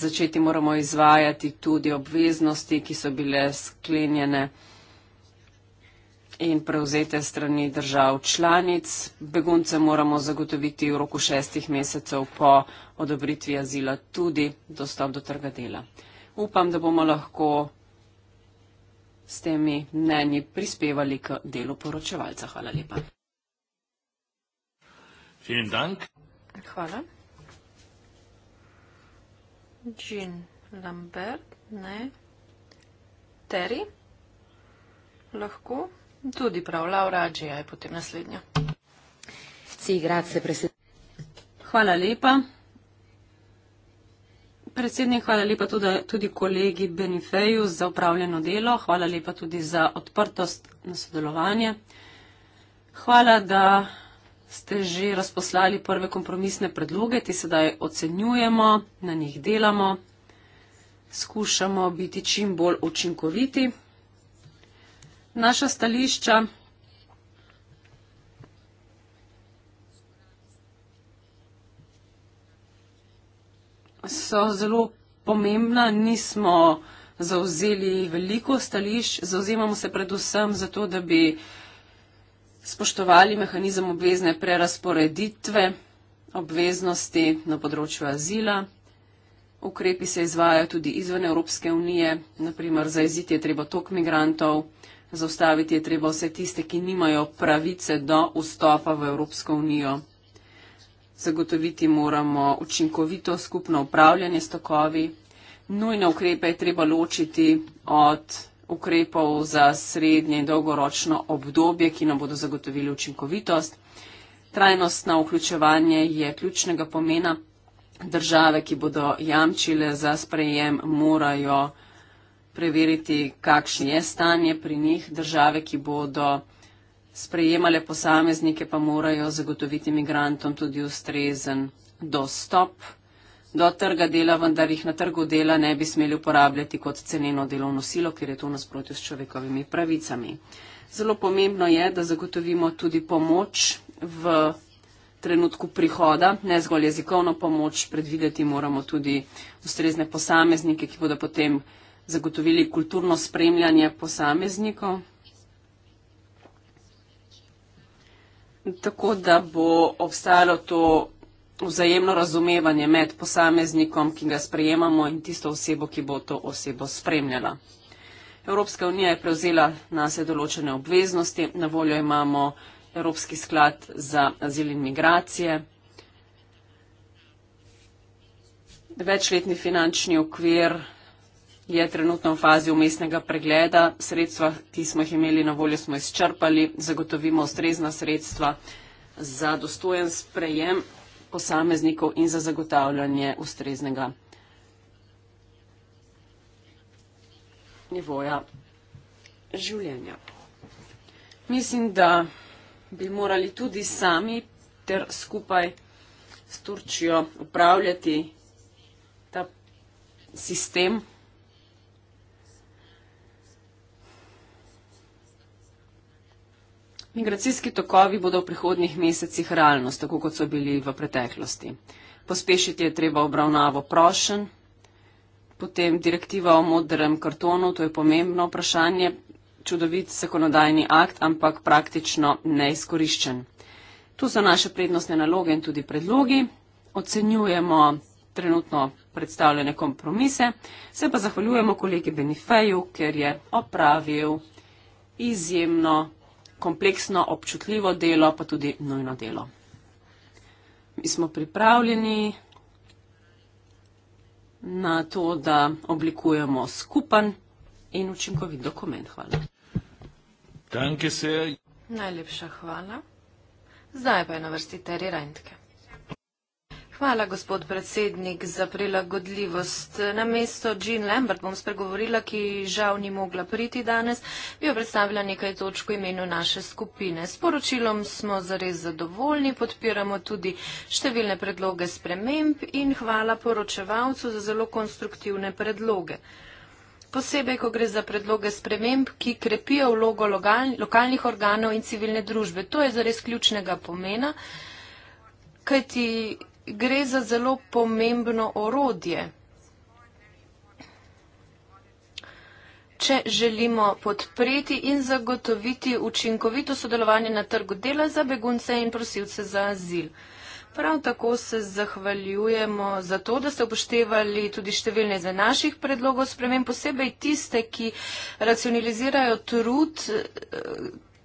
Začeti moramo izvajati tudi obveznosti, ki so bile sklenjene in prevzete strani držav članic. Begunce moramo zagotoviti v roku šestih mesecev po odobritvi azila tudi dostop do trga dela upam, da bomo lahko s temi mnenji prispevali k delu poročevalca. Hvala lepa. Vielen Dank. Hvala. Jean Lambert, ne. Terry, lahko. Tudi prav, Laura Adžija je potem naslednja. Si, grazie, presedujoči. Hvala lepa. Predsednik, hvala lepa tudi, tudi kolegi Benifeju za upravljeno delo, hvala lepa tudi za odprtost na sodelovanje. Hvala, da ste že razposlali prve kompromisne predloge, ti sedaj ocenjujemo, na njih delamo, skušamo biti čim bolj učinkoviti. Naša stališča so zelo pomembna, nismo zauzeli veliko stališč, zauzemamo se predvsem zato, da bi spoštovali mehanizem obvezne prerasporeditve obveznosti na področju azila. Ukrepi se izvajajo tudi izven Evropske unije, naprimer zaeziti je treba tok migrantov, zaustaviti je treba vse tiste, ki nimajo pravice do vstopa v Evropsko unijo. Zagotoviti moramo učinkovito skupno upravljanje s tokovi. Nujne ukrepe je treba ločiti od ukrepov za srednje in dolgoročno obdobje, ki nam bodo zagotovili učinkovitost. Trajnostno vključevanje je ključnega pomena. Države, ki bodo jamčile za sprejem, morajo preveriti, kakšno je stanje pri njih. Države, ki bodo sprejemale posameznike, pa morajo zagotoviti imigrantom tudi ustrezen dostop do trga dela, vendar jih na trgu dela ne bi smeli uporabljati kot ceneno delovno silo, ker je to nasprotju s človekovimi pravicami. Zelo pomembno je, da zagotovimo tudi pomoč v trenutku prihoda, ne zgolj jezikovno pomoč, predvideti moramo tudi ustrezne posameznike, ki bodo potem zagotovili kulturno spremljanje posameznikov. tako da bo obstajalo to vzajemno razumevanje med posameznikom, ki ga sprejemamo in tisto osebo, ki bo to osebo spremljala. Evropska unija je prevzela na se določene obveznosti, na voljo imamo Evropski sklad za azil in migracije, večletni finančni okvir, je trenutno v fazi umestnega pregleda. Sredstva, ki smo jih imeli na voljo, smo izčrpali. Zagotovimo ustrezna sredstva za dostojen sprejem posameznikov in za zagotavljanje ustreznega nivoja življenja. Mislim, da bi morali tudi sami ter skupaj s Turčijo upravljati ta sistem Migracijski tokovi bodo v prihodnih mesecih realnost, tako kot so bili v preteklosti. Pospešiti je treba obravnavo prošen, potem direktiva o modrem kartonu, to je pomembno vprašanje, čudovit zakonodajni akt, ampak praktično neizkoriščen. Tu so naše prednostne naloge in tudi predlogi. Ocenjujemo trenutno predstavljene kompromise, se pa zahvaljujemo kolegi Benifeju, ker je opravil izjemno kompleksno, občutljivo delo, pa tudi nujno delo. Mi smo pripravljeni na to, da oblikujemo skupen in učinkovit dokument. Hvala. Najlepša hvala. Zdaj pa je na vrsti Teri Rajntke. Hvala, gospod predsednik, za prilagodljivost. Na mesto Jean Lambert bom spregovorila, ki žal ni mogla priti danes, bi jo predstavila nekaj točk v imenu naše skupine. S poročilom smo zares zadovoljni, podpiramo tudi številne predloge sprememb in hvala poročevalcu za zelo konstruktivne predloge. Posebej, ko gre za predloge sprememb, ki krepijo vlogo lokalnih organov in civilne družbe. To je zares ključnega pomena, kajti gre za zelo pomembno orodje, če želimo podpreti in zagotoviti učinkovito sodelovanje na trgu dela za begunce in prosilce za azil. Prav tako se zahvaljujemo za to, da ste upoštevali tudi številne za naših predlogov spremem, posebej tiste, ki racionalizirajo trud eh,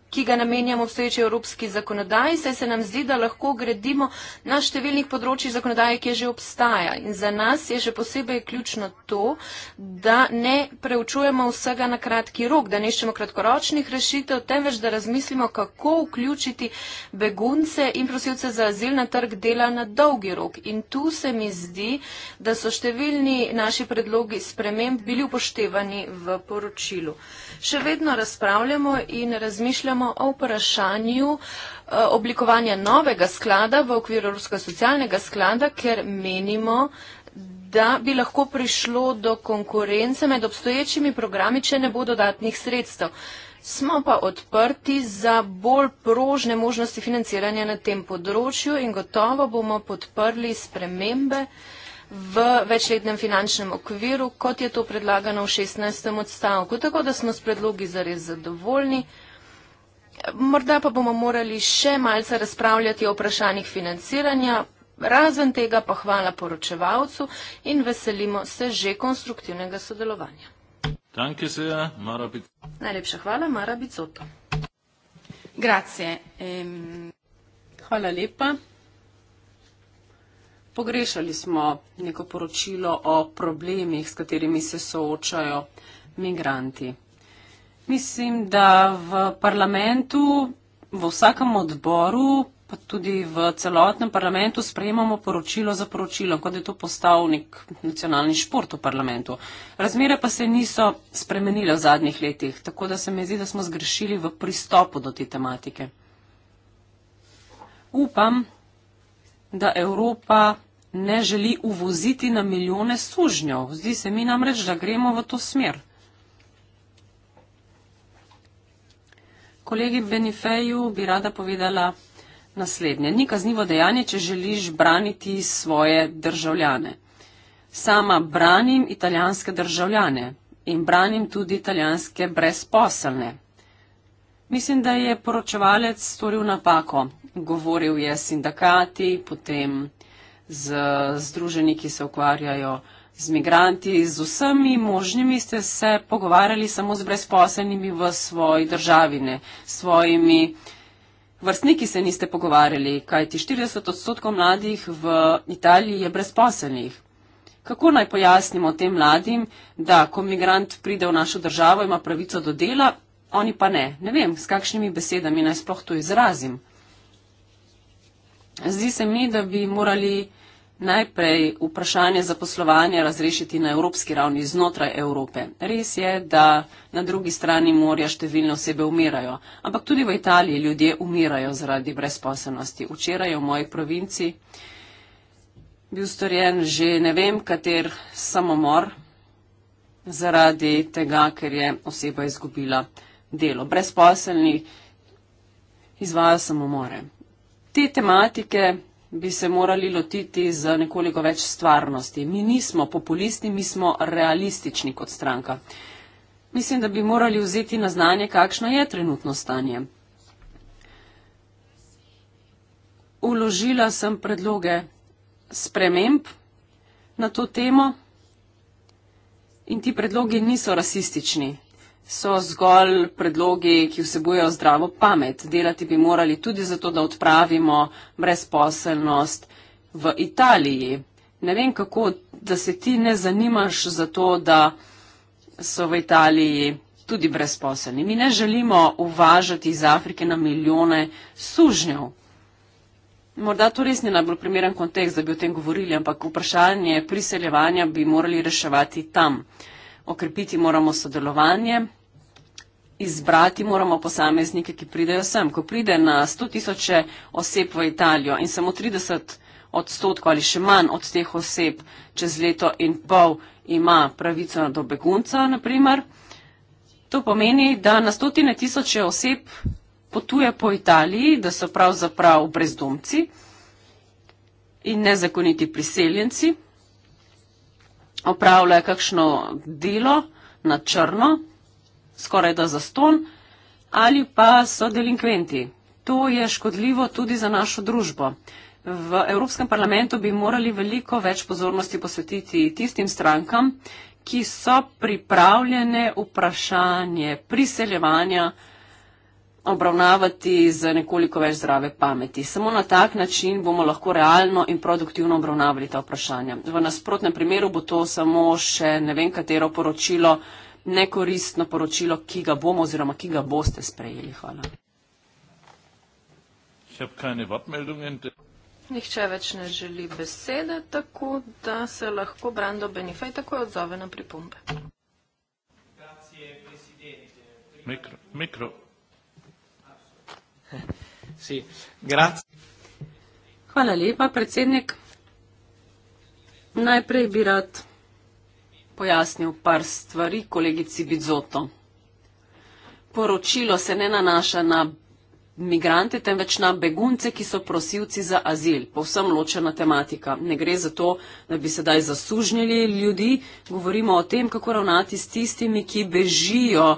ki ga namenjamo vsejoči evropski zakonodaji, saj se nam zdi, da lahko gradimo na številnih področjih zakonodaje, ki že obstaja. In za nas je še posebej ključno to, da ne preučujemo vsega na kratki rok, da neščemo kratkoročnih rešitev, temveč da razmislimo, kako vključiti begunce in prosilce za azil na trg dela na dolgi rok. In tu se mi zdi, da so številni naši predlogi sprememb bili upoštevani v poročilu. Še vedno razpravljamo in razmišljamo, o vprašanju eh, oblikovanja novega sklada v okviru Rusko-socialnega sklada, ker menimo, da bi lahko prišlo do konkurence med obstoječimi programi, če ne bo dodatnih sredstev. Smo pa odprti za bolj prožne možnosti financiranja na tem področju in gotovo bomo podprli spremembe v večletnem finančnem okviru, kot je to predlagano v 16. odstavku. Tako da smo s predlogi zares zadovoljni. Morda pa bomo morali še malce razpravljati o vprašanjih financiranja. Razen tega pa hvala poročevalcu in veselimo se že konstruktivnega sodelovanja. Danke se, Mara Bic. Najlepša hvala, Mara Bicoto. Grazie. Ehm, hvala lepa. Pogrešali smo neko poročilo o problemih, s katerimi se soočajo migranti. Mislim, da v parlamentu, v vsakem odboru, pa tudi v celotnem parlamentu sprejemamo poročilo za poročilo, kot je to postal nek nacionalni šport v parlamentu. Razmere pa se niso spremenile v zadnjih letih, tako da se mi zdi, da smo zgrešili v pristopu do te tematike. Upam, da Evropa ne želi uvoziti na milijone sužnjev. Zdi se mi namreč, da gremo v to smer. Kolegi Benifeju bi rada povedala naslednje. Ni kaznivo dejanje, če želiš braniti svoje državljane. Sama branim italijanske državljane in branim tudi italijanske brezposelne. Mislim, da je poročevalec storil napako. Govoril je s sindikati, potem z združeni, ki se ukvarjajo uh, z migranti, z vsemi možnimi ste se pogovarjali samo z brezposelnimi v svoji državi, ne s svojimi vrstniki se niste pogovarjali, kajti 40 odstotkov mladih v Italiji je brezposelnih. Kako naj pojasnimo tem mladim, da ko migrant pride v našo državo, ima pravico do dela, oni pa ne? Ne vem, s kakšnimi besedami naj sploh to izrazim. Zdi se mi, da bi morali najprej vprašanje zaposlovanja razrešiti na evropski ravni znotraj Evrope. Res je, da na drugi strani morja številne osebe umirajo, ampak tudi v Italiji ljudje umirajo zaradi brezposobnosti. Včeraj v moji provinci bil storjen že ne vem kater samomor zaradi tega, ker je oseba izgubila delo. Brezposelni izvajo samomore. Te tematike bi se morali lotiti z nekoliko več stvarnosti. Mi nismo populisti, mi smo realistični kot stranka. Mislim, da bi morali vzeti na znanje, kakšno je trenutno stanje. Uložila sem predloge sprememb na to temo in ti predlogi niso rasistični so zgolj predlogi, ki vsebujejo zdravo pamet. Delati bi morali tudi zato, da odpravimo brezposelnost v Italiji. Ne vem kako, da se ti ne zanimaš za to, da so v Italiji tudi brezposelni. Mi ne želimo uvažati iz Afrike na milijone sužnjev. Morda to res ni najbolj primeren kontekst, da bi o tem govorili, ampak vprašanje priseljevanja bi morali reševati tam. Okrepiti moramo sodelovanje izbrati moramo posameznike, ki pridejo sem. Ko pride na 100 tisoče oseb v Italijo in samo 30 odstotkov ali še manj od teh oseb čez leto in pol ima pravico do begunca, naprimer, to pomeni, da na stotine tisoče oseb potuje po Italiji, da so pravzaprav brezdomci in nezakoniti priseljenci, opravljajo kakšno delo na črno, skoraj da zaston, ali pa so delinkventi. To je škodljivo tudi za našo družbo. V Evropskem parlamentu bi morali veliko več pozornosti posvetiti tistim strankam, ki so pripravljene vprašanje priseljevanja obravnavati z nekoliko več zdrave pameti. Samo na tak način bomo lahko realno in produktivno obravnavali ta vprašanja. V nasprotnem primeru bo to samo še ne vem katero poročilo nekoristno poročilo, ki ga bomo oziroma ki ga boste sprejeli. Hvala. Nihče več ne želi besede, tako da se lahko Brando Benifej takoj odzove na pripombe. Mikro. Mikro. Si. Hvala lepa, predsednik. Najprej bi rad pojasnil par stvari kolegici Bizoto. Poročilo se ne nanaša na migrante, temveč na begunce, ki so prosilci za azil. Povsem ločena tematika. Ne gre za to, da bi sedaj zasužnili ljudi. Govorimo o tem, kako ravnati s tistimi, ki bežijo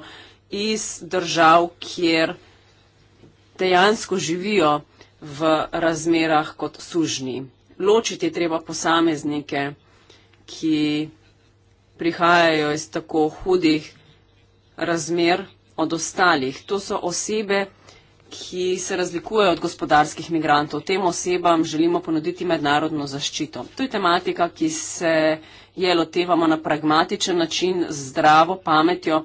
iz držav, kjer dejansko živijo v razmerah kot sužni. Ločiti je treba posameznike, ki prihajajo iz tako hudih razmer od ostalih. To so osebe, ki se razlikujejo od gospodarskih migrantov. Tem osebam želimo ponuditi mednarodno zaščito. To je tematika, ki se je lotevamo na pragmatičen način, z zdravo pametjo.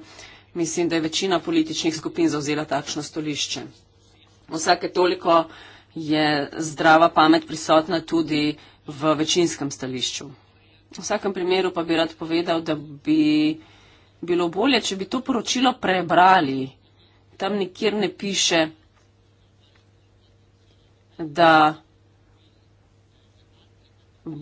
Mislim, da je večina političnih skupin zauzela takšno stolišče. Vsake toliko je zdrava pamet prisotna tudi v večinskem stališču. V vsakem primeru pa bi rad povedal, da bi bilo bolje, če bi to poročilo prebrali. Tam nikjer ne piše, da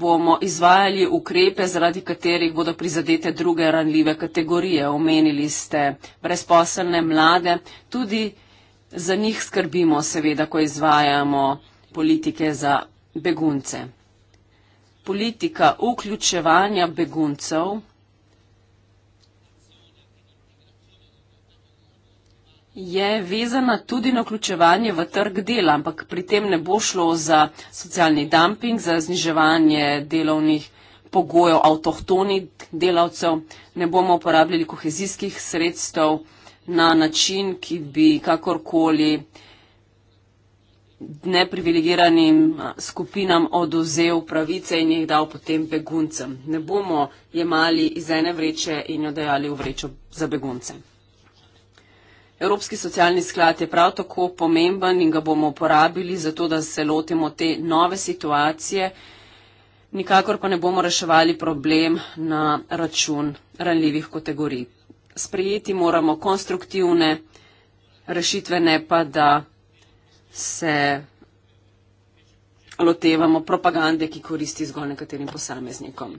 bomo izvajali ukrepe, zaradi katerih bodo prizadete druge ranljive kategorije. Omenili ste brezposelne mlade. Tudi za njih skrbimo, seveda, ko izvajamo politike za begunce politika vključevanja beguncev je vezana tudi na vključevanje v trg dela, ampak pri tem ne bo šlo za socialni dumping, za zniževanje delovnih pogojev avtohtonih delavcev, ne bomo uporabljali kohezijskih sredstev na način, ki bi kakorkoli uh, neprivilegiranim eh, skupinam oduzel pravice in jih dal potem beguncem. Ne bomo jemali iz ene vreče in jo dajali v vrečo za begunce. Evropski socialni sklad je prav tako pomemben in ga bomo uporabili za to, da se lotimo te nove situacije, nikakor pa ne bomo reševali problem na račun ranljivih kategorij. Sprejeti moramo konstruktivne rešitve, ne pa da se lotevamo propagande, ki koristi zgolj nekaterim posameznikom.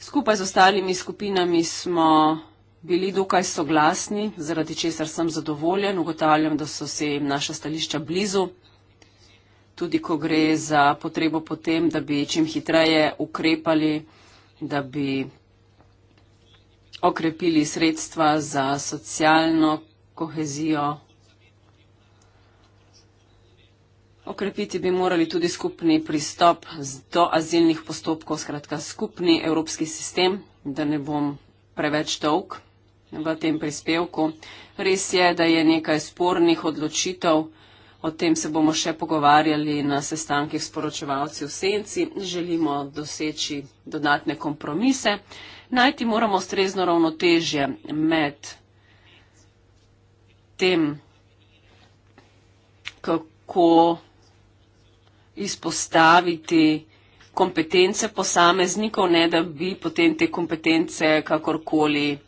Skupaj z ostalimi skupinami smo bili dokaj soglasni, zaradi česar sem zadovoljen. Ugotavljam, da so se jim naša stališča blizu, tudi ko gre za potrebo potem, da bi čim hitreje ukrepali, da bi okrepili sredstva za socialno kohezijo Okrepiti bi morali tudi skupni pristop do azilnih postopkov, skratka skupni evropski sistem, da ne bom preveč dolg v tem prispevku. Res je, da je nekaj spornih odločitev, o tem se bomo še pogovarjali na sestankih s poročevalci v senci. Želimo doseči dodatne kompromise. Najti moramo strezno ravnotežje med tem, kako izpostaviti kompetence posameznikov, ne da bi potem te kompetence kakorkoli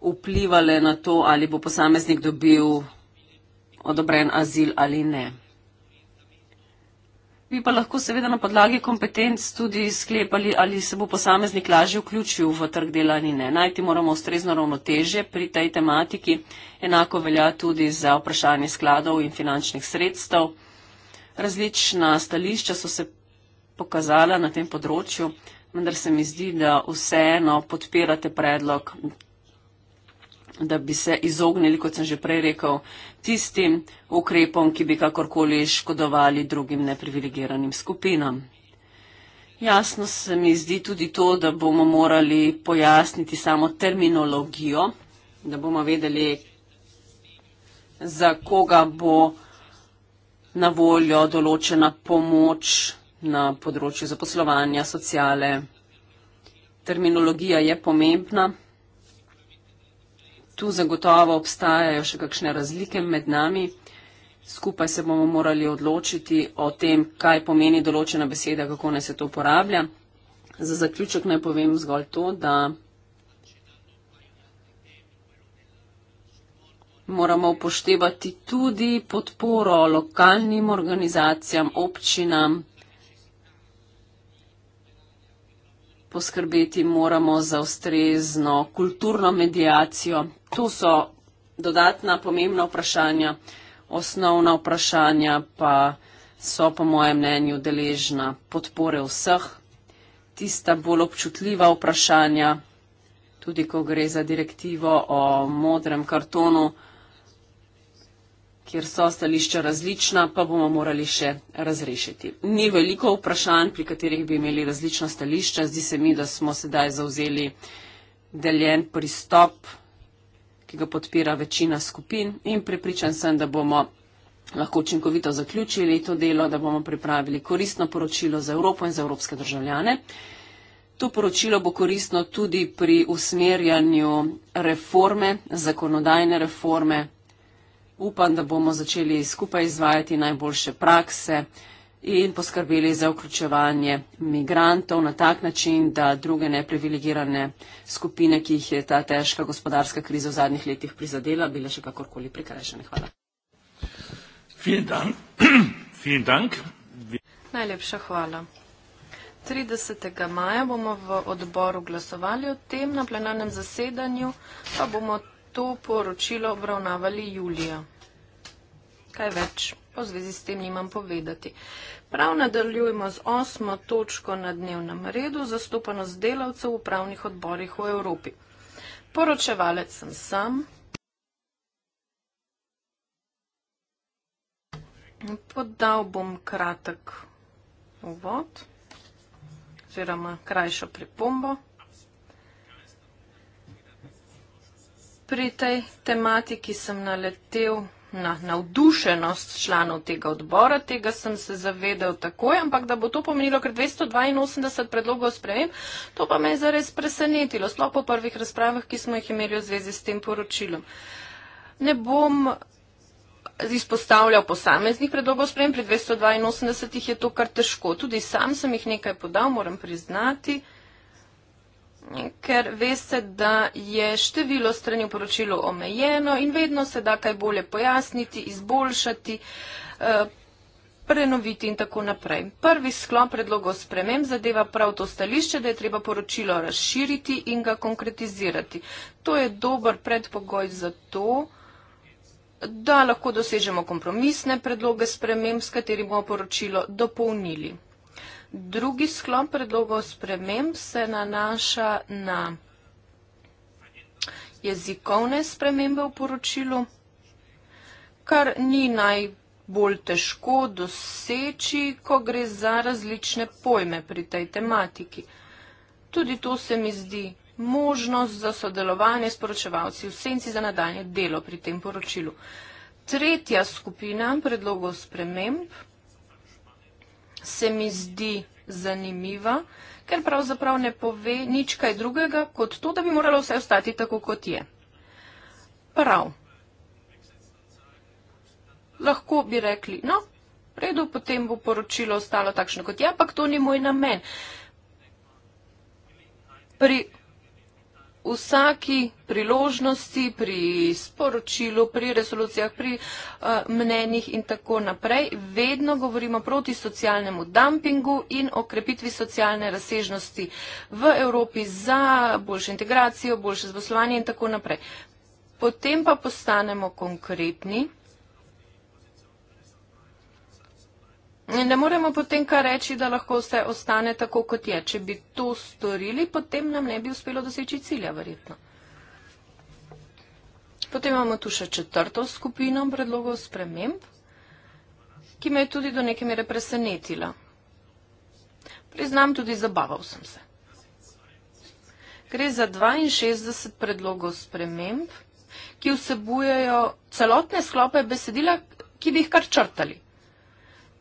vplivali na to, ali bo posameznik dobil odobren azil ali ne. Vi pa lahko seveda na podlagi kompetenc tudi sklepali, ali se bo posameznik lažje vključil v trg dela ali ne. Najti moramo ustrezno ravnoteže pri tej tematiki. Enako velja tudi za vprašanje skladov in finančnih sredstev. Različna stališča so se pokazala na tem področju, vendar se mi zdi, da vseeno podpirate predlog, da bi se izognili, kot sem že prej rekel, tistim ukrepom, ki bi kakorkoli škodovali drugim neprivilegiranim skupinam. Jasno se mi zdi tudi to, da bomo morali pojasniti samo terminologijo, da bomo vedeli, za koga bo na voljo določena pomoč na področju zaposlovanja, sociale. Terminologija je pomembna. Tu zagotovo obstajajo še kakšne razlike med nami. Skupaj se bomo morali odločiti o tem, kaj pomeni določena beseda, kako naj se to uporablja. Za zaključek naj povem zgolj to, da moramo upoštevati tudi podporo lokalnim organizacijam, občinam. Poskrbeti moramo za ustrezno kulturno medijacijo. Tu so dodatna pomembna vprašanja, osnovna vprašanja pa so po mojem mnenju deležna podpore vseh. Tista bolj občutljiva vprašanja, tudi ko gre za direktivo o modrem kartonu, kjer so stališča različna, pa bomo morali še razrešiti. Ni veliko vprašanj, pri katerih bi imeli različna stališča. Zdi se mi, da smo sedaj zauzeli deljen pristop, ki ga podpira večina skupin in prepričan sem, da bomo lahko učinkovito zaključili to delo, da bomo pripravili koristno poročilo za Evropo in za evropske državljane. To poročilo bo koristno tudi pri usmerjanju reforme, zakonodajne reforme, Upam, da bomo začeli skupaj izvajati najboljše prakse in poskrbeli za vključevanje migrantov na tak način, da druge neprivilegirane skupine, ki jih je ta težka gospodarska kriza v zadnjih letih prizadela, bile še kakorkoli prikrajšane. Hvala. Najlepša hvala. 30. maja bomo v odboru glasovali o tem, na plenarnem zasedanju pa bomo to poročilo obravnavali julija. Kaj več po zvezi s tem nimam povedati. Prav nadaljujemo z osmo točko na dnevnem redu, zastopanost delavcev v upravnih odborih v Evropi. Poročevalec sem sam. Podal bom kratek uvod oziroma krajšo pripombo. pri tej tematiki sem naletel na navdušenost članov tega odbora, tega sem se zavedel takoj, ampak da bo to pomenilo kar 282 predlogov sprejem, to pa me je zares presenetilo, sploh po prvih razpravah, ki smo jih imeli v zvezi s tem poročilom. Ne bom izpostavljal posameznih predlogov sprejem, pri 282 je to kar težko. Tudi sam sem jih nekaj podal, moram priznati ker veste, da je število strani v poročilu omejeno in vedno se da kaj bolje pojasniti, izboljšati, eh, prenoviti in tako naprej. Prvi sklop predlogov sprememb zadeva prav to stališče, da je treba poročilo razširiti in ga konkretizirati. To je dober predpogoj za to, da lahko dosežemo kompromisne predloge sprememb, s katerimi bomo poročilo dopolnili. Drugi sklop predlogov sprememb se nanaša na jezikovne spremembe v poročilu, kar ni najbolj težko doseči, ko gre za različne pojme pri tej tematiki. Tudi to se mi zdi možnost za sodelovanje s poročevalci v senci za nadaljne delo pri tem poročilu. Tretja skupina predlogov sprememb se mi zdi zanimiva, ker pravzaprav ne pove nič kaj drugega, kot to, da bi moralo vse ostati tako, kot je. Prav. Lahko bi rekli, no, redu, potem bo poročilo ostalo takšno, kot je, ampak to ni moj namen. Pri vsaki priložnosti, pri sporočilu, pri resolucijah, pri uh, mnenjih in tako naprej, vedno govorimo proti socialnemu dumpingu in okrepitvi socialne razsežnosti v Evropi za boljšo integracijo, boljše zaposlovanje in tako naprej. Potem pa postanemo konkretni Ne moremo potem kar reči, da lahko vse ostane tako, kot je. Če bi to storili, potem nam ne bi uspelo doseči cilja, verjetno. Potem imamo tu še četrto skupino predlogov sprememb, ki me je tudi do neke mere presenetila. Priznam, tudi zabaval sem se. Gre za 62 predlogov sprememb, ki vsebujejo celotne sklope besedila, ki bi jih kar črtali.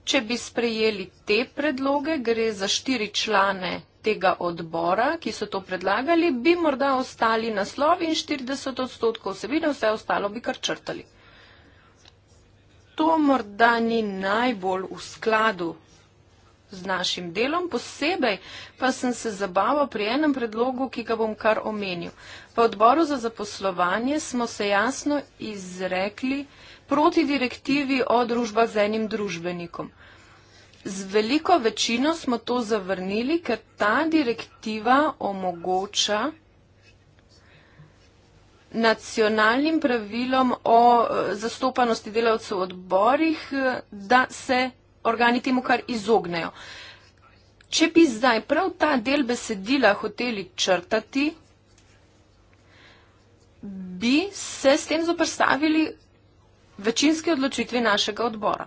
Če bi sprejeli te predloge, gre za štiri člane tega odbora, ki so to predlagali, bi morda ostali naslovi in 40 odstotkov vsebine, vse ostalo bi kar črtali. To morda ni najbolj v skladu z našim delom, posebej pa sem se zabaval pri enem predlogu, ki ga bom kar omenil. V odboru za zaposlovanje smo se jasno izrekli, proti direktivi o družba z enim družbenikom. Z veliko večino smo to zavrnili, ker ta direktiva omogoča nacionalnim pravilom o eh, zastopanosti delavcev v odborih, eh, da se organi temu kar izognejo. Če bi zdaj prav ta del besedila hoteli črtati, bi se s tem zoprstavili večinski odločitvi našega odbora.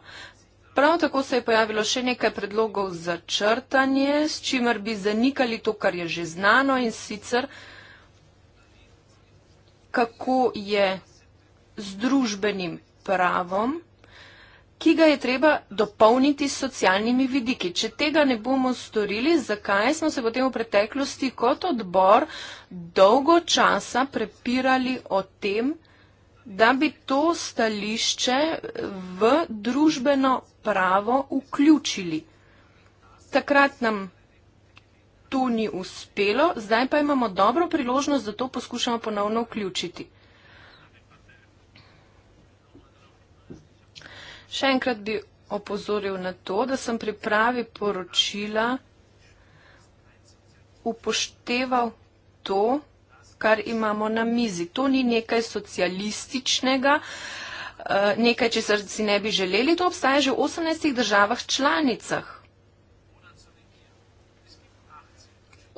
Prav tako se je pojavilo še nekaj predlogov za črtanje, s čimer bi zanikali to, kar je že znano in sicer, kako je z družbenim pravom, ki ga je treba dopolniti s socialnimi vidiki. Če tega ne bomo storili, zakaj smo se potem v preteklosti kot odbor dolgo časa prepirali o tem, da bi to stališče v družbeno pravo vključili. Takrat nam to ni uspelo, zdaj pa imamo dobro priložnost, da to poskušamo ponovno vključiti. Še enkrat bi opozoril na to, da sem pri pravi poročila upošteval to, kar imamo na mizi. To ni nekaj socialističnega, eh, nekaj, če se si ne bi želeli, to obstaja že v 18 državah članicah.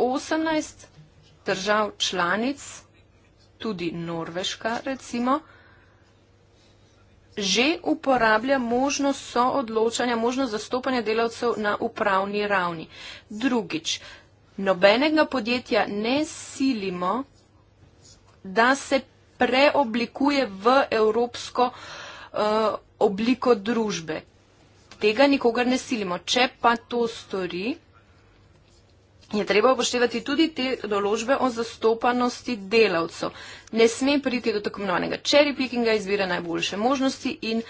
18 držav članic, tudi Norveška recimo, že uporablja možnost soodločanja, možnost zastopanja delavcev na upravni ravni. Drugič, nobenega podjetja ne silimo, da se preoblikuje v evropsko uh, obliko družbe. Tega nikogar ne silimo. Če pa to stori, je treba upoštevati tudi te določbe o zastopanosti delavcev. Ne sme priti do tako imenovanega cherry pickinga, izbira najboljše možnosti in uh,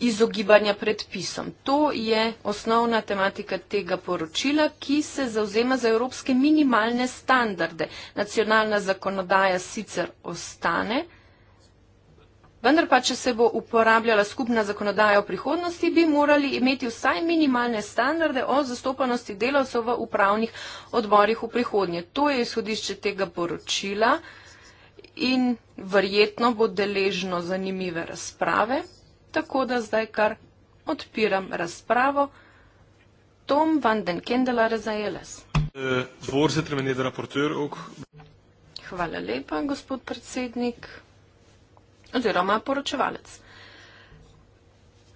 izogibanja predpisom. To je osnovna tematika tega poročila, ki se zauzema za evropske minimalne standarde. Nacionalna zakonodaja sicer ostane, vendar pa, če se bo uporabljala skupna zakonodaja v prihodnosti, bi morali imeti vsaj minimalne standarde o zastopanosti delavcev v upravnih odborih v prihodnje. To je izhodišče tega poročila in verjetno bo deležno zanimive razprave tako da zdaj kar odpiram razpravo. Tom van den Kendela eh, Rezaeles. Hvala lepa, gospod predsednik oziroma poročevalec.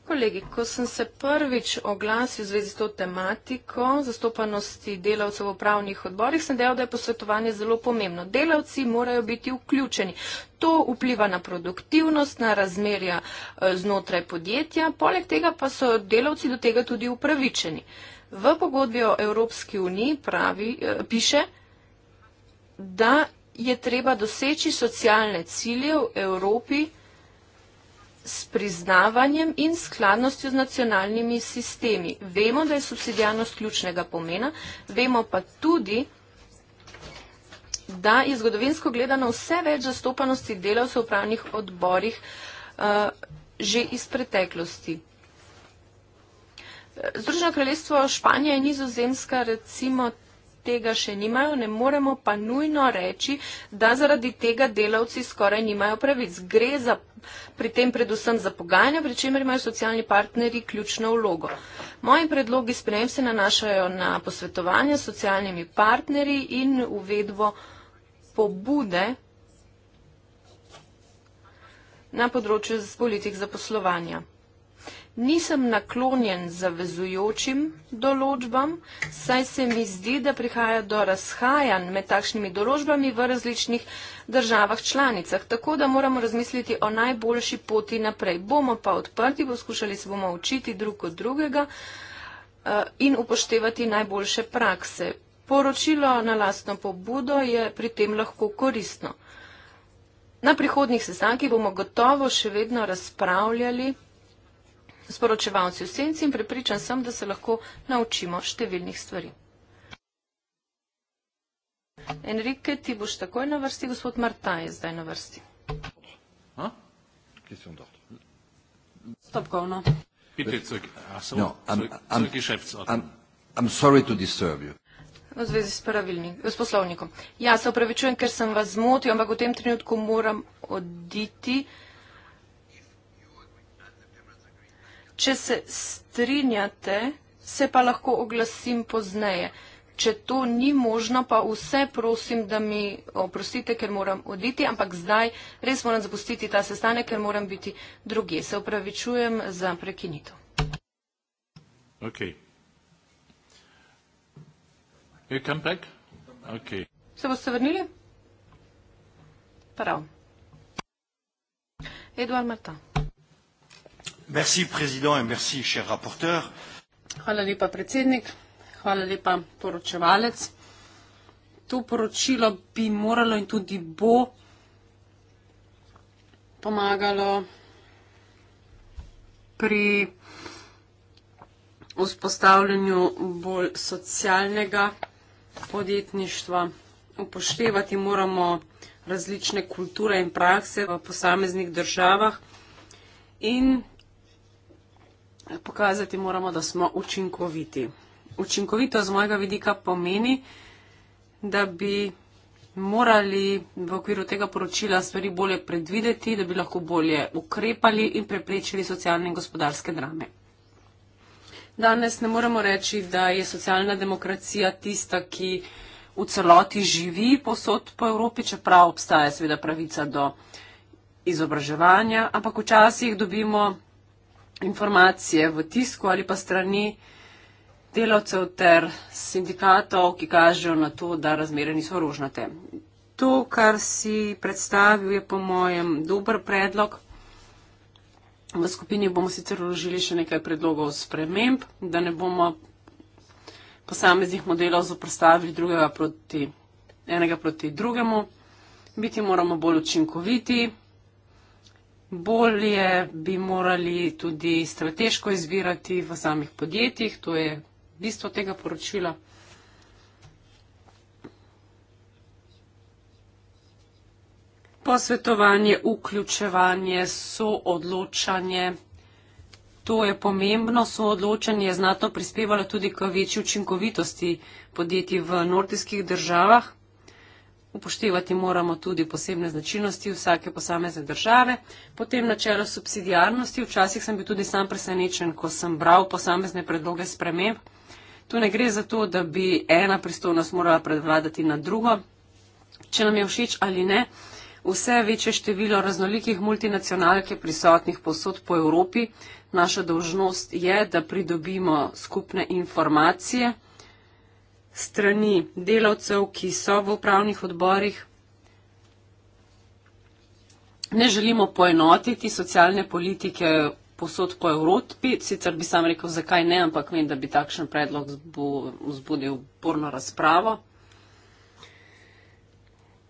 Kolegi, ko sem se prvič oglasil v zvezi s to tematiko zastopanosti delavcev v upravnih odborih, sem dejal, da je posvetovanje zelo pomembno. Delavci morajo biti vključeni. To vpliva na produktivnost, na razmerja eh, znotraj podjetja, poleg tega pa so delavci do tega tudi upravičeni. V pogodbi o Evropski uniji pravi, eh, piše, da je treba doseči socialne cilje v Evropi s priznavanjem in skladnostjo z nacionalnimi sistemi. Vemo, da je subsidijalnost ključnega pomena, vemo pa tudi, da je zgodovinsko gledano vse več zastopanosti delavcev v pravnih odborih uh, že iz preteklosti. Eh, Združeno kraljestvo Španija in Nizozemska recimo tega še nimajo, ne moremo pa nujno reči, da zaradi tega delavci skoraj nimajo pravic. Gre za, pri tem predvsem za pogajanja, pri čemer imajo socialni partneri ključno vlogo. Moji predlogi sprejem se nanašajo na posvetovanje s socialnimi partneri in uvedvo pobude na področju politik zaposlovanja nisem naklonjen zavezujočim določbam, saj se mi zdi, da prihaja do razhajanj med takšnimi določbami v različnih državah članicah. Tako da moramo razmisliti o najboljši poti naprej. Bomo pa odprti, poskušali se bomo učiti drug od drugega eh, in upoštevati najboljše prakse. Poročilo na lastno pobudo je pri tem lahko koristno. Na prihodnih sestankih bomo gotovo še vedno razpravljali sporočevalci v senci in prepričan sem, da se lahko naučimo številnih stvari. Enrique, ti boš takoj na vrsti, gospod Marta je zdaj na vrsti. Stopkovno. No, I'm sorry to disturb you. V zvezi s pravilnikom, s poslovnikom. Ja, se opravičujem, ker sem vas zmotil, ampak v tem trenutku moram oditi. Če se strinjate, se pa lahko oglasim pozneje. Če to ni možno, pa vse prosim, da mi oprostite, ker moram oditi, ampak zdaj res moram zapustiti ta sestanek, ker moram biti druge. Se upravičujem za prekinitev. Ok. You come back? Ok. Se boste vrnili? Prav. Eduard Marta. Merci, président, et merci, cher rapporteur. Hvala lepa, predsednik. Hvala lepa, poročevalec. To poročilo bi moralo in tudi bo pomagalo pri vzpostavljanju bolj socialnega podjetništva. Upoštevati moramo različne kulture in prakse v posameznih državah in pokazati moramo, da smo učinkoviti. Učinkovito z mojega vidika pomeni, da bi morali v okviru tega poročila stvari bolje predvideti, da bi lahko bolje ukrepali in preprečili socialne in gospodarske drame. Danes ne moremo reči, da je socialna demokracija tista, ki v celoti živi posod po Evropi, čeprav obstaja seveda pravica do izobraževanja, ampak včasih dobimo informacije v tisku ali pa strani delavcev ter sindikatov, ki kažejo na to, da razmere niso rožnate. To, kar si predstavil, je po mojem dober predlog. V skupini bomo sicer vložili še nekaj predlogov sprememb, da ne bomo posameznih modelov zoprstavili proti, enega proti drugemu. Biti moramo bolj učinkoviti, bolje bi morali tudi strateško izbirati v samih podjetjih, to je bistvo tega poročila. Posvetovanje, vključevanje, soodločanje. To je pomembno, soodločanje je znatno prispevalo tudi k večji učinkovitosti podjetij v nordijskih državah upoštevati moramo tudi posebne značilnosti vsake posamezne države. Potem načelo subsidijarnosti, včasih sem bil tudi sam presenečen, ko sem bral posamezne predloge sprememb. Tu ne gre za to, da bi ena pristojnost morala predvladati na drugo, če nam je všeč ali ne. Vse večje število raznolikih multinacionalk je prisotnih posod po Evropi. Naša dožnost je, da pridobimo skupne informacije strani delavcev, ki so v upravnih odborih. Ne želimo poenotiti socialne politike posod po Evropi, sicer bi sam rekel, zakaj ne, ampak vem, da bi takšen predlog vzbudil burno razpravo.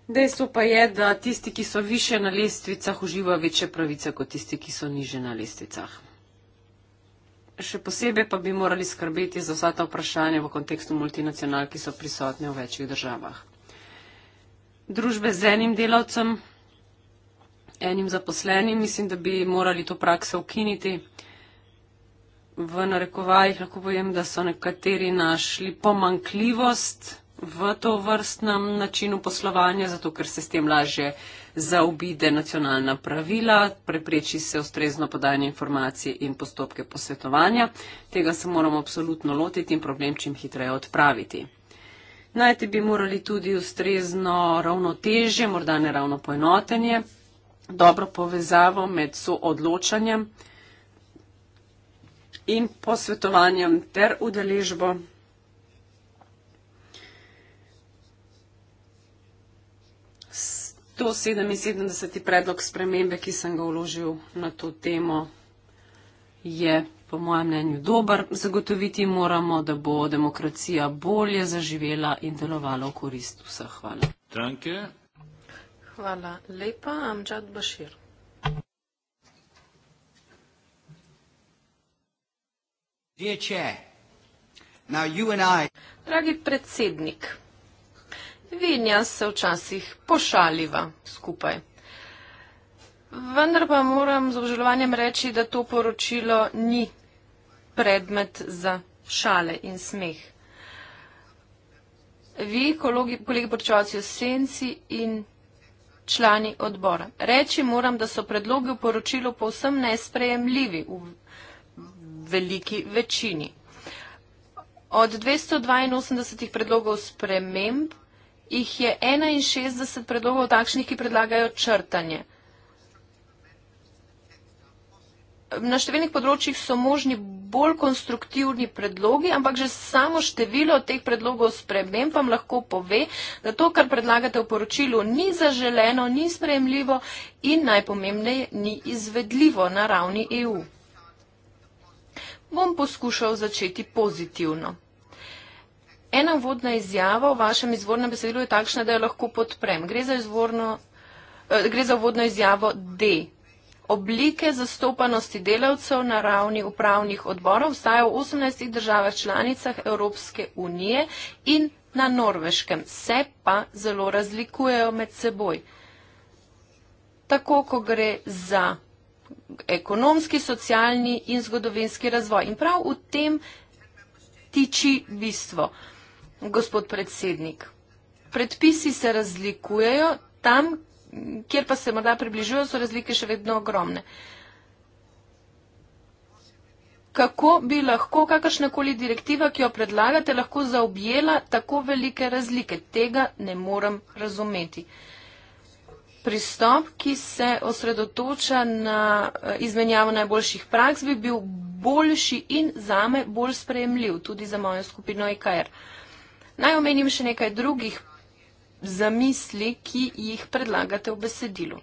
Dejstvo pa je, da tisti, ki so više na lestvicah, uživajo večje pravice kot tisti, ki so niže na lestvicah še posebej pa bi morali skrbeti za vsa ta vprašanja v kontekstu multinacional, ki so prisotne v večjih državah. Družbe z enim delavcem, enim zaposlenim, mislim, da bi morali to prakso ukiniti. V narekovajih lahko povem, da so nekateri našli pomankljivost v to vrstnem načinu poslovanja, zato ker se s tem lažje zaobide nacionalna pravila, prepreči se ustrezno podajanje informacij in postopke posvetovanja. Tega se moramo absolutno lotiti in problem čim hitreje odpraviti. Najti bi morali tudi ustrezno ravnotežje, morda ne ravno poenotenje, dobro povezavo med soodločanjem in posvetovanjem ter udeležbo 177. predlog spremembe, ki sem ga vložil na to temo, je po mojem mnenju dober. Zagotoviti moramo, da bo demokracija bolje zaživela in delovala v korist vseh. Hvala. Tranke. Hvala lepa. Amžad Bašir. Dear chair, now you and I... Dragi predsednik, vi in jaz se včasih pošaliva skupaj. Vendar pa moram z obžalovanjem reči, da to poročilo ni predmet za šale in smeh. Vi, kolegi, kolegi poročevalci o senci in člani odbora. Reči moram, da so predlogi v poročilu povsem nesprejemljivi v veliki večini. Od 282 predlogov sprememb jih je 61 predlogov takšnih, ki predlagajo črtanje. Na številnih področjih so možni bolj konstruktivni predlogi, ampak že samo število teh predlogov sprememb vam lahko pove, da to, kar predlagate v poročilu, ni zaželeno, ni sprejemljivo in najpomembneje ni izvedljivo na ravni EU. Bom poskušal začeti pozitivno ena vodna izjava v vašem izvornem besedilu je takšna, da jo lahko podprem. Gre za, izvorno, eh, gre za vodno izjavo D. Oblike zastopanosti delavcev na ravni upravnih odborov vstajajo v 18 državah članicah Evropske unije in na norveškem. Se pa zelo razlikujejo med seboj. Tako, ko gre za ekonomski, socialni in zgodovinski razvoj. In prav v tem tiči bistvo. Uh, Gospod predsednik, predpisi se razlikujejo, tam, kjer pa se morda približujejo, so razlike še vedno ogromne. Kako bi lahko kakršnakoli direktiva, ki jo predlagate, lahko zaobjela tako velike razlike? Tega ne morem razumeti. Pristop, ki se osredotoča na eh, izmenjavo najboljših praks, bi bil boljši in zame bolj sprejemljiv, tudi za mojo skupino IKR. E Naj omenim še nekaj drugih zamisli, ki jih predlagate v besedilu.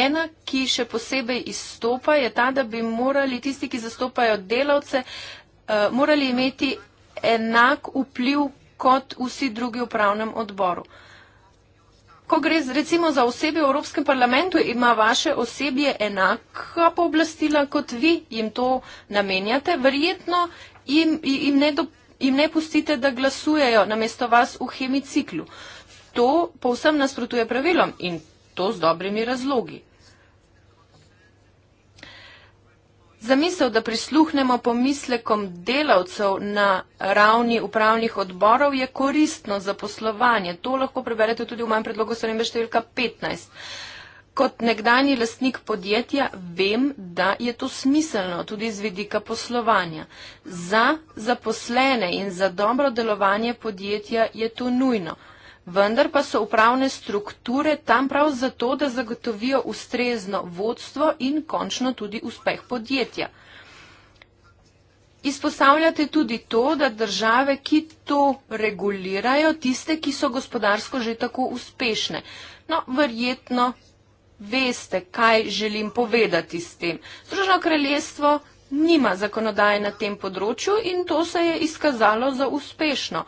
Ena, ki še posebej izstopa, je ta, da bi morali tisti, ki zastopajo delavce, eh, morali imeti enak vpliv kot vsi drugi v pravnem odboru. Ko gre recimo za osebje v Evropskem parlamentu, ima vaše osebje enaka pooblastila kot vi, jim to namenjate, verjetno jim, jim ne dopuščate jim ne pustite, da glasujejo namesto vas v hemiciklu. To povsem nasprotuje pravilom in to z dobrimi razlogi. Zamisel, da prisluhnemo pomislekom delavcev na ravni upravnih odborov, je koristno za poslovanje. To lahko preberete tudi v mojem predlogu, sorembe številka 15. Kot nekdani lastnik podjetja vem, da je to smiselno tudi z vidika poslovanja. Za zaposlene in za dobro delovanje podjetja je to nujno. Vendar pa so upravne strukture tam prav zato, da zagotovijo ustrezno vodstvo in končno tudi uspeh podjetja. Izpostavljate tudi to, da države, ki to regulirajo, tiste, ki so gospodarsko že tako uspešne. No, verjetno veste, kaj želim povedati s tem. Združeno kraljestvo nima zakonodaje na tem področju in to se je izkazalo za uspešno.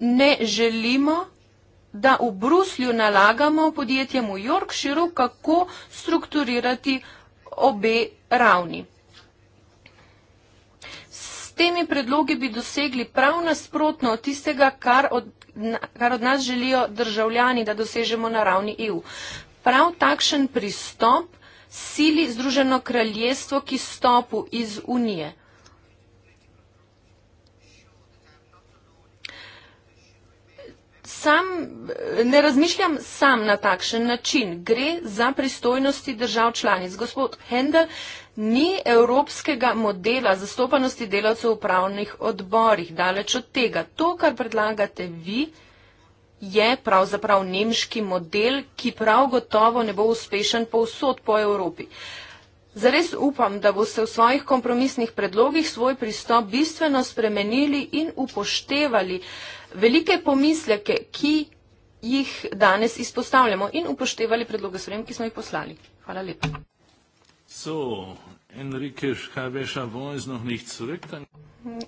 Ne želimo, da v Bruslju nalagamo podjetjem v Yorkshireu, kako strukturirati obe ravni. S temi predlogi bi dosegli prav nasprotno od tistega, kar od kar od nas želijo državljani, da dosežemo na ravni EU. Prav takšen pristop sili Združeno kraljestvo, ki stopu iz Unije. Sam, ne razmišljam sam na takšen način. Gre za pristojnosti držav članic. Gospod Hendel, ni evropskega modela zastopanosti delavcev v upravnih odborih. Daleč od tega, to, kar predlagate vi, je pravzaprav nemški model, ki prav gotovo ne bo uspešen povsod po Evropi. Zares upam, da boste v svojih kompromisnih predlogih svoj pristop bistveno spremenili in upoštevali velike pomisleke, ki jih danes izpostavljamo in upoštevali predloge sprem, ki smo jih poslali. Hvala lepa. So, Enrique, kaj veš, a vojn z noh nicht zurück? Dann...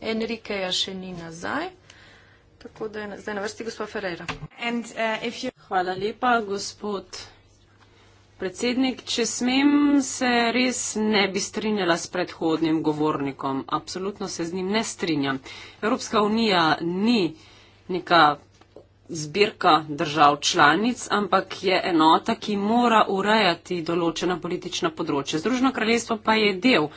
Enrique je ja še ni nazaj, tako da je zdaj na vrsti gospod Ferreira. And, uh, you... Hvala lepa, gospod predsednik. Če smem, se res ne bi strinjala s predhodnim govornikom. Absolutno se z njim ne strinjam. Evropska unija ni neka zbirka držav članic, ampak je enota, ki mora urejati določena politična področja. Združeno kraljestvo pa je del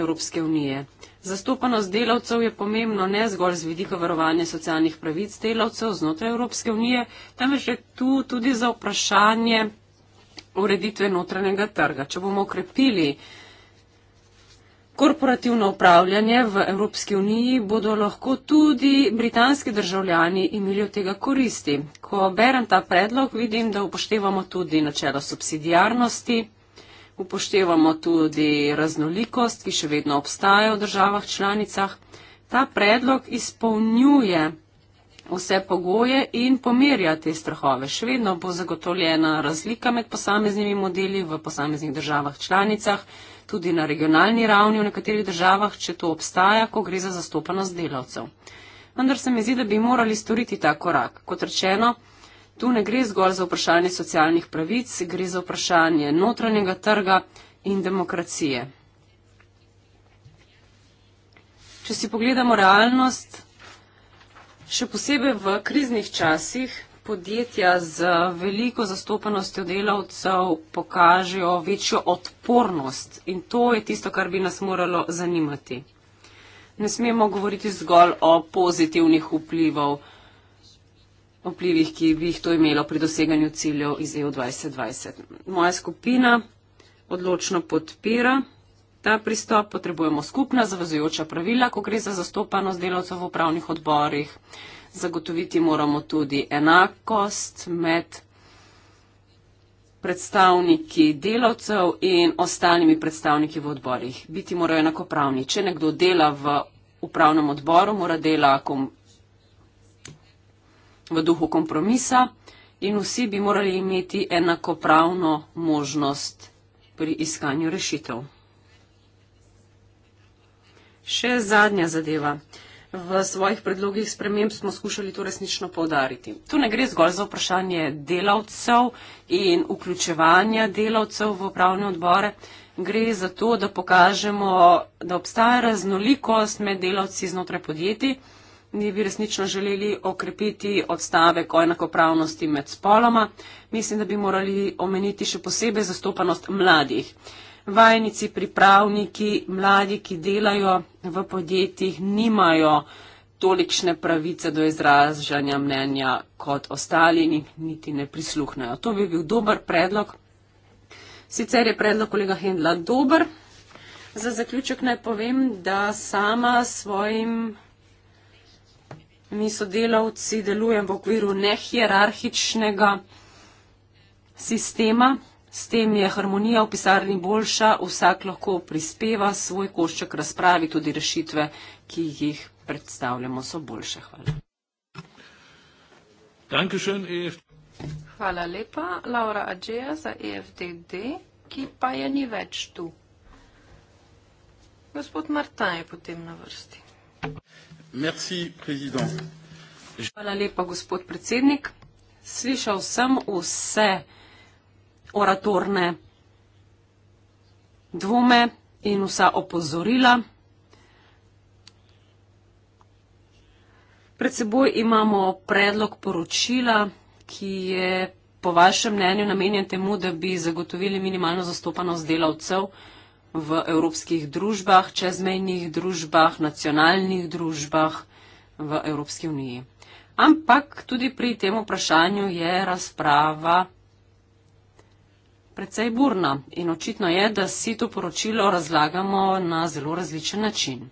Evropske unije. Zastopanost delavcev je pomembno ne zgolj z vidika varovanja socialnih pravic delavcev znotraj Evropske unije, temveč je tu tudi za vprašanje ureditve notranjega trga. Če bomo okrepili Korporativno upravljanje v Evropski uniji bodo lahko tudi britanski državljani imeli od tega koristi. Ko berem ta predlog, vidim, da upoštevamo tudi načelo subsidijarnosti, upoštevamo tudi raznolikost, ki še vedno obstaja v državah članicah. Ta predlog izpolnjuje vse pogoje in pomerja te strahove. Še vedno bo zagotovljena razlika med posameznimi modeli v posameznih državah članicah tudi na regionalni ravni v nekaterih državah, če to obstaja, ko gre za zastopanost delavcev. Vendar se mi zdi, da bi morali storiti ta korak. Kot rečeno, tu ne gre zgolj za vprašanje socialnih pravic, gre za vprašanje notranjega trga in demokracije. Če si pogledamo realnost, še posebej v kriznih časih, podjetja z veliko zastopanostjo delavcev pokažejo večjo odpornost in to je tisto, kar bi nas moralo zanimati. Ne smemo govoriti zgolj o pozitivnih vplivov, vplivih, ki bi jih to imelo pri doseganju ciljev iz EU 2020. Moja skupina odločno podpira ta pristop, potrebujemo skupna zavezujoča pravila, ko gre za zastopanost delavcev v upravnih odborih zagotoviti moramo tudi enakost med predstavniki delavcev in ostalimi predstavniki v odborih. Biti morajo enakopravni. Če nekdo dela v upravnem odboru, mora dela v duhu kompromisa in vsi bi morali imeti enakopravno možnost pri iskanju rešitev. Še zadnja zadeva v svojih predlogih sprememb smo skušali to resnično povdariti. Tu ne gre zgolj za vprašanje delavcev in vključevanja delavcev v upravne odbore. Gre za to, da pokažemo, da obstaja raznolikost med delavci znotraj podjetij. Mi bi resnično želeli okrepiti odstavek o enakopravnosti med spoloma. Mislim, da bi morali omeniti še posebej zastopanost mladih vajnici, pripravniki, mladi, ki delajo v podjetjih, nimajo tolikšne pravice do izražanja mnenja kot ostali in jih niti ne prisluhnajo. To bi bil dober predlog. Sicer je predlog kolega Hendla dober. Za zaključek naj povem, da sama svojim. Mi sodelavci delujem v okviru nehierarhičnega sistema. S tem je harmonija v pisarni boljša, vsak lahko prispeva svoj košček razpravi, tudi rešitve, ki jih predstavljamo, so boljše. Hvala. E Hvala lepa, Laura Adžeja za EFDD, ki pa je ni več tu. Gospod Marta je potem na vrsti. Merci, Hvala lepa, gospod predsednik. Slišal sem vse oratorne dvome in vsa opozorila. Pred seboj imamo predlog poročila, ki je po vašem mnenju namenjen temu, da bi zagotovili minimalno zastopanost delavcev v evropskih družbah, čezmejnih družbah, nacionalnih družbah v Evropski uniji. Ampak tudi pri tem vprašanju je razprava precej burna in očitno je, da si to poročilo razlagamo na zelo različen način.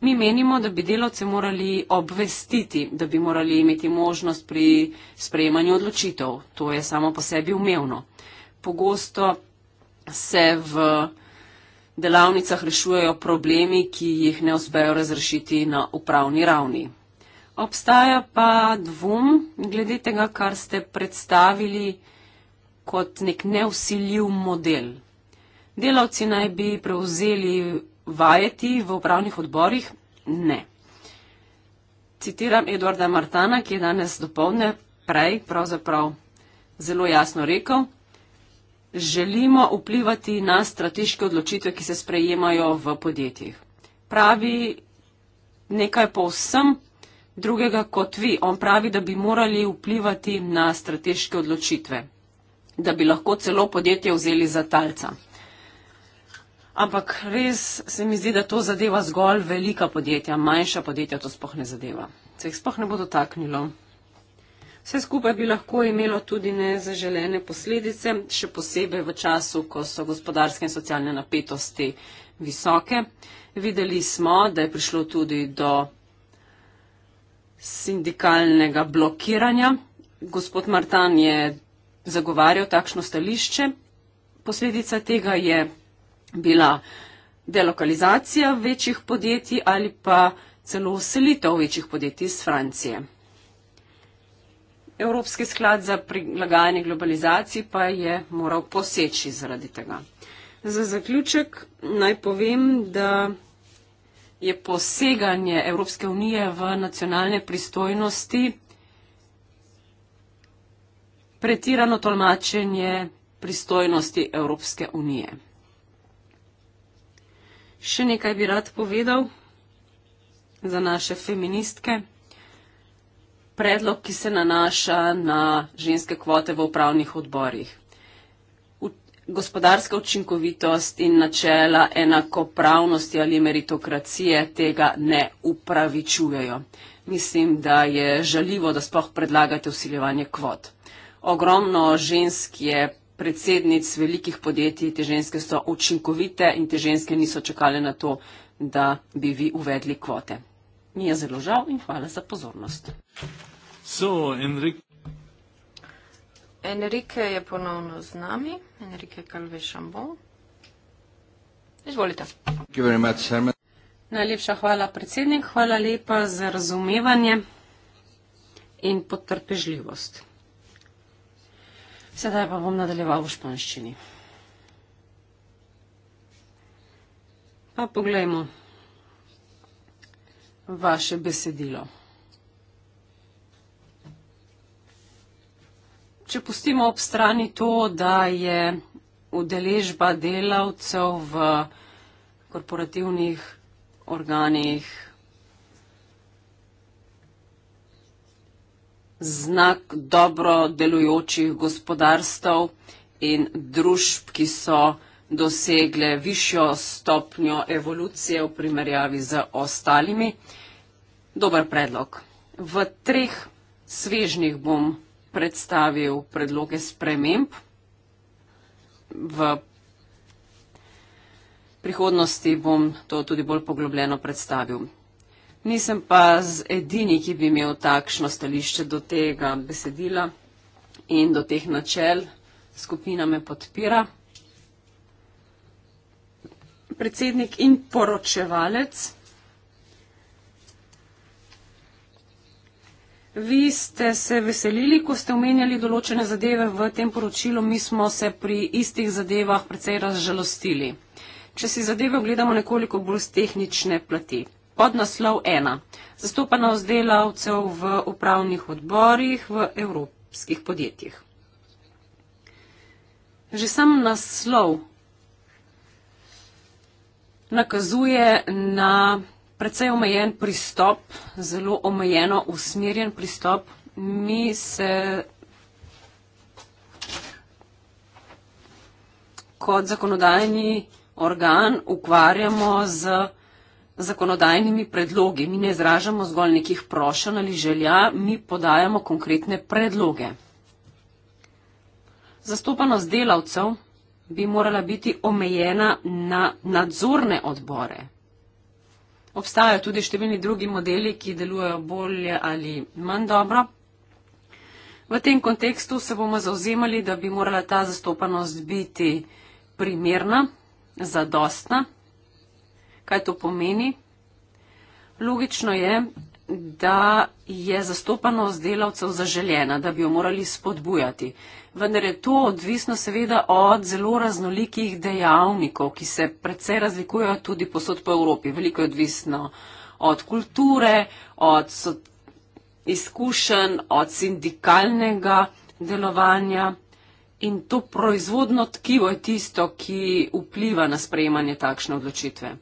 Mi menimo, da bi delavce morali obvestiti, da bi morali imeti možnost pri sprejemanju odločitev. To je samo po sebi umevno. Pogosto se v delavnicah rešujejo problemi, ki jih ne uspejo razrešiti na upravni ravni. Obstaja pa dvom glede tega, kar ste predstavili kot nek neusiljiv model. Delavci naj bi prevzeli vajeti v upravnih odborih? Ne. Citiram Eduarda Martana, ki je danes dopolne prej pravzaprav zelo jasno rekel, želimo vplivati na strateške odločitve, ki se sprejemajo v podjetjih. Pravi nekaj povsem drugega kot vi. On pravi, da bi morali vplivati na strateške odločitve da bi lahko celo podjetje vzeli za talca. Ampak res se mi zdi, da to zadeva zgolj velika podjetja, manjša podjetja to spohne zadeva. Se jih spohne bo dotaknilo. Vse skupaj bi lahko imelo tudi nezaželene posledice, še posebej v času, ko so gospodarske in socialne napetosti visoke. Videli smo, da je prišlo tudi do sindikalnega blokiranja. Gospod Martan je zagovarjal takšno stališče. Posledica tega je bila delokalizacija večjih podjetij ali pa celo selitev večjih podjetij iz Francije. Evropski sklad za prilagajanje globalizaciji pa je moral poseči zaradi tega. Za zaključek naj povem, da je poseganje Evropske unije v nacionalne pristojnosti pretirano tolmačenje pristojnosti Evropske unije. Še nekaj bi rad povedal za naše feministke. Predlog, ki se nanaša na ženske kvote v upravnih odborih. U gospodarska učinkovitost in načela enakopravnosti ali meritokracije tega ne upravičujejo. Mislim, da je žaljivo, da sploh predlagate usiljevanje kvot ogromno žensk je predsednic velikih podjetij, te ženske so učinkovite in te ženske niso čakale na to, da bi vi uvedli kvote. Mi je zelo žal in hvala za pozornost. So, Enrik. Enrike je ponovno z nami, Enrike Kalvešambo. Izvolite. Much, Najlepša hvala, predsednik, hvala lepa za razumevanje in potrpežljivost. Sedaj pa bom nadaljeval v španščini. Pa poglejmo vaše besedilo. Če pustimo ob strani to, da je udeležba delavcev v korporativnih organih znak dobro delujočih gospodarstv in družb, ki so dosegle višjo stopnjo evolucije v primerjavi z ostalimi. Dober predlog. V treh svežnih bom predstavil predloge sprememb. V prihodnosti bom to tudi bolj poglobljeno predstavil. Nisem pa z edini, ki bi imel takšno stališče do tega besedila in do teh načel. Skupina me podpira. Predsednik in poročevalec. Vi ste se veselili, ko ste omenjali določene zadeve v tem poročilu, mi smo se pri istih zadevah precej razžalostili. Če si zadeve ogledamo nekoliko bolj z tehnične plati. Podnaslov ena. Zastopanost delavcev v upravnih odborih v evropskih podjetjih. Že sam naslov nakazuje na precej omejen pristop, zelo omejeno usmerjen pristop. Mi se kot zakonodajni organ ukvarjamo z zakonodajnimi predlogi, mi ne izražamo zgolj nekih prošenj ali želja, mi podajamo konkretne predloge. Zastopanost delavcev bi morala biti omejena na nadzorne odbore. Obstajajo tudi številni drugi modeli, ki delujejo bolje ali manj dobro. V tem kontekstu se bomo zauzemali, da bi morala ta zastopanost biti primerna, zadostna Kaj to pomeni? Logično je, da je zastopanost delavcev zaželjena, da bi jo morali spodbujati. Vendar je to odvisno seveda od zelo raznolikih dejavnikov, ki se precej razlikujejo tudi posod po Evropi. Veliko je odvisno od kulture, od izkušenj, od sindikalnega delovanja. In to proizvodno tkivo je tisto, ki vpliva na sprejemanje takšne odločitve.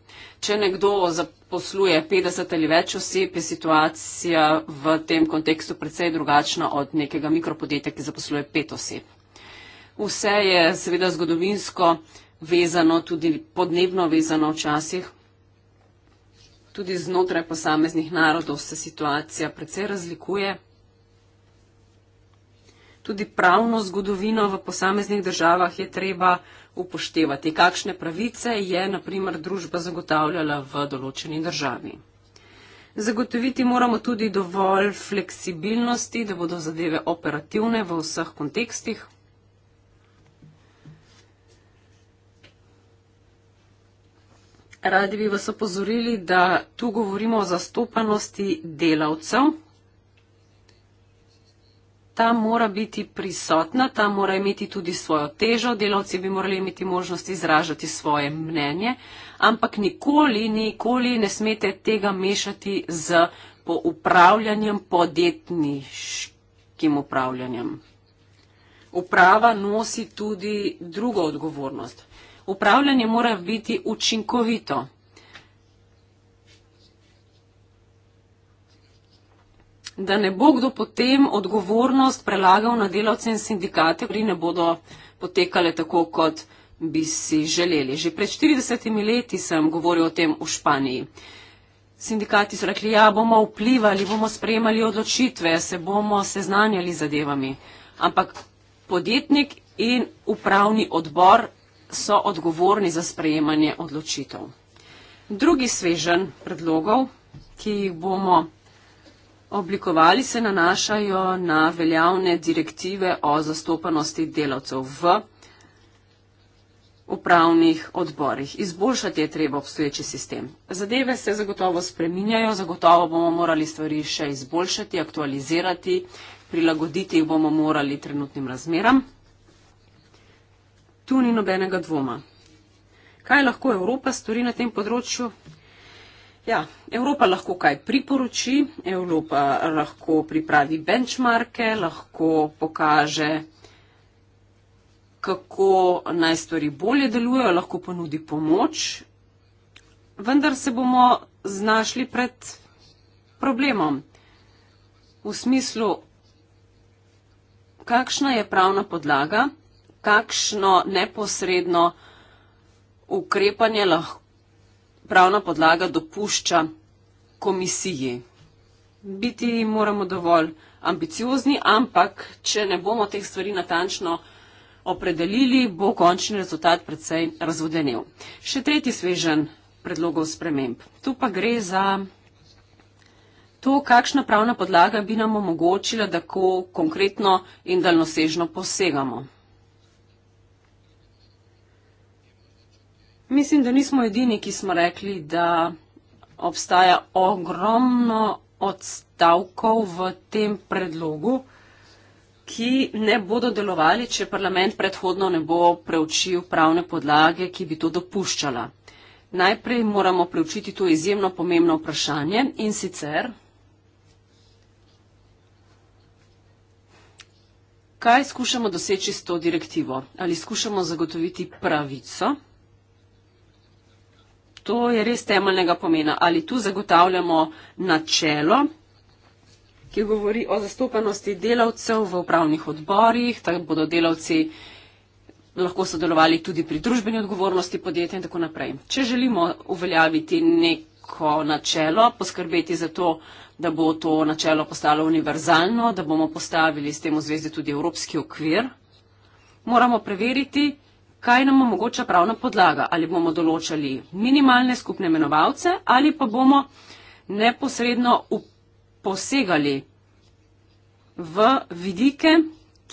Če nekdo zaposluje 50 ali več oseb, je situacija v tem kontekstu precej drugačna od nekega mikropodjetja, ki zaposluje pet oseb. Vse je seveda zgodovinsko vezano, tudi podnebno vezano včasih. Tudi znotraj posameznih narodov se situacija precej razlikuje tudi pravno zgodovino v posameznih državah je treba upoštevati, kakšne pravice je naprimer družba zagotavljala v določeni državi. Zagotoviti moramo tudi dovolj fleksibilnosti, da bodo zadeve operativne v vseh kontekstih. Radi bi vas opozorili, da tu govorimo o zastopanosti delavcev ta mora biti prisotna, ta mora imeti tudi svojo težo, delavci bi morali imeti možnost izražati svoje mnenje, ampak nikoli, nikoli ne smete tega mešati z upravljanjem podjetniškim upravljanjem. Uprava nosi tudi drugo odgovornost. Upravljanje mora biti učinkovito. da ne bo kdo potem odgovornost prelagal na delavce in sindikate, ki ne bodo potekale tako, kot bi si želeli. Že pred 40 leti sem govoril o tem v Španiji. Sindikati so rekli, ja, bomo vplivali, bomo sprejemali odločitve, se bomo seznanjali zadevami. Ampak podjetnik in upravni odbor so odgovorni za sprejemanje odločitev. Drugi svežen predlogov, ki jih bomo Oblikovali se nanašajo na veljavne direktive o zastopanosti delavcev v upravnih odborih. Izboljšati je treba obstoječi sistem. Zadeve se zagotovo spreminjajo, zagotovo bomo morali stvari še izboljšati, aktualizirati, prilagoditi jih bomo morali trenutnim razmeram. Tu ni nobenega dvoma. Kaj lahko Evropa stori na tem področju? Ja, Evropa lahko kaj priporoči, Evropa lahko pripravi benchmarke, lahko pokaže, kako naj stvari bolje delujejo, lahko ponudi pomoč, vendar se bomo znašli pred problemom v smislu, kakšna je pravna podlaga, kakšno neposredno ukrepanje lahko pravna podlaga dopušča komisiji. Biti moramo dovolj ambiciozni, ampak če ne bomo teh stvari natančno opredelili, bo končni rezultat predvsej razvodenil. Še tretji svežen predlogov sprememb. Tu pa gre za to, kakšna pravna podlaga bi nam omogočila, da ko konkretno in daljnosežno posegamo. Mislim, da nismo edini, ki smo rekli, da obstaja ogromno odstavkov v tem predlogu, ki ne bodo delovali, če parlament predhodno ne bo preučil pravne podlage, ki bi to dopuščala. Najprej moramo preučiti to izjemno pomembno vprašanje in sicer, kaj skušamo doseči s to direktivo? Ali skušamo zagotoviti pravico? to je res temeljnega pomena. Ali tu zagotavljamo načelo, ki govori o zastopanosti delavcev v upravnih odborih, tako bodo delavci lahko sodelovali tudi pri družbeni odgovornosti podjetja in tako naprej. Če želimo uveljaviti neko načelo, poskrbeti za to, da bo to načelo postalo univerzalno, da bomo postavili s tem v zvezdi tudi evropski okvir, moramo preveriti, kaj nam omogoča pravna podlaga, ali bomo določali minimalne skupne imenovalce ali pa bomo neposredno posegali v vidike,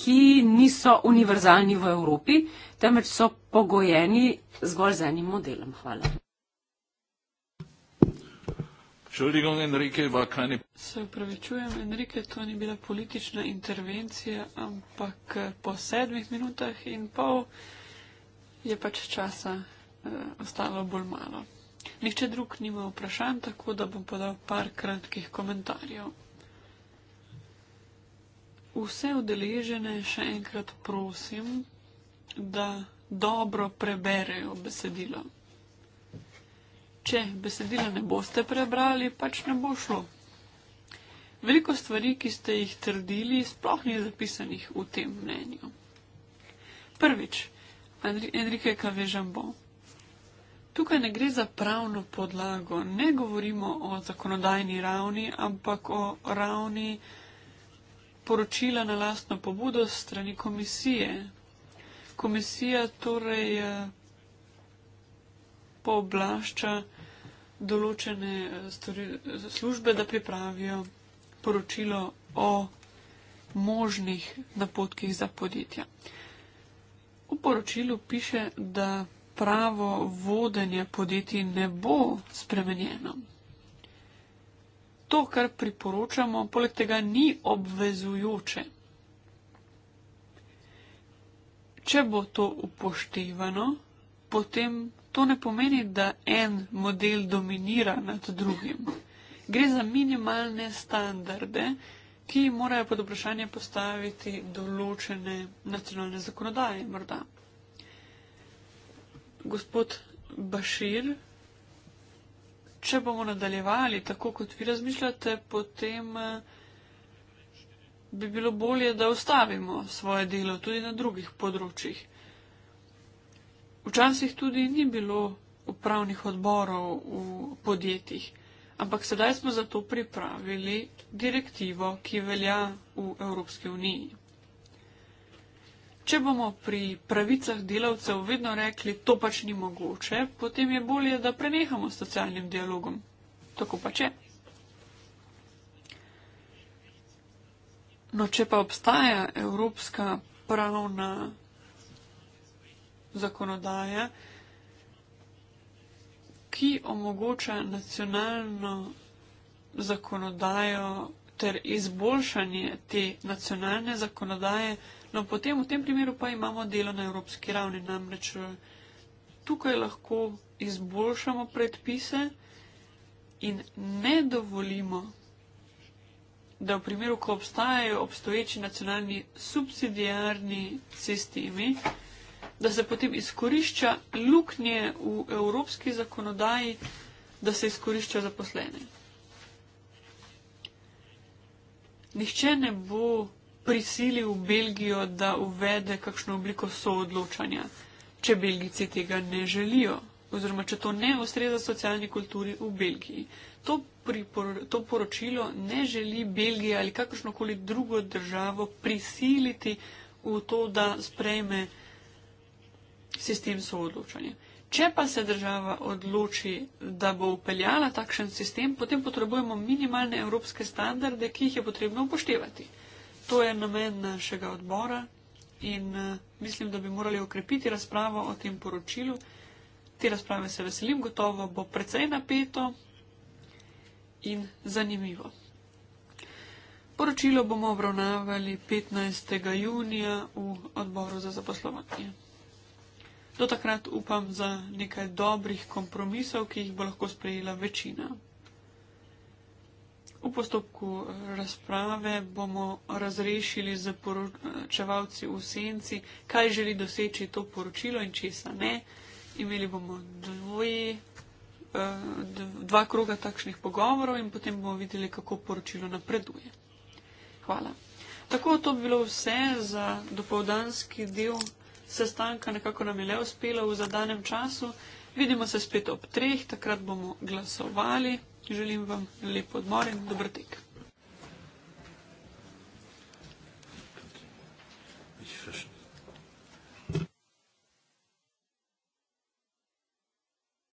ki niso univerzalni v Evropi, temveč so pogojeni zgolj z enim modelom. Hvala. Entschuldigung, Enrique, war keine. Se upravičujem, Enrique, to ni bila politična intervencija, ampak po sedmih minutah in pol je pač časa uh, ostalo bolj malo. Nihče drug nima vprašanj, tako da bom podal par kratkih komentarjev. Vse udeležene še enkrat prosim, da dobro preberejo besedilo. Če besedila ne boste prebrali, pač ne bo šlo. Veliko stvari, ki ste jih trdili, sploh ni zapisanih v tem mnenju. Prvič, Enrique Cavežambo. Tukaj ne gre za pravno podlago, ne govorimo o zakonodajni ravni, ampak o ravni poročila na lastno pobudo strani komisije. Komisija torej eh, pooblašča določene eh, službe, da pripravijo poročilo o možnih napotkih za podjetja. V poročilu piše, da pravo vodenje podjetij ne bo spremenjeno. To, kar priporočamo, poleg tega ni obvezujoče. Če bo to upoštevano, potem to ne pomeni, da en model dominira nad drugim. Gre za minimalne standarde, ki morajo pod vprašanje postaviti določene nacionalne zakonodaje. Morda. Gospod Bašir, če bomo nadaljevali tako, kot vi razmišljate, potem eh, bi bilo bolje, da ustavimo svoje delo tudi na drugih področjih. Včasih tudi ni bilo upravnih odborov v podjetjih ampak sedaj smo zato pripravili direktivo, ki velja v Evropski uniji. Če bomo pri pravicah delavcev vedno rekli, to pač ni mogoče, potem je bolje, da prenehamo s socialnim dialogom. Tako pač je. No, če pa obstaja evropska pravna zakonodaja, ki omogoča nacionalno zakonodajo ter izboljšanje te nacionalne zakonodaje, no potem v tem primeru pa imamo delo na evropski ravni. Namreč eh, tukaj lahko izboljšamo predpise in ne dovolimo, da v primeru, ko obstajajo obstoječi nacionalni subsidijarni sistemi, da se potem izkorišča luknje v evropski zakonodaji, da se izkorišča zaposlene. Nihče ne bo prisilil v Belgijo, da uvede kakšno obliko soodločanja, če Belgici tega ne želijo oziroma če to ne ustreza socialni kulturi v Belgiji. To, pripor, to poročilo ne želi Belgija ali kakršnokoli drugo državo prisiliti v to, da sprejme sistem soodločanja. Če pa se država odloči, da bo upeljala takšen sistem, potem potrebujemo minimalne evropske standarde, ki jih je potrebno upoštevati. To je namen našega odbora in eh, mislim, da bi morali okrepiti razpravo o tem poročilu. Te razprave se veselim, gotovo bo precej napeto in zanimivo. Poročilo bomo obravnavali 15. junija v odboru za zaposlovanje. Do takrat upam za nekaj dobrih kompromisov, ki jih bo lahko sprejela večina. V postopku razprave bomo razrešili z poročevalci v senci, kaj želi doseči to poročilo in česa ne. Imeli bomo dvoji, eh, dva kroga takšnih pogovorov in potem bomo videli, kako poročilo napreduje. Hvala. Tako to bi bilo vse za dopovdanski del sestanka nekako nam je le uspelo v zadanem času. Vidimo se spet ob treh, takrat bomo glasovali. Želim vam lep odmor in dober tek.